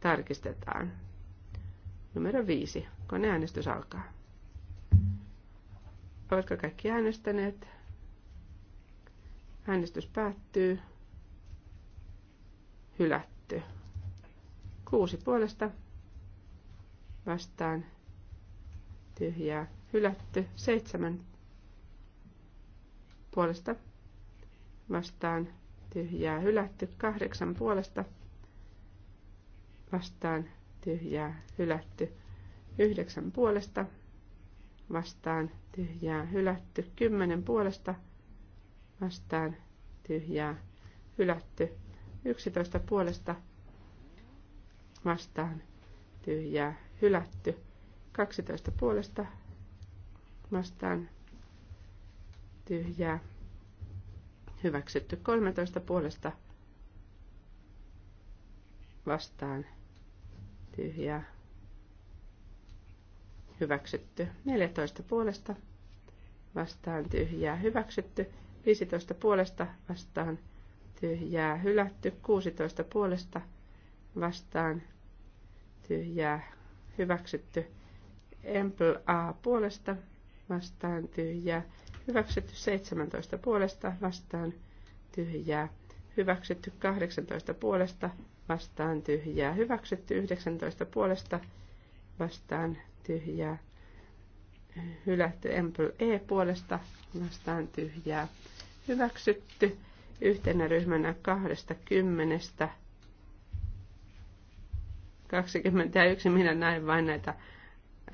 Tarkistetaan. Numero viisi äänestys alkaa. Oletko kaikki äänestäneet? Äänestys päättyy. Hylätty. Kuusi puolesta. Vastaan. Tyhjää. Hylätty. Seitsemän puolesta. Vastaan. Tyhjää. Hylätty. Kahdeksan puolesta. Vastaan. Tyhjää. Hylätty. Yhdeksän puolesta vastaan tyhjää hylätty. Kymmenen puolesta vastaan tyhjää hylätty. Yksitoista puolesta vastaan tyhjää hylätty. Kaksitoista puolesta vastaan tyhjää hyväksytty. Kolmetoista puolesta vastaan tyhjää hyväksytty. 14 puolesta vastaan tyhjää hyväksytty. 15 puolesta vastaan tyhjää hylätty. 16 puolesta vastaan tyhjää hyväksytty. Emple A puolesta vastaan tyhjää hyväksytty. 17 puolesta vastaan tyhjää hyväksytty. 18 puolesta vastaan tyhjää hyväksytty. 19 puolesta vastaan tyhjää, hylätty Empl E puolesta vastaan tyhjää, hyväksytty yhtenä ryhmänä kahdesta kymmenestä 21, minä näin vain näitä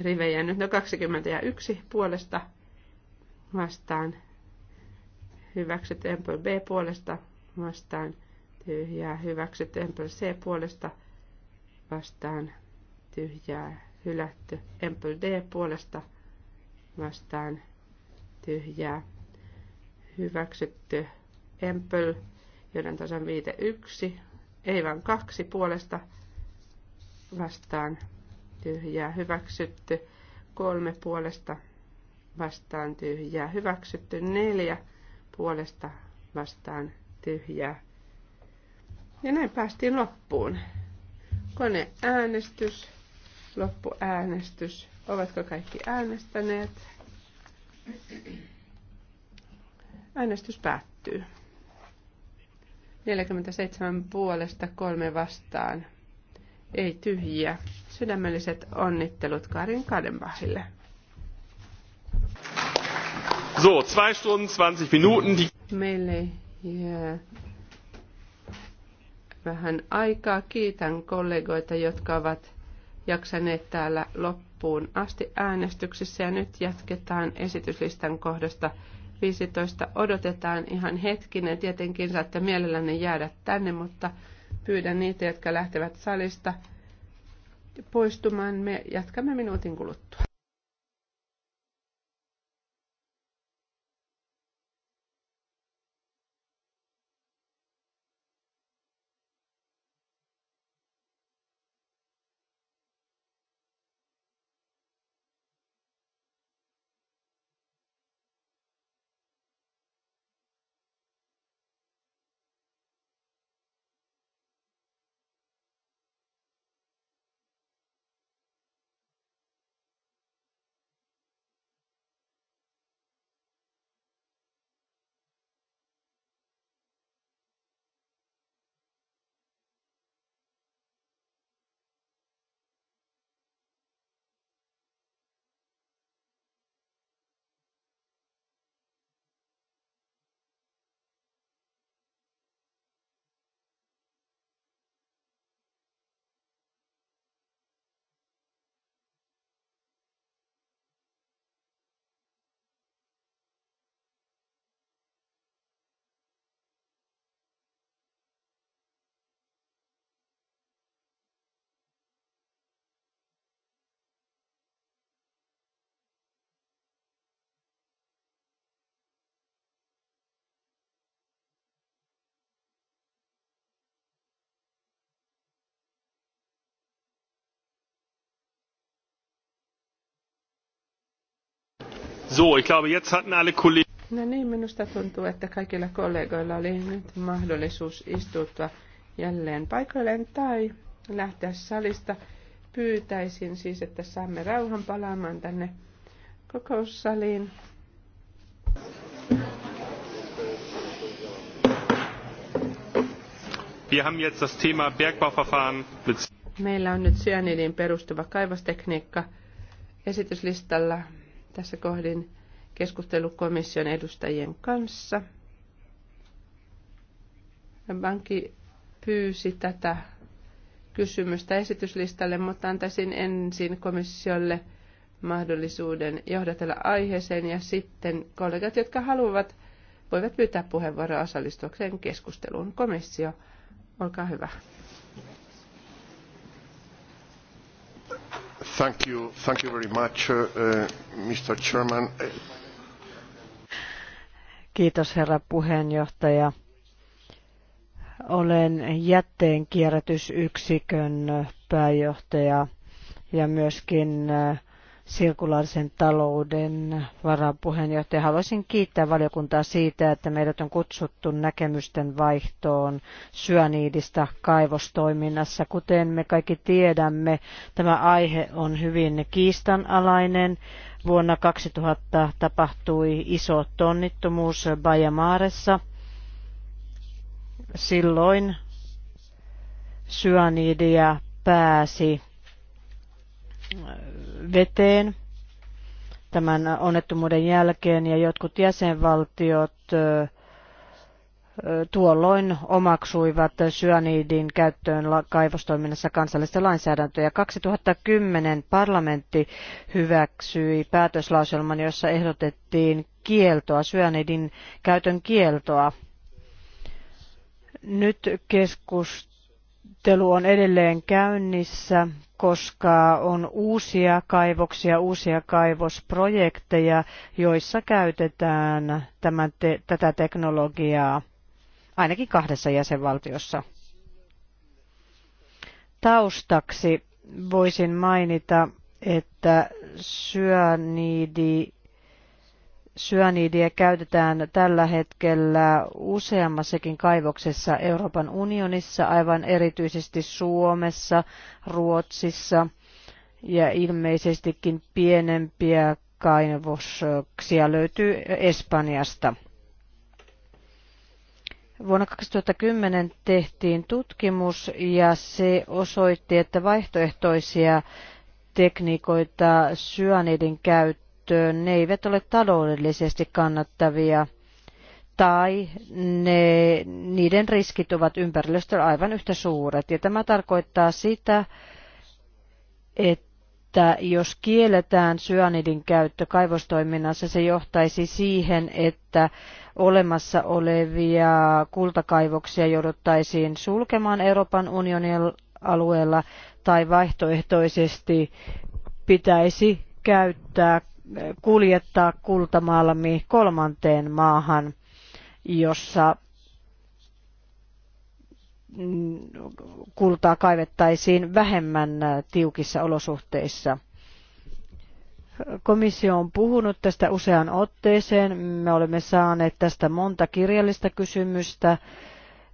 rivejä nyt, no 21 puolesta vastaan hyväksytty Empl B puolesta vastaan tyhjää, hyväksytty Empl C puolesta vastaan tyhjää, hylätty. Empel D puolesta vastaan tyhjää hyväksytty. Empel, joiden tasan viite yksi, ei vaan kaksi puolesta vastaan tyhjää hyväksytty. Kolme puolesta vastaan tyhjää hyväksytty. Neljä puolesta vastaan tyhjää. Ja näin päästiin loppuun. Koneäänestys loppuäänestys. Ovatko kaikki äänestäneet? Äänestys päättyy. 47 puolesta, kolme vastaan. Ei tyhjiä. Sydämelliset onnittelut Karin Kadenbachille. So, 2 Stunden 20 Minuten. Die Meille yeah. vähän aikaa. Kiitän kollegoita, jotka ovat jaksaneet täällä loppuun asti äänestyksissä ja nyt jatketaan esityslistan kohdasta 15. Odotetaan ihan hetkinen. Tietenkin saatte mielellänne jäädä tänne, mutta pyydän niitä, jotka lähtevät salista poistumaan. Me jatkamme minuutin kuluttua. So, ich glaube, jetzt hatten alle Kollegen... No niin, minusta tuntuu, että kaikilla kollegoilla oli nyt mahdollisuus istuttua jälleen paikoilleen tai lähteä salista. Pyytäisin siis, että saamme rauhan palaamaan tänne kokoussaliin. Wir haben jetzt das Thema Bergbauverfahren Meillä on nyt syanidin perustuva kaivostekniikka esityslistalla tässä kohdin keskustelu komission edustajien kanssa. Banki pyysi tätä kysymystä esityslistalle, mutta antaisin ensin komissiolle mahdollisuuden johdatella aiheeseen ja sitten kollegat, jotka haluavat, voivat pyytää puheenvuoroa osallistuakseen keskusteluun. Komissio, olkaa hyvä. Thank you, very much, uh, uh, Mr. Chairman. Kiitos herra puheenjohtaja. Olen jätteen kierrätysyksikön pääjohtaja ja myöskin uh, sirkulaarisen talouden varapuheenjohtaja. Haluaisin kiittää valiokuntaa siitä, että meidät on kutsuttu näkemysten vaihtoon syöniidistä kaivostoiminnassa. Kuten me kaikki tiedämme, tämä aihe on hyvin kiistanalainen. Vuonna 2000 tapahtui iso tonnittomuus Bajamaaressa. Silloin syöniidiä pääsi veteen tämän onnettomuuden jälkeen ja jotkut jäsenvaltiot tuolloin omaksuivat syanidin käyttöön kaivostoiminnassa kansallista lainsäädäntöä. 2010 parlamentti hyväksyi päätöslauselman, jossa ehdotettiin kieltoa, syanidin käytön kieltoa. Nyt keskustelu suunnittelu on edelleen käynnissä, koska on uusia kaivoksia, uusia kaivosprojekteja, joissa käytetään tämän te- tätä teknologiaa ainakin kahdessa jäsenvaltiossa. Taustaksi voisin mainita, että syöniidi syöniidiä käytetään tällä hetkellä useammassakin kaivoksessa Euroopan unionissa, aivan erityisesti Suomessa, Ruotsissa ja ilmeisestikin pienempiä kaivoksia löytyy Espanjasta. Vuonna 2010 tehtiin tutkimus ja se osoitti, että vaihtoehtoisia tekniikoita syöniidin käyttö käyttöön, ne eivät ole taloudellisesti kannattavia tai ne, niiden riskit ovat ympäristölle aivan yhtä suuret. Ja tämä tarkoittaa sitä, että jos kielletään syanidin käyttö kaivostoiminnassa, se johtaisi siihen, että olemassa olevia kultakaivoksia jouduttaisiin sulkemaan Euroopan unionin alueella tai vaihtoehtoisesti pitäisi käyttää kuljettaa kultamalmi kolmanteen maahan, jossa kultaa kaivettaisiin vähemmän tiukissa olosuhteissa. Komissio on puhunut tästä useaan otteeseen. Me olemme saaneet tästä monta kirjallista kysymystä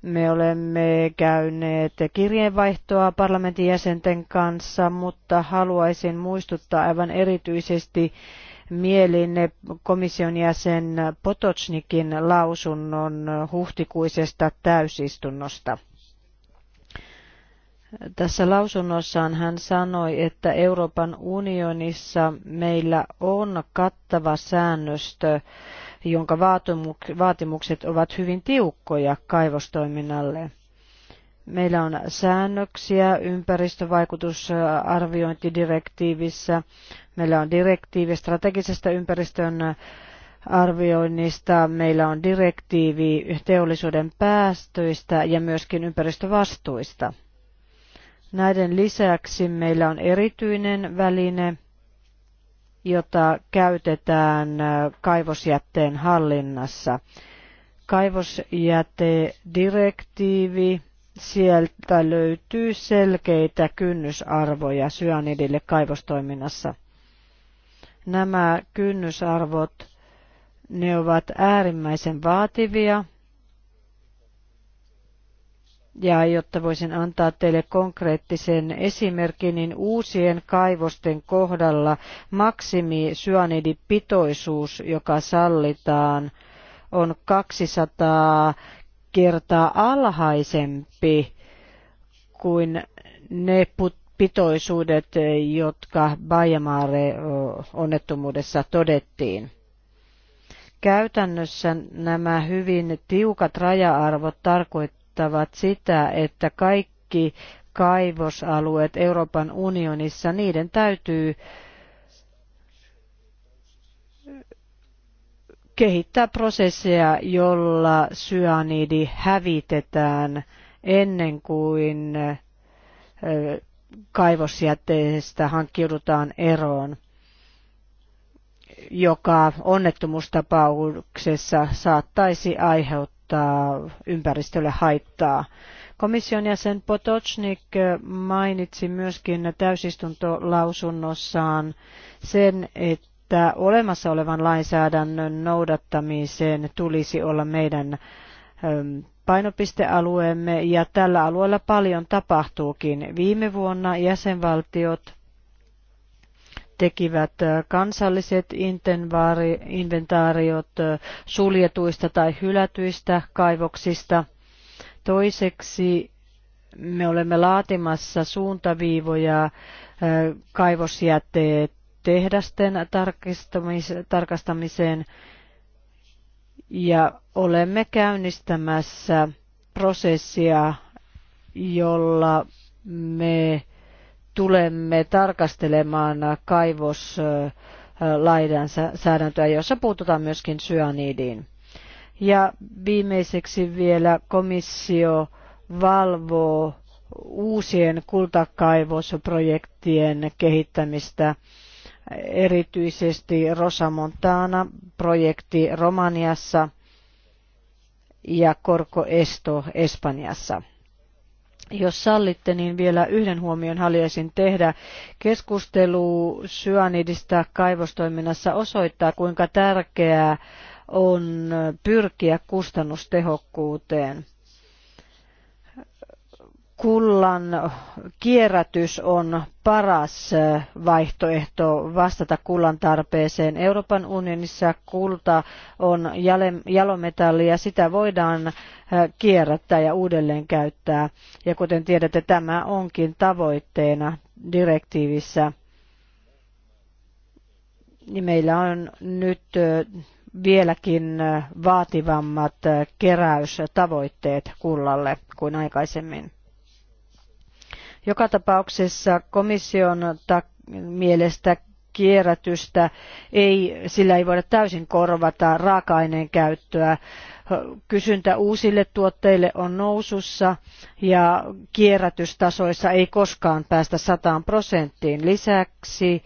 me olemme käyneet kirjeenvaihtoa parlamentin jäsenten kanssa, mutta haluaisin muistuttaa aivan erityisesti mielin komission jäsen Potocnikin lausunnon huhtikuisesta täysistunnosta. Tässä lausunnossaan hän sanoi, että Euroopan unionissa meillä on kattava säännöstö jonka vaatimukset ovat hyvin tiukkoja kaivostoiminnalle. Meillä on säännöksiä ympäristövaikutusarviointidirektiivissä. Meillä on direktiivi strategisesta ympäristön arvioinnista, meillä on direktiivi teollisuuden päästöistä ja myöskin ympäristövastuista. Näiden lisäksi meillä on erityinen väline, jota käytetään kaivosjätteen hallinnassa. Kaivosjätedirektiivi, sieltä löytyy selkeitä kynnysarvoja syanidille kaivostoiminnassa. Nämä kynnysarvot, ne ovat äärimmäisen vaativia ja jotta voisin antaa teille konkreettisen esimerkin, niin uusien kaivosten kohdalla maksimi syanidipitoisuus, joka sallitaan, on 200 kertaa alhaisempi kuin ne pitoisuudet, jotka Bajamaare onnettomuudessa todettiin käytännössä nämä hyvin tiukat raja-arvot tarkoittavat tarkoittavat sitä, että kaikki kaivosalueet Euroopan unionissa, niiden täytyy kehittää prosesseja, jolla syaniidi hävitetään ennen kuin kaivosjätteestä hankkiudutaan eroon, joka onnettomuustapauksessa saattaisi aiheuttaa aiheuttaa ympäristölle haittaa. Komission jäsen Potocnik mainitsi myöskin täysistuntolausunnossaan sen, että olemassa olevan lainsäädännön noudattamiseen tulisi olla meidän ähm, painopistealueemme ja tällä alueella paljon tapahtuukin. Viime vuonna jäsenvaltiot tekivät kansalliset inventaariot suljetuista tai hylätyistä kaivoksista. Toiseksi me olemme laatimassa suuntaviivoja kaivosjätteet tehdasten tarkastamiseen ja olemme käynnistämässä prosessia, jolla me tulemme tarkastelemaan kaivos lainsäädäntöä, jossa puututaan myöskin syanidiin. Ja viimeiseksi vielä komissio valvoo uusien kultakaivosprojektien kehittämistä, erityisesti Rosamontana-projekti Romaniassa ja Korkoesto Espanjassa. Jos sallitte, niin vielä yhden huomion haluaisin tehdä. Keskustelu syanidista kaivostoiminnassa osoittaa, kuinka tärkeää on pyrkiä kustannustehokkuuteen kullan kierrätys on paras vaihtoehto vastata kullan tarpeeseen. Euroopan unionissa kulta on jalometalli ja sitä voidaan kierrättää ja uudelleen käyttää. Ja kuten tiedätte, tämä onkin tavoitteena direktiivissä. Meillä on nyt vieläkin vaativammat keräystavoitteet kullalle kuin aikaisemmin. Joka tapauksessa komission mielestä kierrätystä ei, sillä ei voida täysin korvata raaka-aineen käyttöä. Kysyntä uusille tuotteille on nousussa ja kierrätystasoissa ei koskaan päästä 100 prosenttiin. Lisäksi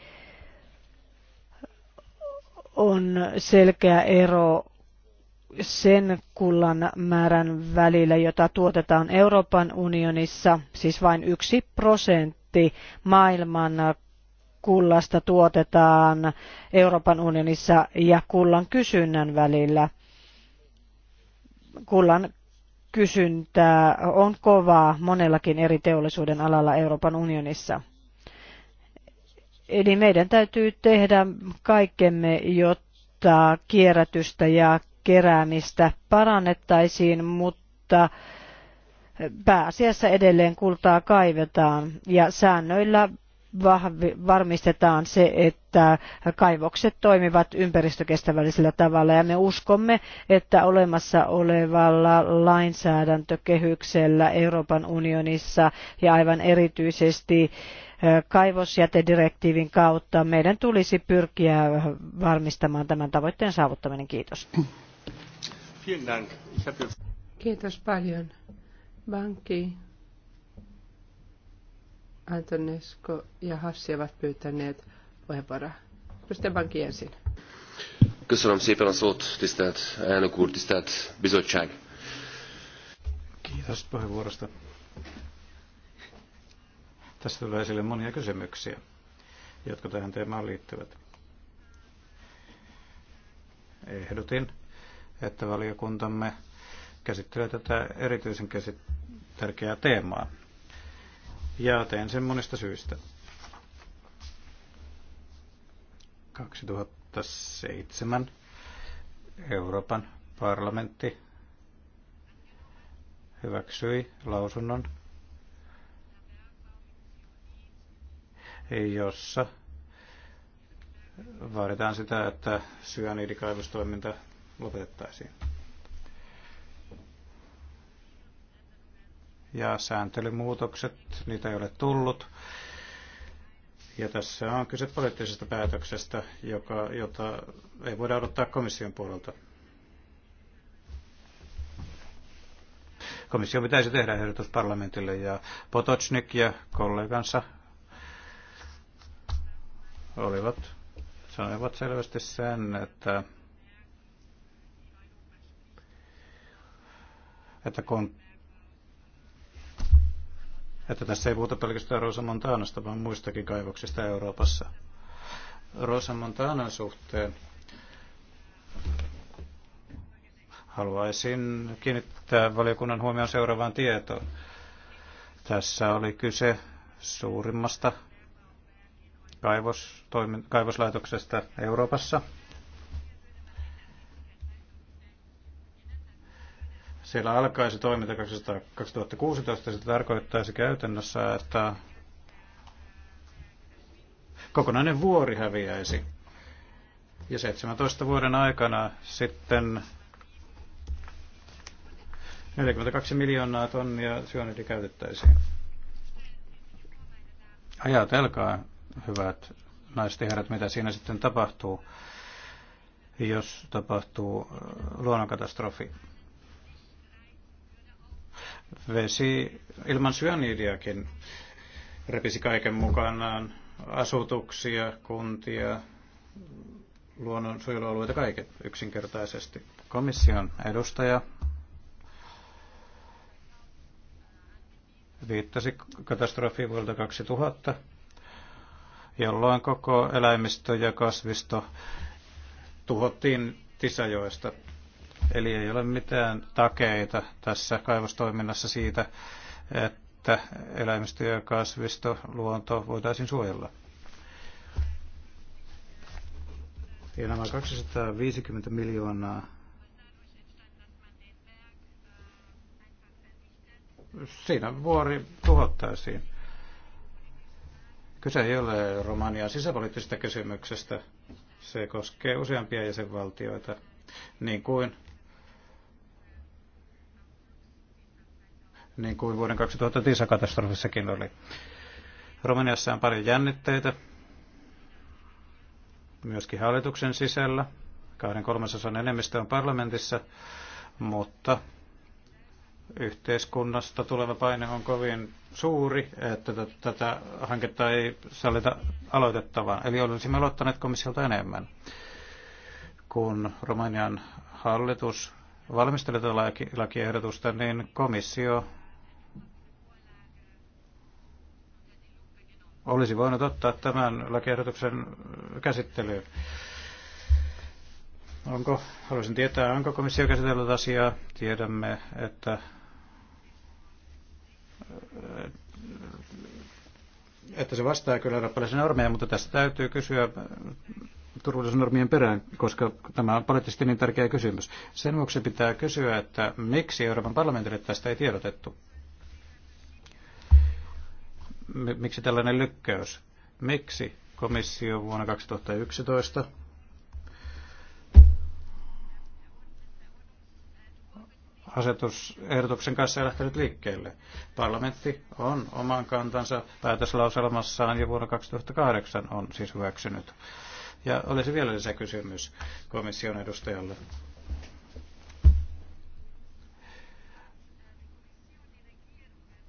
on selkeä ero sen kullan määrän välillä, jota tuotetaan Euroopan unionissa, siis vain yksi prosentti maailman kullasta tuotetaan Euroopan unionissa ja kullan kysynnän välillä. Kullan kysyntää on kovaa monellakin eri teollisuuden alalla Euroopan unionissa. Eli meidän täytyy tehdä kaikkemme, jotta kierrätystä ja keräämistä parannettaisiin, mutta pääasiassa edelleen kultaa kaivetaan ja säännöillä varmistetaan se, että kaivokset toimivat ympäristökestävällisellä tavalla ja me uskomme, että olemassa olevalla lainsäädäntökehyksellä Euroopan unionissa ja aivan erityisesti kaivosjätedirektiivin kautta meidän tulisi pyrkiä varmistamaan tämän tavoitteen saavuttaminen. Kiitos. Kiitos paljon. Banki, Antonesko ja Hassi ovat pyytäneet puheenvuoroa. Pystytään banki ensin. Köszönöm szépen a szót, tisztelt elnök úr, tisztelt bizottság. Kiitos puheenvuorosta. Tässä tulee esille monia kysymyksiä, jotka tähän teemaan liittyvät. Ehdotin, että valiokuntamme käsittelee tätä erityisen käsit- tärkeää teemaa. Ja teen sen monista syistä. 2007 Euroopan parlamentti hyväksyi lausunnon, jossa vaaditaan sitä, että syönidikaivostoiminta lopetettaisiin. Ja sääntelymuutokset, niitä ei ole tullut. Ja tässä on kyse poliittisesta päätöksestä, joka, jota ei voida odottaa komission puolelta. Komissio pitäisi tehdä ehdotus parlamentille ja Potocnik ja kollegansa olivat, sanoivat selvästi sen, että että kun että tässä ei puhuta pelkästään Rosa Montanasta, vaan muistakin kaivoksista Euroopassa. Rosa Montanan suhteen haluaisin kiinnittää valiokunnan huomioon seuraavaan tietoon. Tässä oli kyse suurimmasta kaivoslaitoksesta Euroopassa – Siellä alkaisi toiminta 2016, se tarkoittaisi käytännössä, että kokonainen vuori häviäisi. Ja 17 vuoden aikana sitten 42 miljoonaa tonnia syöneitä käytettäisiin. Ajatelkaa, hyvät naiset ja herrat, mitä siinä sitten tapahtuu, jos tapahtuu luonnonkatastrofi. Vesi ilman syöniidiakin repisi kaiken mukanaan asutuksia, kuntia, luonnonsuojelualueita, kaiken yksinkertaisesti. Komission edustaja viittasi katastrofiin vuodelta 2000, jolloin koko eläimistö ja kasvisto tuhottiin Tisajoesta. Eli ei ole mitään takeita tässä kaivostoiminnassa siitä, että eläimistö ja kasvisto, luonto voitaisiin suojella. Ja nämä 250 miljoonaa siinä vuori tuhottaisiin. Kyse ei ole Romanian sisäpoliittisesta kysymyksestä. Se koskee useampia jäsenvaltioita, niin kuin niin kuin vuoden 2010 katastrofissakin oli. Romaniassa on paljon jännitteitä, myöskin hallituksen sisällä. Kahden kolmasosan enemmistö on parlamentissa, mutta yhteiskunnasta tuleva paine on kovin suuri, että tätä hanketta ei sallita aloitettavaan. Eli olisimme aloittaneet komissiolta enemmän. Kun Romanian hallitus valmistelee lakiehdotusta, niin komissio olisi voinut ottaa tämän lakiehdotuksen käsittelyyn. Onko, haluaisin tietää, onko komissio käsitellyt asiaa. Tiedämme, että että se vastaa kyllä eurooppalaisia normeja, mutta tässä täytyy kysyä turvallisuusnormien perään, koska tämä on poliittisesti niin tärkeä kysymys. Sen vuoksi pitää kysyä, että miksi Euroopan parlamentille tästä ei tiedotettu miksi tällainen lykkäys? Miksi komissio vuonna 2011 asetusehdotuksen kanssa lähtenyt liikkeelle. Parlamentti on oman kantansa päätöslauselmassaan jo vuonna 2008 on siis hyväksynyt. Ja olisi vielä kysymys komission edustajalle.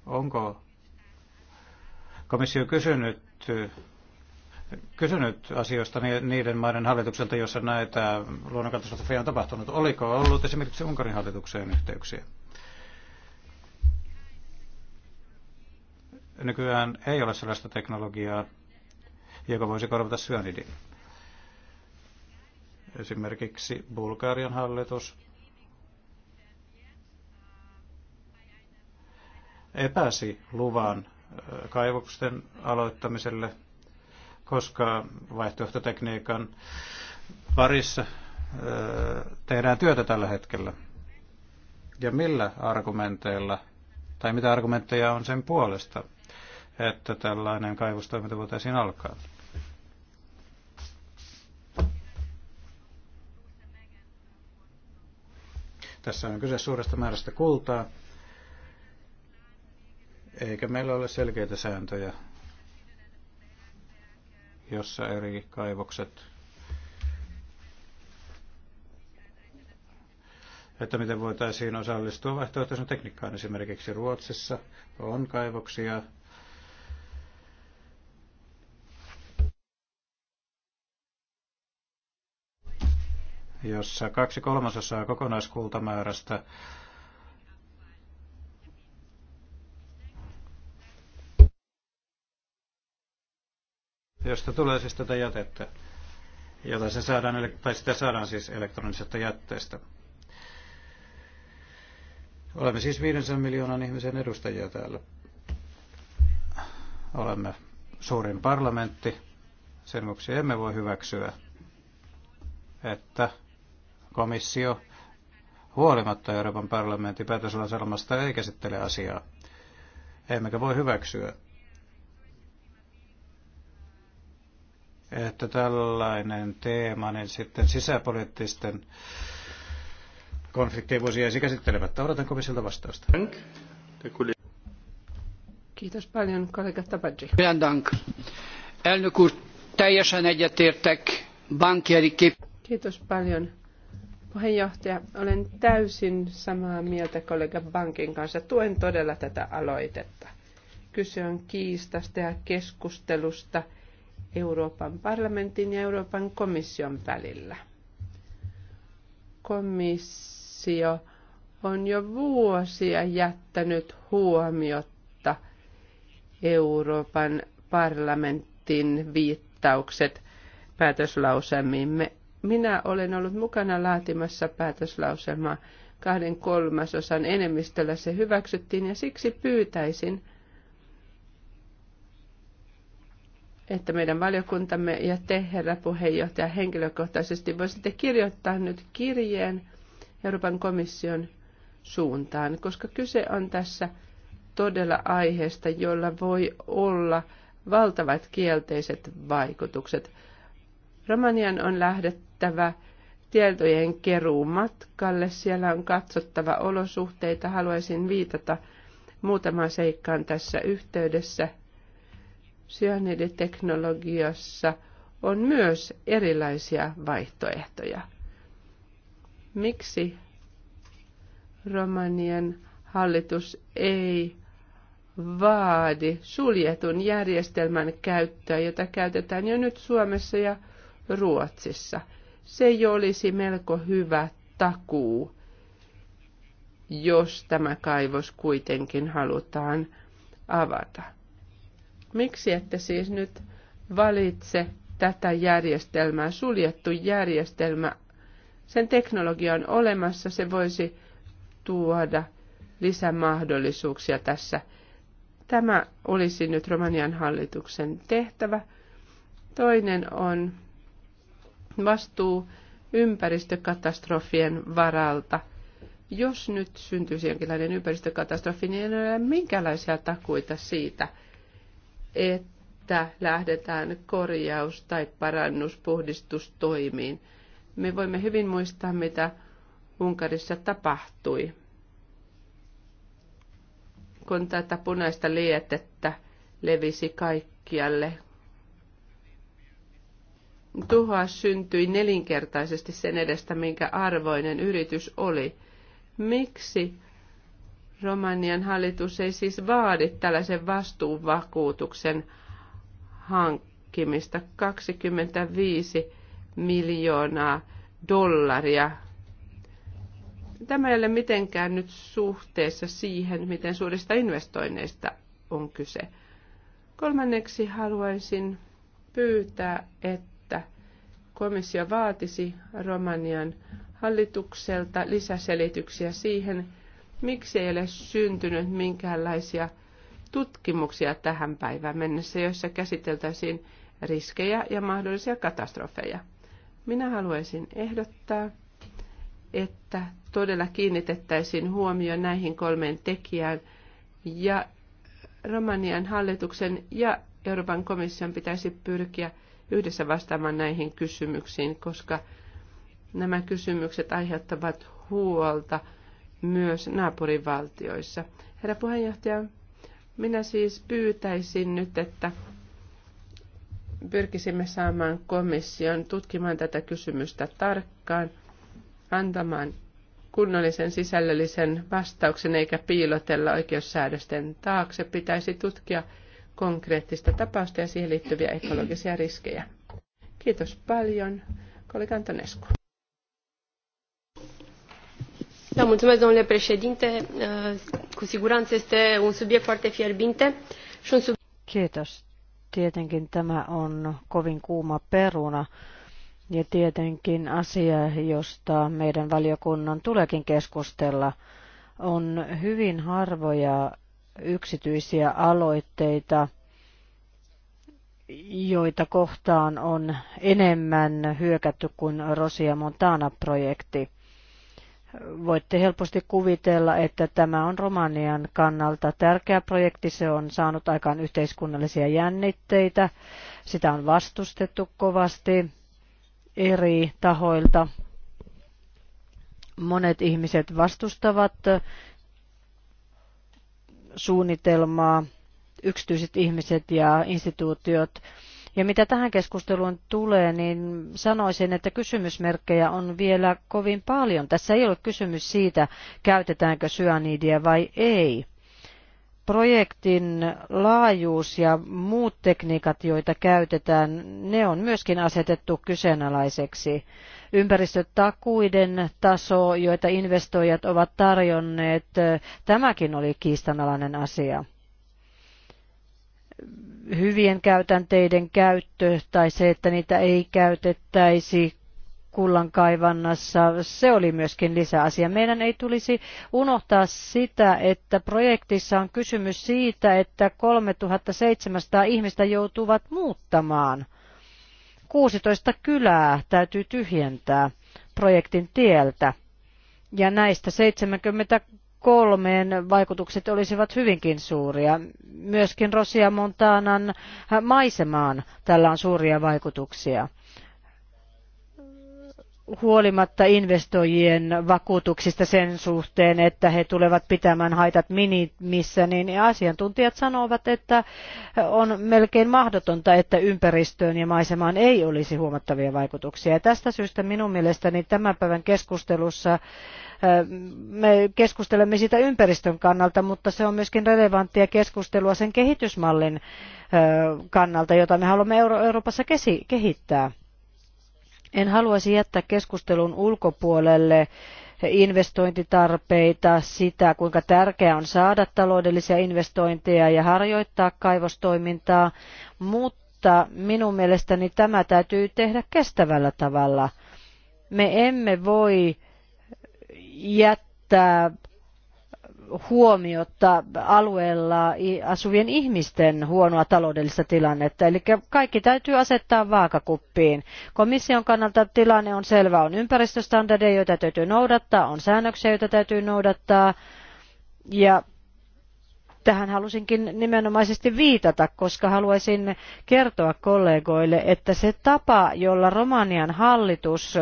Onko Komissio on kysynyt, kysynyt asioista niiden maiden hallitukselta, joissa näitä luonnonkatastrofeja on tapahtunut. Oliko ollut esimerkiksi Unkarin hallitukseen yhteyksiä? Nykyään ei ole sellaista teknologiaa, joka voisi korvata syönidin. Esimerkiksi Bulgarian hallitus epäsi luvan kaivoksen aloittamiselle, koska vaihtoehtotekniikan parissa tehdään työtä tällä hetkellä. Ja millä argumenteilla, tai mitä argumentteja on sen puolesta, että tällainen kaivostoiminta voitaisiin alkaa? Tässä on kyse suuresta määrästä kultaa, eikä meillä ole selkeitä sääntöjä, jossa eri kaivokset, että miten voitaisiin osallistua vaihtoehtoisen tekniikkaan. Esimerkiksi Ruotsissa on kaivoksia, jossa kaksi kolmasosaa kokonaiskultamäärästä josta tulee siis tätä jätettä, jota se saadaan, tai sitä saadaan siis elektronisesta jätteestä. Olemme siis 500 miljoonan ihmisen edustajia täällä. Olemme suurin parlamentti. Sen vuoksi emme voi hyväksyä, että komissio huolimatta Euroopan parlamentin päätöslaselmasta ei käsittele asiaa. Emmekä voi hyväksyä, että tällainen teema niin sitten sisäpoliittisten konfliktien vuosia jäisi käsittelemättä. Odotan komissilta vastausta. Kiitos paljon, kollega Tabadji. Kiitos paljon. Puheenjohtaja, olen täysin samaa mieltä kollega Bankin kanssa. Tuen todella tätä aloitetta. Kyse on kiistasta ja keskustelusta – Euroopan parlamentin ja Euroopan komission välillä. Komissio on jo vuosia jättänyt huomiotta Euroopan parlamentin viittaukset päätöslausemiimme. Minä olen ollut mukana laatimassa päätöslauselmaa kahden kolmasosan enemmistöllä se hyväksyttiin ja siksi pyytäisin – että meidän valiokuntamme ja te, herra puheenjohtaja, henkilökohtaisesti voisitte kirjoittaa nyt kirjeen Euroopan komission suuntaan, koska kyse on tässä todella aiheesta, jolla voi olla valtavat kielteiset vaikutukset. Romanian on lähdettävä tietojen keruun matkalle. Siellä on katsottava olosuhteita. Haluaisin viitata muutamaan seikkaan tässä yhteydessä – syaniditeknologiassa on myös erilaisia vaihtoehtoja. Miksi Romanian hallitus ei vaadi suljetun järjestelmän käyttöä, jota käytetään jo nyt Suomessa ja Ruotsissa. Se jo olisi melko hyvä takuu, jos tämä kaivos kuitenkin halutaan avata. Miksi ette siis nyt valitse tätä järjestelmää? Suljettu järjestelmä, sen teknologia on olemassa, se voisi tuoda lisämahdollisuuksia tässä. Tämä olisi nyt Romanian hallituksen tehtävä. Toinen on vastuu ympäristökatastrofien varalta. Jos nyt syntyisi jonkinlainen ympäristökatastrofi, niin ei ole minkälaisia takuita siitä – että lähdetään korjaus- tai parannuspuhdistustoimiin. Me voimme hyvin muistaa, mitä Unkarissa tapahtui, kun tätä punaista lietettä levisi kaikkialle. Tuhoa syntyi nelinkertaisesti sen edestä, minkä arvoinen yritys oli. Miksi Romanian hallitus ei siis vaadi tällaisen vastuuvakuutuksen hankkimista. 25 miljoonaa dollaria. Tämä ei ole mitenkään nyt suhteessa siihen, miten suurista investoinneista on kyse. Kolmanneksi haluaisin pyytää, että komissio vaatisi Romanian hallitukselta lisäselityksiä siihen, miksi ei ole syntynyt minkäänlaisia tutkimuksia tähän päivään mennessä, joissa käsiteltäisiin riskejä ja mahdollisia katastrofeja. Minä haluaisin ehdottaa, että todella kiinnitettäisiin huomio näihin kolmeen tekijään ja Romanian hallituksen ja Euroopan komission pitäisi pyrkiä yhdessä vastaamaan näihin kysymyksiin, koska nämä kysymykset aiheuttavat huolta myös valtioissa. Herra puheenjohtaja, minä siis pyytäisin nyt, että pyrkisimme saamaan komission tutkimaan tätä kysymystä tarkkaan, antamaan kunnollisen sisällöllisen vastauksen eikä piilotella oikeussäädösten taakse. Pitäisi tutkia konkreettista tapausta ja siihen liittyviä ekologisia riskejä. Kiitos paljon, kollega Antonescu domnule președinte uh, cu siguranță este un subiect foarte fierbinte și un subiect... Kiitos. Tietenkin tämä on kovin kuuma peruna ja tietenkin asia, josta meidän valiokunnan tuleekin keskustella. On hyvin harvoja yksityisiä aloitteita, joita kohtaan on enemmän hyökätty kuin Rosia Montana-projekti Voitte helposti kuvitella, että tämä on Romanian kannalta tärkeä projekti. Se on saanut aikaan yhteiskunnallisia jännitteitä. Sitä on vastustettu kovasti eri tahoilta. Monet ihmiset vastustavat suunnitelmaa, yksityiset ihmiset ja instituutiot ja mitä tähän keskusteluun tulee, niin sanoisin, että kysymysmerkkejä on vielä kovin paljon. Tässä ei ole kysymys siitä, käytetäänkö syanidia vai ei projektin laajuus ja muut tekniikat, joita käytetään, ne on myöskin asetettu kyseenalaiseksi. Ympäristötakuiden taso, joita investoijat ovat tarjonneet, tämäkin oli kiistanalainen asia hyvien käytänteiden käyttö tai se, että niitä ei käytettäisi kullankaivannassa, se oli myöskin lisäasia. Meidän ei tulisi unohtaa sitä, että projektissa on kysymys siitä, että 3700 ihmistä joutuvat muuttamaan. 16 kylää täytyy tyhjentää projektin tieltä ja näistä 70 kolmeen vaikutukset olisivat hyvinkin suuria. Myöskin Rosia Montanan maisemaan tällä on suuria vaikutuksia huolimatta investoijien vakuutuksista sen suhteen, että he tulevat pitämään haitat minimissä, niin asiantuntijat sanovat, että on melkein mahdotonta, että ympäristöön ja maisemaan ei olisi huomattavia vaikutuksia. Ja tästä syystä minun mielestäni tämän päivän keskustelussa me keskustelemme siitä ympäristön kannalta, mutta se on myöskin relevanttia keskustelua sen kehitysmallin kannalta, jota me haluamme Euro Euroopassa kehittää. En haluaisi jättää keskustelun ulkopuolelle investointitarpeita, sitä kuinka tärkeää on saada taloudellisia investointeja ja harjoittaa kaivostoimintaa, mutta minun mielestäni tämä täytyy tehdä kestävällä tavalla. Me emme voi jättää huomiota alueella asuvien ihmisten huonoa taloudellista tilannetta. Eli kaikki täytyy asettaa vaakakuppiin. Komission kannalta tilanne on selvä. On ympäristöstandardeja, joita täytyy noudattaa, on säännöksiä, joita täytyy noudattaa. Ja tähän halusinkin nimenomaisesti viitata, koska haluaisin kertoa kollegoille, että se tapa, jolla Romanian hallitus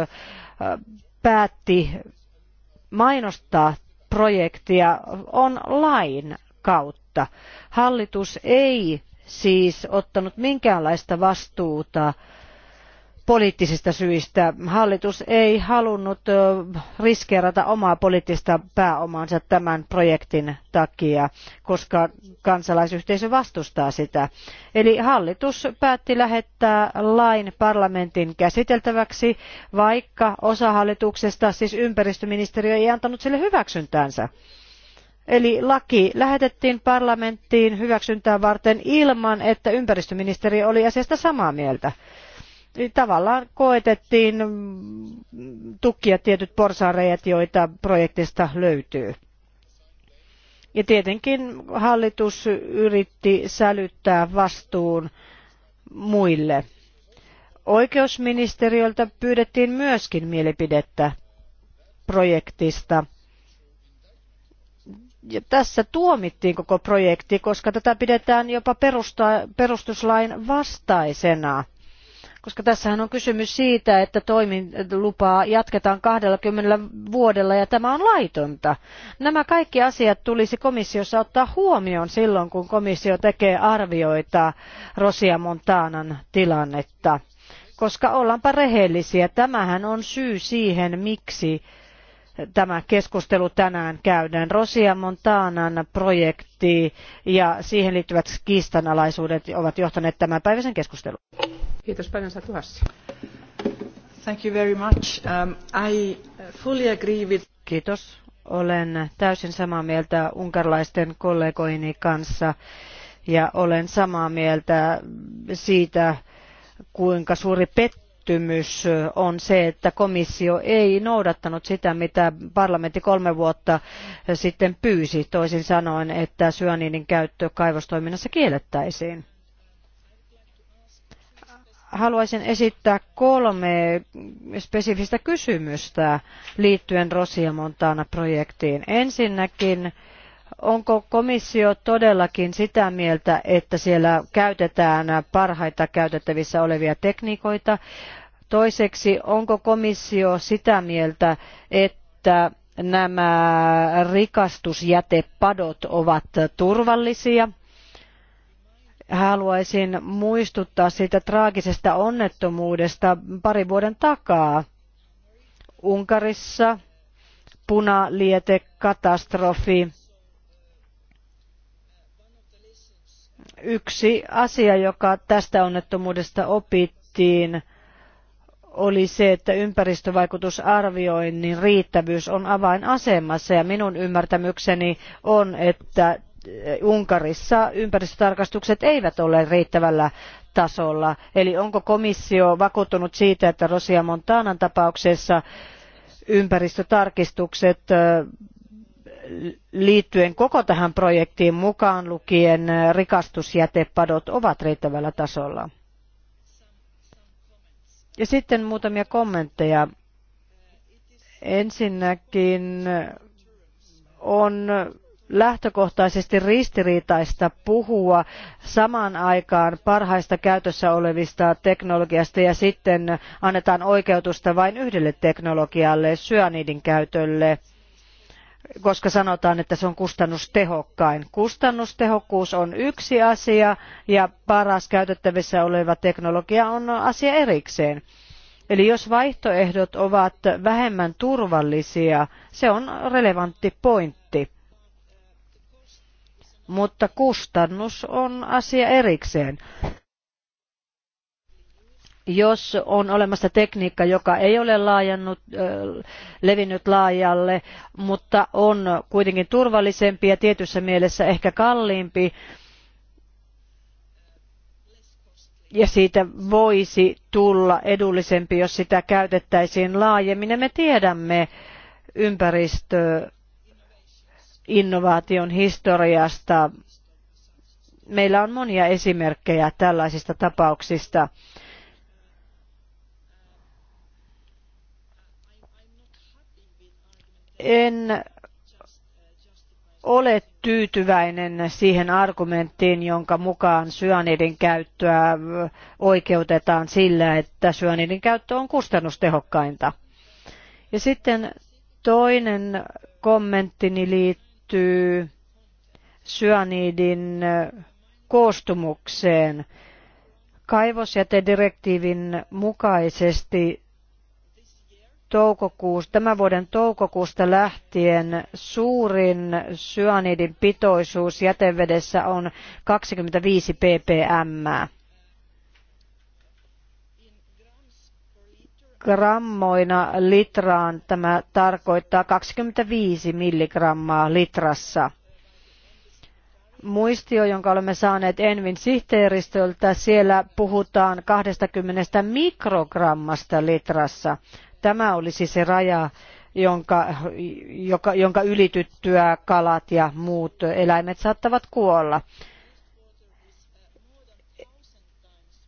päätti mainostaa projektia on lain kautta. Hallitus ei siis ottanut minkäänlaista vastuuta poliittisista syistä. Hallitus ei halunnut riskeerata omaa poliittista pääomaansa tämän projektin takia, koska kansalaisyhteisö vastustaa sitä. Eli hallitus päätti lähettää lain parlamentin käsiteltäväksi, vaikka osa hallituksesta, siis ympäristöministeriö, ei antanut sille hyväksyntäänsä. Eli laki lähetettiin parlamenttiin hyväksyntää varten ilman, että ympäristöministeriö oli asiasta samaa mieltä. Niin tavallaan koetettiin tukkia tietyt porsaanreijät, joita projektista löytyy. Ja tietenkin hallitus yritti sälyttää vastuun muille. Oikeusministeriöltä pyydettiin myöskin mielipidettä projektista. Ja tässä tuomittiin koko projekti, koska tätä pidetään jopa perustuslain vastaisena koska tässähän on kysymys siitä, että toimilupaa jatketaan 20 vuodella ja tämä on laitonta. Nämä kaikki asiat tulisi komissiossa ottaa huomioon silloin, kun komissio tekee arvioita Rosia Montanan tilannetta. Koska ollaanpa rehellisiä, tämähän on syy siihen, miksi tämä keskustelu tänään käydään. Rosia Montanan projekti ja siihen liittyvät kiistanalaisuudet ovat johtaneet tämän päiväisen keskusteluun. Kiitos paljon Satu Hassi. Thank you very much. Um, I fully agree with... Kiitos. Olen täysin samaa mieltä unkarlaisten kollegoini kanssa ja olen samaa mieltä siitä, kuinka suuri pettymys pettymys on se, että komissio ei noudattanut sitä, mitä parlamentti kolme vuotta sitten pyysi, toisin sanoen, että syöniinin käyttö kaivostoiminnassa kiellettäisiin haluaisin esittää kolme spesifistä kysymystä liittyen Rosia Montana-projektiin. Ensinnäkin, onko komissio todellakin sitä mieltä, että siellä käytetään parhaita käytettävissä olevia tekniikoita? Toiseksi, onko komissio sitä mieltä, että nämä rikastusjätepadot ovat turvallisia? Haluaisin muistuttaa siitä traagisesta onnettomuudesta pari vuoden takaa Unkarissa punalietekatastrofi. Yksi asia, joka tästä onnettomuudesta opittiin, oli se, että ympäristövaikutusarvioinnin riittävyys on avainasemassa ja minun ymmärtämykseni on, että eh, Unkarissa ympäristötarkastukset eivät ole riittävällä tasolla. Eli onko komissio vakuuttunut siitä, että Rosia Montanan tapauksessa ympäristötarkistukset eh, liittyen koko tähän projektiin mukaan lukien eh, rikastusjätepadot ovat riittävällä tasolla? Ja sitten muutamia kommentteja. Ensinnäkin on lähtökohtaisesti ristiriitaista puhua samaan aikaan parhaista käytössä olevista teknologiasta ja sitten annetaan oikeutusta vain yhdelle teknologialle, syönidin käytölle – koska sanotaan, että se on kustannustehokkain. Kustannustehokkuus on yksi asia ja paras käytettävissä oleva teknologia on asia erikseen. Eli jos vaihtoehdot ovat vähemmän turvallisia, se on relevantti pointti. Mutta kustannus on asia erikseen jos on olemassa tekniikka, joka ei ole laajannut, levinnyt laajalle, mutta on kuitenkin turvallisempi ja tietyssä mielessä ehkä kalliimpi, ja siitä voisi tulla edullisempi, jos sitä käytettäisiin laajemmin. Ja me tiedämme ympäristöinnovaation historiasta. Meillä on monia esimerkkejä tällaisista tapauksista. en ole tyytyväinen siihen argumenttiin, jonka mukaan syöneiden käyttöä oikeutetaan sillä, että syöneiden käyttö on kustannustehokkainta. Ja sitten toinen kommenttini liittyy syöniidin koostumukseen. Kaivosjätedirektiivin mukaisesti toukokuusta, tämän vuoden toukokuusta lähtien suurin syanidin pitoisuus jätevedessä on 25 ppm. Grammoina litraan tämä tarkoittaa 25 milligrammaa litrassa. Muistio, jonka olemme saaneet Envin sihteeristöltä, siellä puhutaan 20 mikrogrammasta litrassa tämä olisi se raja, jonka, joka, jonka ylityttyä kalat ja muut eläimet saattavat kuolla.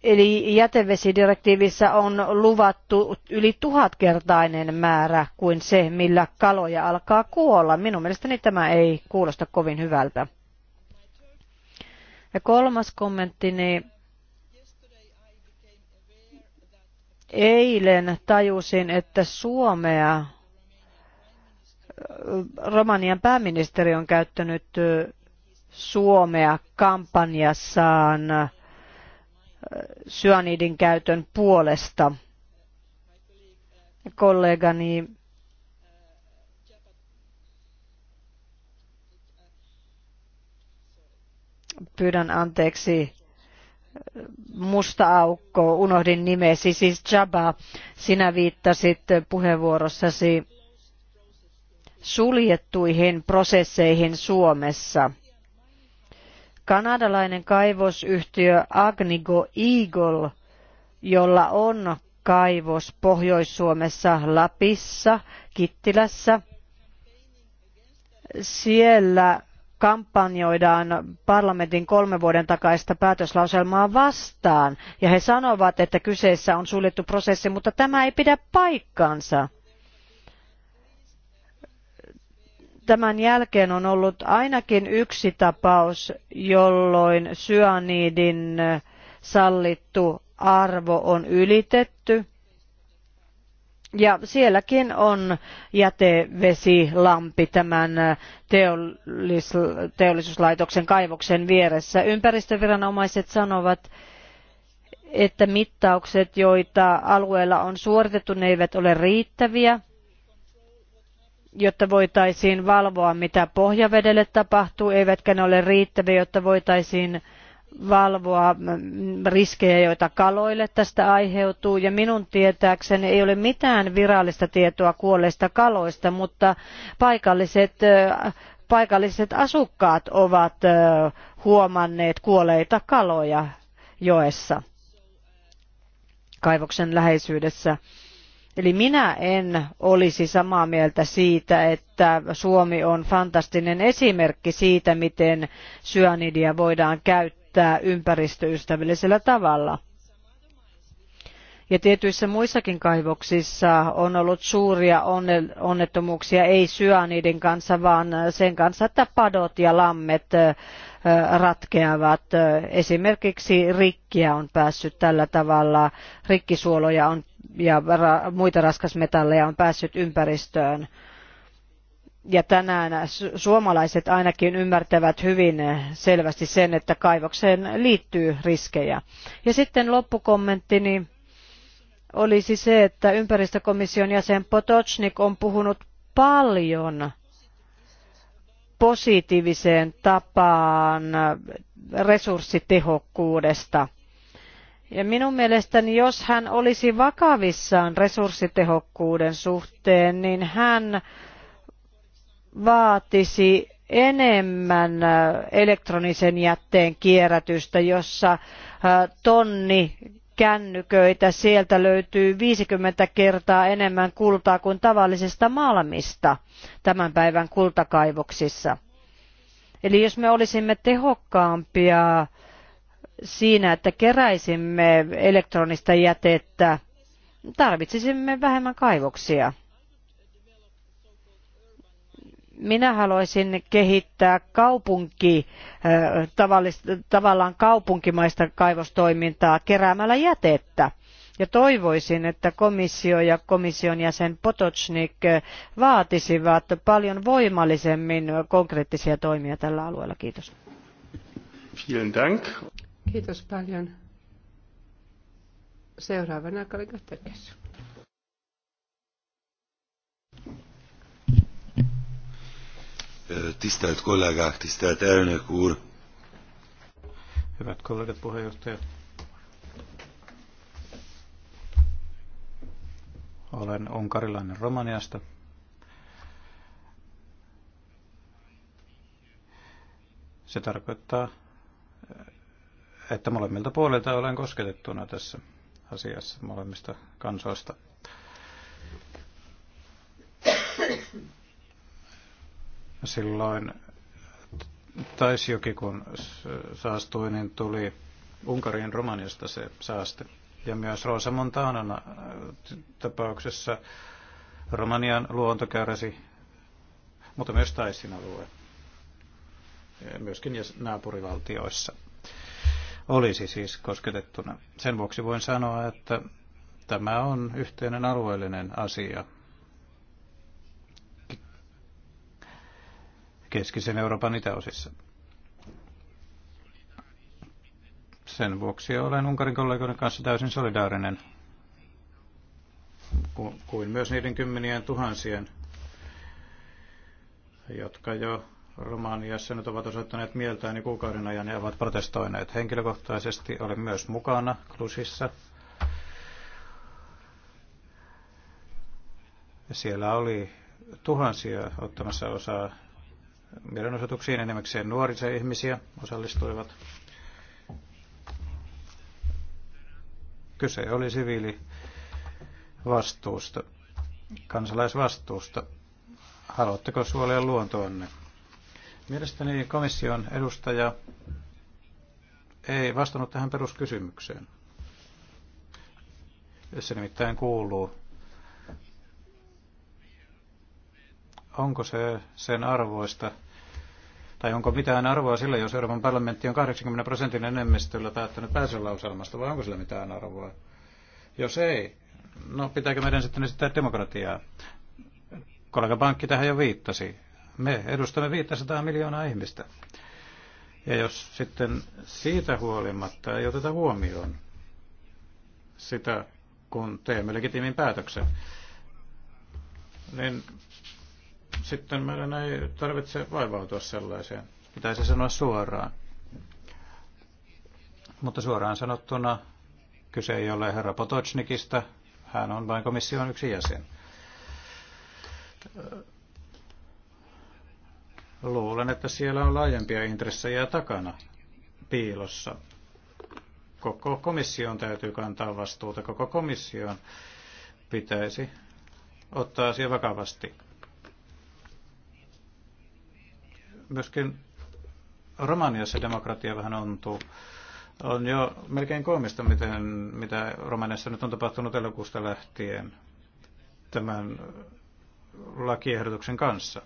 Eli jätevesidirektiivissä on luvattu yli tuhatkertainen määrä kuin se, millä kaloja alkaa kuolla. Minun mielestäni tämä ei kuulosta kovin hyvältä. Ja kolmas kommenttini Eilen tajusin, että Suomea Romanian pääministeri on käyttänyt Suomea kampanjassaan syanidin käytön puolesta. Kollegani pyydän anteeksi musta aukko, unohdin nimesi, siis Jaba, sinä viittasit puheenvuorossasi suljettuihin prosesseihin Suomessa. Kanadalainen kaivosyhtiö Agnigo Eagle, jolla on kaivos Pohjois-Suomessa, Lapissa, Kittilässä, siellä kampanjoidaan parlamentin kolmen vuoden takaista päätöslauselmaa vastaan ja he sanovat, että kyseessä on suljettu prosessi, mutta tämä ei pidä paikkaansa. Tämän jälkeen on ollut ainakin yksi tapaus, jolloin syaniidin sallittu arvo on ylitetty – ja sielläkin on jätevesilampi tämän äh, teollis- teollisuuslaitoksen kaivoksen vieressä. Ympäristöviranomaiset sanovat, että mittaukset, joita alueella on suoritettu, ne eivät ole riittäviä, jotta voitaisiin valvoa, mitä pohjavedelle tapahtuu, eivätkä ne ole riittäviä, jotta voitaisiin valvoa riskejä, joita kaloille tästä aiheutuu. Ja minun tietääkseni ei ole mitään virallista tietoa kuolleista kaloista, mutta paikalliset paikalliset asukkaat ovat huomanneet kuoleita kaloja joessa kaivoksen läheisyydessä. Eli minä en olisi samaa mieltä siitä, että Suomi on fantastinen esimerkki siitä, miten syanidia voidaan käyttää käyttää ympäristöystävällisellä tavalla. Ja tietyissä muissakin kaivoksissa on ollut suuria onnettomuuksia, ei syöniiden kanssa, vaan sen kanssa, että padot ja lammet ratkeavat. Esimerkiksi rikkiä on päässyt tällä tavalla, rikkisuoloja on, ja muita raskasmetalleja on päässyt ympäristöön ja tänään suomalaiset ainakin ymmärtävät hyvin selvästi sen, että kaivokseen liittyy riskejä. Ja sitten loppukommenttini olisi se, että ympäristökomission jäsen Potocnik on puhunut paljon positiiviseen tapaan resurssitehokkuudesta. Ja minun mielestäni, jos hän olisi vakavissaan resurssitehokkuuden suhteen, niin hän vaatisi enemmän äh, elektronisen jätteen kierrätystä, jossa äh, tonni kännyköitä, sieltä löytyy 50 kertaa enemmän kultaa kuin tavallisesta malmista tämän päivän kultakaivoksissa. Eli jos me olisimme tehokkaampia siinä, että keräisimme elektronista jätettä, tarvitsisimme vähemmän kaivoksia minä haluaisin kehittää kaupunki, tavallaan kaupunkimaista kaivostoimintaa keräämällä jätettä. Ja toivoisin, että komissio ja komission jäsen Potocnik vaatisivat paljon voimallisemmin konkreettisia toimia tällä alueella. Kiitos. Vielen Dank. Kiitos paljon. Seuraavana kollega Tökes. Tisztelt kollégák, tisztelt elnök úr! Hyvät kollegat, puheenjohtaja! Olen onkarilainen Romaniasta. Se tarkoittaa, että molemmilta puolilta olen kosketettuna tässä asiassa molemmista kansoista. Silloin Taisjoki, kun saastui, niin tuli Unkarin Romaniasta se saaste. Ja myös Rosa Montanan äh, tapauksessa Romanian luonto kärsi, mutta myös Taisin alue, myöskin naapurivaltioissa olisi siis kosketettuna. Sen vuoksi voin sanoa, että tämä on yhteinen alueellinen asia keskisen Euroopan itäosissa. Sen vuoksi olen Unkarin kollegoiden kanssa täysin solidaarinen kuin myös niiden kymmenien tuhansien, jotka jo Romaniassa nyt ovat osoittaneet mieltään niin kuukauden ajan ja ovat protestoineet. Henkilökohtaisesti olen myös mukana Klusissa. Siellä oli tuhansia ottamassa osaa mielenosoituksiin. Enimmäkseen ihmisiä osallistuivat. Kyse oli siviilivastuusta, kansalaisvastuusta. Haluatteko suolia luontoanne? Mielestäni komission edustaja ei vastannut tähän peruskysymykseen. Se nimittäin kuuluu, onko se sen arvoista, tai onko mitään arvoa sillä, jos Euroopan parlamentti on 80 prosentin enemmistöllä päättänyt pääsylauselmasta, vai onko sillä mitään arvoa? Jos ei, no pitääkö meidän sitten esittää demokratiaa? Kollega Pankki tähän jo viittasi. Me edustamme 500 miljoonaa ihmistä. Ja jos sitten siitä huolimatta ei oteta huomioon sitä, kun teemme legitiimin päätöksen, niin sitten meidän ei tarvitse vaivautua sellaiseen. Pitäisi sanoa suoraan. Mutta suoraan sanottuna kyse ei ole herra Potocnikista, hän on vain komission yksi jäsen. Luulen, että siellä on laajempia intressejä takana piilossa. Koko komission täytyy kantaa vastuuta, koko komission pitäisi ottaa asia vakavasti. myöskin Romaniassa demokratia vähän ontuu. On jo melkein koomista, miten, mitä Romaniassa nyt on tapahtunut elokuusta lähtien tämän lakiehdotuksen kanssa,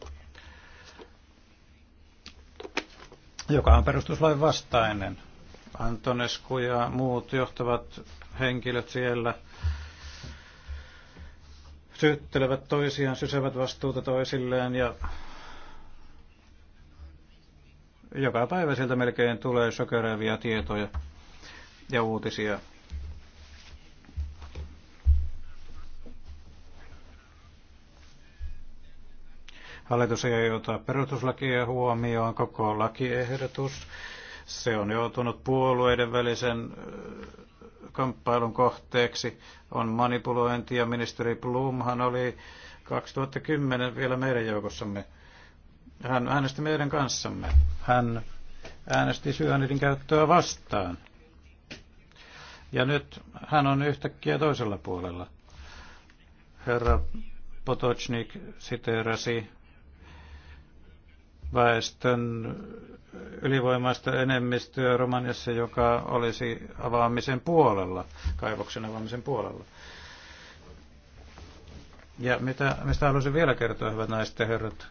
joka on perustuslain vastainen. Antonescu ja muut johtavat henkilöt siellä syyttelevät toisiaan, sysevät vastuuta toisilleen ja joka päivä sieltä melkein tulee sokeravia tietoja ja uutisia. Hallitus ei ota perustuslakia huomioon, koko lakiehdotus. Se on joutunut puolueiden välisen kamppailun kohteeksi. On manipulointia. Ministeri Blumhan oli 2010 vielä meidän joukossamme. Hän äänesti meidän kanssamme. Hän äänesti syönidin käyttöä vastaan. Ja nyt hän on yhtäkkiä toisella puolella. Herra Potocnik siteerasi väestön ylivoimaista enemmistöä Romaniassa, joka olisi avaamisen puolella, kaivoksen avaamisen puolella. Ja mitä, mistä haluaisin vielä kertoa, hyvät naiset ja herrat,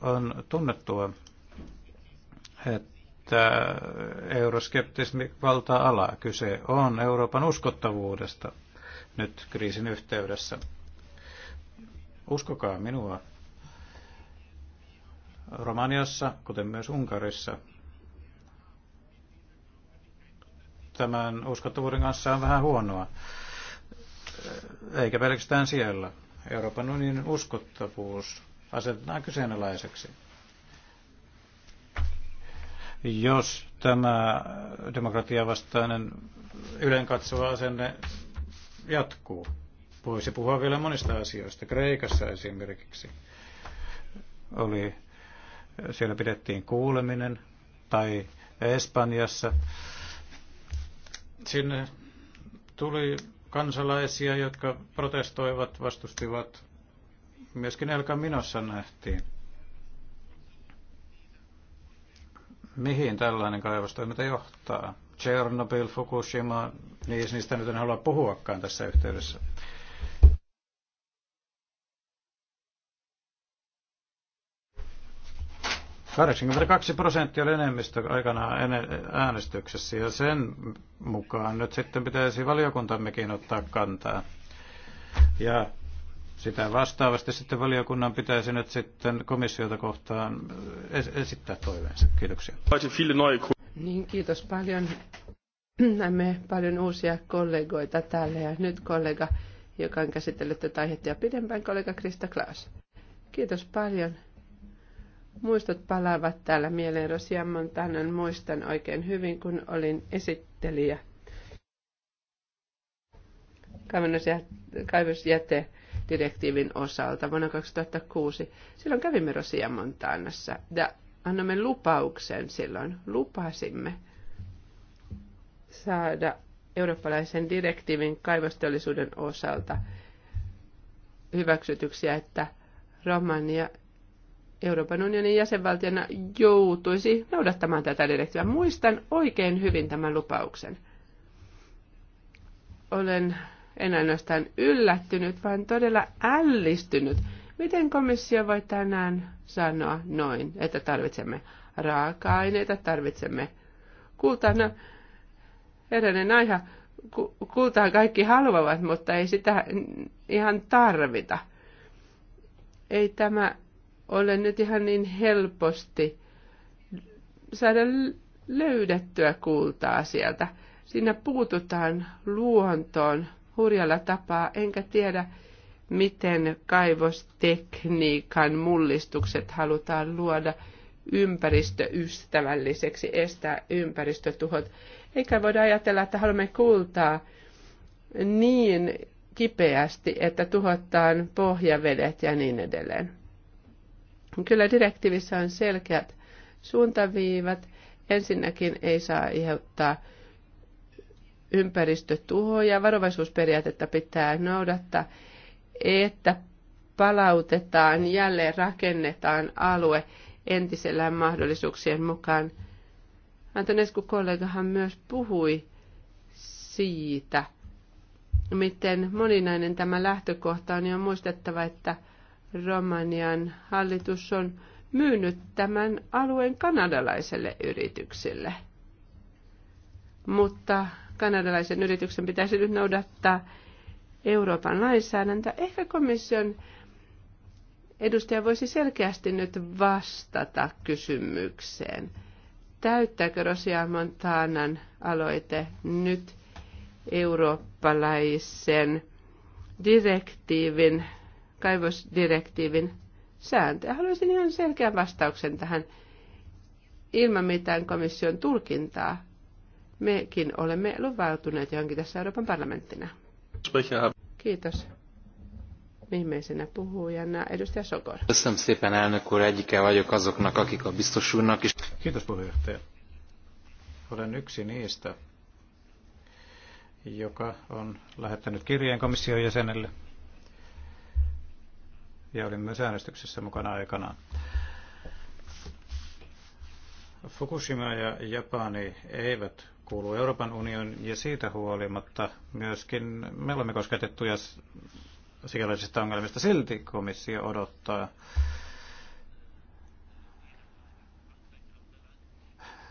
on tunnettua, että euroskeptismi valtaa alaa. Kyse on Euroopan uskottavuudesta nyt kriisin yhteydessä. Uskokaa minua. Romaniassa, kuten myös Unkarissa, tämän uskottavuuden kanssa on vähän huonoa. Eikä pelkästään siellä. Euroopan unionin uskottavuus asetetaan kyseenalaiseksi. Jos tämä demokratia vastainen ylenkatsova asenne jatkuu, voisi puhua vielä monista asioista. Kreikassa esimerkiksi oli, siellä pidettiin kuuleminen, tai Espanjassa. Sinne tuli kansalaisia, jotka protestoivat, vastustivat myöskin Elka Minossa nähtiin. Mihin tällainen kaivostoiminta johtaa? Chernobyl, Fukushima, niin siis niistä nyt en halua puhuakaan tässä yhteydessä. kaksi prosenttia oli enemmistö aikanaan äänestyksessä ja sen mukaan nyt sitten pitäisi valiokuntammekin ottaa kantaa. Ja sitä vastaavasti sitten valiokunnan pitäisi nyt sitten komissiota kohtaan äh, esittää toiveensa. Kiitoksia. Niin, kiitos paljon. Näemme paljon uusia kollegoita täällä ja nyt kollega, joka on käsitellyt tätä aihetta ja pidempään, kollega Krista Klaas. Kiitos paljon. Muistot palaavat täällä mieleen Rosiamman tänään. Muistan oikein hyvin, kun olin esittelijä kaivosjäte direktiivin osalta vuonna 2006. Silloin kävimme Rosia Montanassa ja annamme lupauksen silloin, lupasimme saada eurooppalaisen direktiivin kaivosteollisuuden osalta hyväksytyksiä, että Romania Euroopan unionin jäsenvaltiona joutuisi noudattamaan tätä direktiiviä. Muistan oikein hyvin tämän lupauksen. Olen en ainoastaan yllättynyt, vaan todella ällistynyt. Miten komissio voi tänään sanoa noin, että tarvitsemme raaka-aineita, tarvitsemme No, eräinen aihe, kultaa kaikki haluavat, mutta ei sitä ihan tarvita. Ei tämä ole nyt ihan niin helposti saada löydettyä kultaa sieltä. Siinä puututaan luontoon, hurjalla tapaa, enkä tiedä, miten kaivostekniikan mullistukset halutaan luoda ympäristöystävälliseksi, estää ympäristötuhot. Eikä voida ajatella, että haluamme kultaa niin kipeästi, että tuhottaan pohjavedet ja niin edelleen. Kyllä direktiivissä on selkeät suuntaviivat. Ensinnäkin ei saa aiheuttaa ympäristötuhoja. Varovaisuusperiaatetta pitää noudattaa, että palautetaan, jälleen rakennetaan alue entisellään mahdollisuuksien mukaan. Antonescu kollegahan myös puhui siitä, miten moninainen tämä lähtökohta on, niin on muistettava, että Romanian hallitus on myynyt tämän alueen kanadalaiselle yritykselle. Mutta kanadalaisen yrityksen pitäisi nyt noudattaa Euroopan lainsäädäntöä. Ehkä komission edustaja voisi selkeästi nyt vastata kysymykseen. Täyttääkö Rosia Montanan aloite nyt eurooppalaisen direktiivin, kaivosdirektiivin sääntöjä? Haluaisin ihan selkeän vastauksen tähän ilman mitään komission tulkintaa mekin olemme luvautuneet johonkin tässä Euroopan parlamenttina. Kiitos. Viimeisenä puhujana edustaja Sokor. Köszönöm szépen, elnök úr, egyike vagyok azoknak, akik a biztos úrnak is. Kiitos puheenjohtaja. Olen yksi niistä, joka on lähettänyt kirjeen komission jäsenelle ja olin myös äänestyksessä mukana aikanaan. Fukushima ja Japani eivät kuuluu Euroopan unioniin ja siitä huolimatta myöskin me olemme kosketettuja sikäläisistä ongelmista. Silti komissio odottaa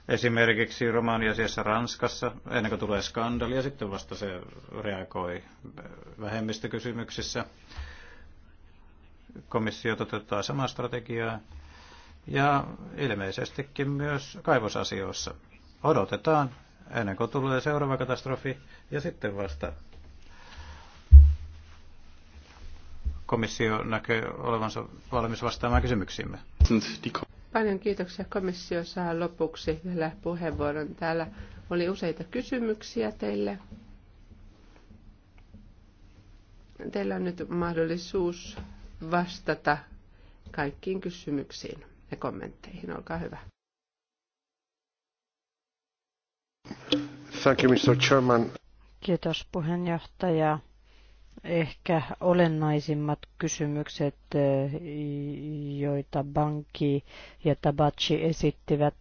esimerkiksi romaaniasiassa Ranskassa, ennen kuin tulee skandaali, ja sitten vasta se reagoi vähemmistökysymyksissä. Komissio toteuttaa samaa strategiaa, ja ilmeisestikin myös kaivosasioissa. Odotetaan ennen kuin tulee seuraava katastrofi ja sitten vasta komissio näkee olevansa valmis vastaamaan kysymyksiimme. Paljon kiitoksia. Komissio saa lopuksi vielä puheenvuoron. Täällä oli useita kysymyksiä teille. Teillä on nyt mahdollisuus vastata kaikkiin kysymyksiin ja kommentteihin. Olkaa hyvä. Thank you, Mr. Chairman. Kiitos puheenjohtaja. Ehkä olennaisimmat kysymykset, eh, joita Banki ja Tabachi esittivät.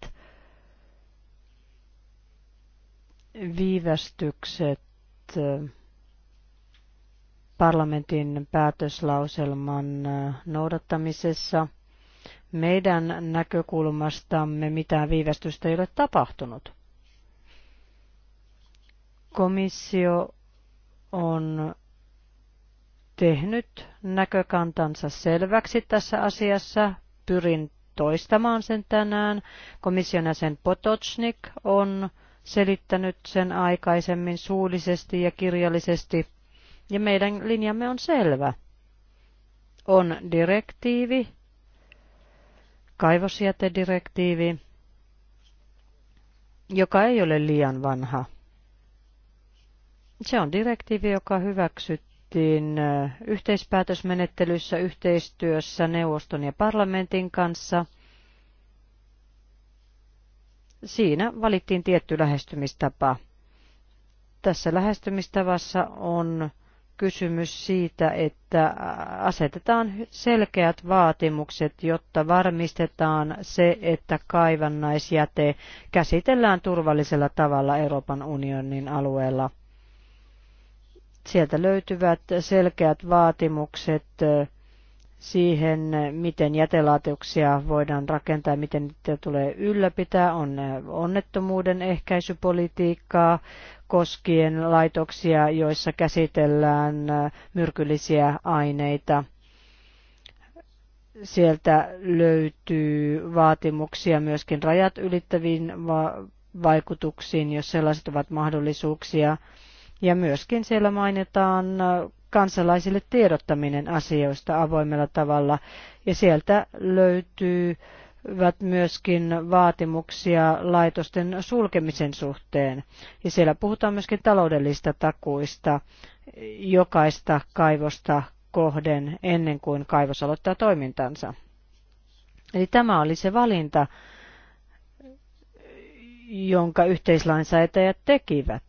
Viivästykset eh, parlamentin päätöslauselman eh, noudattamisessa. Meidän näkökulmastamme mitään viivästystä ei ole tapahtunut. Komissio on tehnyt näkökantansa selväksi tässä asiassa. Pyrin toistamaan sen tänään. Komission jäsen Potocnik on selittänyt sen aikaisemmin suullisesti ja kirjallisesti. Ja meidän linjamme on selvä. On direktiivi, kaivosjätedirektiivi, joka ei ole liian vanha – se on direktiivi, joka hyväksyttiin yhteispäätösmenettelyssä yhteistyössä neuvoston ja parlamentin kanssa. Siinä valittiin tietty lähestymistapa. Tässä lähestymistavassa on kysymys siitä, että asetetaan selkeät vaatimukset, jotta varmistetaan se, että kaivannaisjäte käsitellään turvallisella tavalla Euroopan unionin alueella. Sieltä löytyvät selkeät vaatimukset siihen, miten jätelaatuksia voidaan rakentaa, miten niitä tulee ylläpitää, on onnettomuuden ehkäisypolitiikkaa koskien laitoksia, joissa käsitellään myrkyllisiä aineita. Sieltä löytyy vaatimuksia myöskin rajat ylittäviin vaikutuksiin, jos sellaiset ovat mahdollisuuksia ja myöskin siellä mainitaan kansalaisille tiedottaminen asioista avoimella tavalla. Ja sieltä löytyy ovat myöskin vaatimuksia laitosten sulkemisen suhteen. Ja siellä puhutaan myöskin taloudellista takuista jokaista kaivosta kohden ennen kuin kaivos aloittaa toimintansa. Eli tämä oli se valinta, jonka yhteislainsäätäjät tekivät.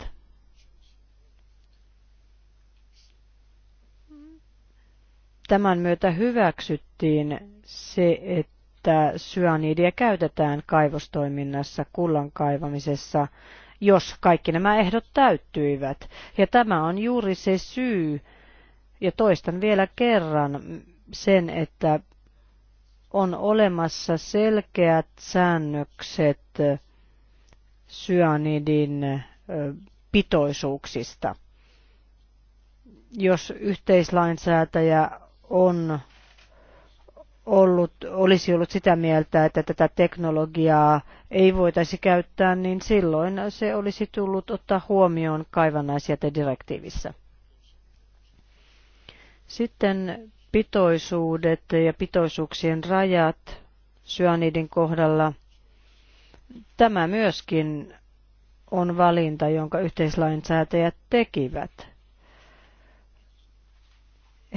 Tämän myötä hyväksyttiin se, että syanidia käytetään kaivostoiminnassa, kullan kaivamisessa, jos kaikki nämä ehdot täyttyivät. Ja tämä on juuri se syy, ja toistan vielä kerran sen, että on olemassa selkeät säännökset syanidin pitoisuuksista. Jos yhteislainsäätäjä on ollut, olisi ollut sitä mieltä, että tätä teknologiaa ei voitaisi käyttää, niin silloin se olisi tullut ottaa huomioon kaivannaisjätedirektiivissä. Sitten pitoisuudet ja pitoisuuksien rajat syöniidin kohdalla. Tämä myöskin on valinta, jonka yhteislainsäätäjät tekivät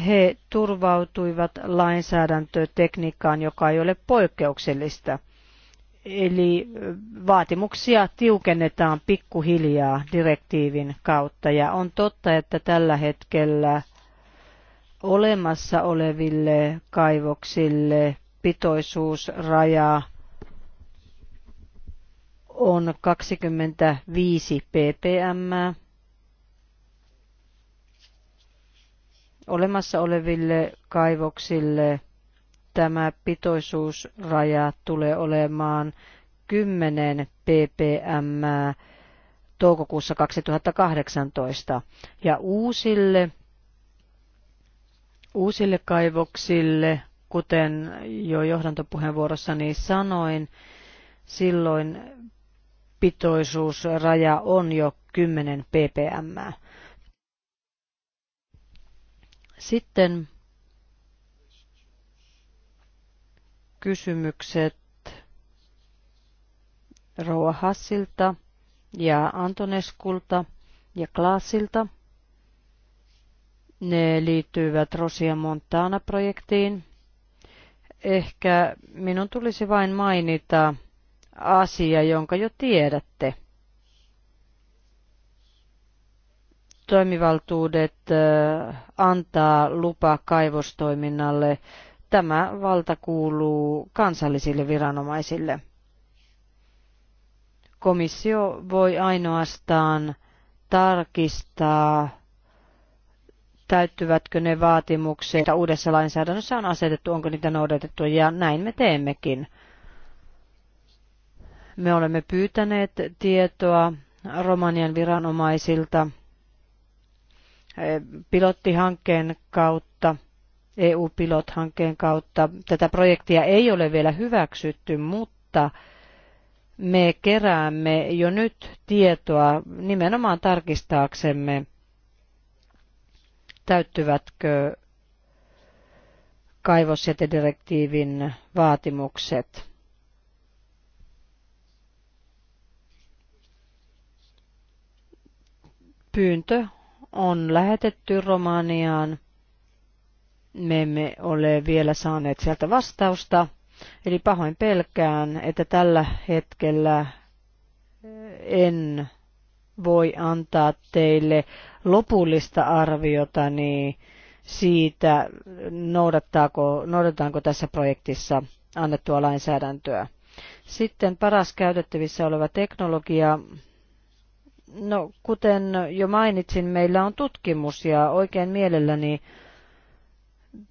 he turvautuivat lainsäädäntötekniikkaan, joka ei ole poikkeuksellista. Eli vaatimuksia tiukennetaan pikkuhiljaa direktiivin kautta. Ja on totta, että tällä hetkellä olemassa oleville kaivoksille pitoisuusraja on 25 ppm olemassa oleville kaivoksille tämä pitoisuusraja tulee olemaan 10 ppm toukokuussa 2018 ja uusille, uusille kaivoksille, kuten jo johdantopuheenvuorossani sanoin, silloin pitoisuusraja on jo 10 ppm. Sitten kysymykset Roa Hassilta ja Antoneskulta ja Klaasilta. Ne liittyvät Rosia Montana-projektiin. Ehkä minun tulisi vain mainita asia, jonka jo tiedätte. toimivaltuudet antaa lupa kaivostoiminnalle, tämä valta kuuluu kansallisille viranomaisille. Komissio voi ainoastaan tarkistaa, täyttyvätkö ne vaatimukset, joita uudessa lainsäädännössä on asetettu, onko niitä noudatettu, ja näin me teemmekin. Me olemme pyytäneet tietoa Romanian viranomaisilta – pilottihankkeen kautta, EU-pilot-hankkeen kautta. Tätä projektia ei ole vielä hyväksytty, mutta me keräämme jo nyt tietoa nimenomaan tarkistaaksemme, täyttyvätkö kaivosjätedirektiivin vaatimukset. Pyyntö on lähetetty Romaniaan. Me emme ole vielä saaneet sieltä vastausta, eli pahoin pelkään, että tällä hetkellä eh, en voi antaa teille lopullista arviota niin siitä, noudattaako, tässä projektissa annettua lainsäädäntöä. Sitten paras käytettävissä oleva teknologia No, kuten jo mainitsin, meillä on tutkimus ja oikein mielelläni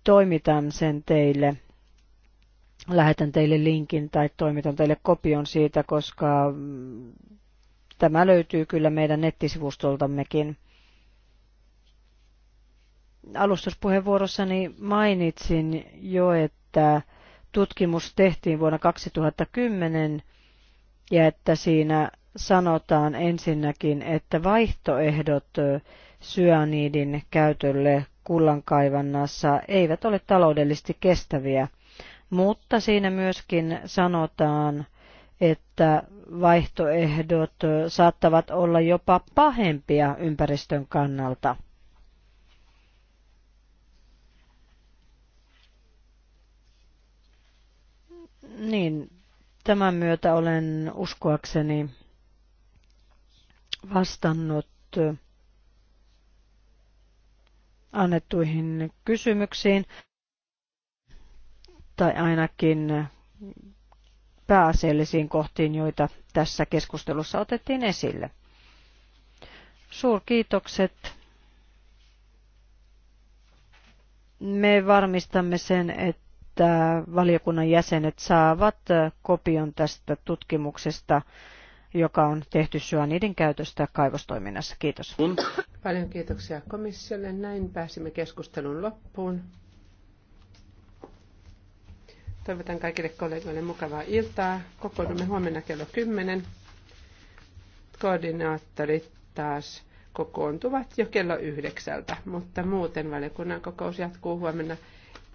toimitan sen teille. Lähetän teille linkin tai toimitan teille kopion siitä, koska mm, tämä löytyy kyllä meidän nettisivustoltammekin. Alustuspuheenvuorossani mainitsin jo, että tutkimus tehtiin vuonna 2010 ja että siinä sanotaan ensinnäkin, että vaihtoehdot syöniidin käytölle kullankaivannassa eivät ole taloudellisesti kestäviä, mutta siinä myöskin sanotaan, että vaihtoehdot saattavat olla jopa pahempia ympäristön kannalta. Niin, tämän myötä olen uskoakseni vastannut annettuihin kysymyksiin, tai ainakin pääasiallisiin kohtiin, joita tässä keskustelussa otettiin esille. Suurkiitokset. Me varmistamme sen, että valiokunnan jäsenet saavat kopion tästä tutkimuksesta joka on tehty syöniidin käytöstä kaivostoiminnassa. Kiitos. Paljon kiitoksia komissiolle. Näin pääsimme keskustelun loppuun. Toivotan kaikille kollegoille mukavaa iltaa. Kokoudumme huomenna kello 10. Koordinaattorit taas kokoontuvat jo kello yhdeksältä, mutta muuten valiokunnan kokous jatkuu huomenna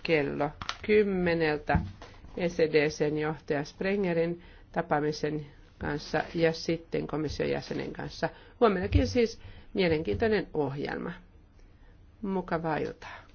kello kymmeneltä. ECDCn johtaja Sprengerin tapaamisen kanssa ja sitten komission jäsenen kanssa. Huomennakin siis mielenkiintoinen ohjelma. Mukavaa iltaa.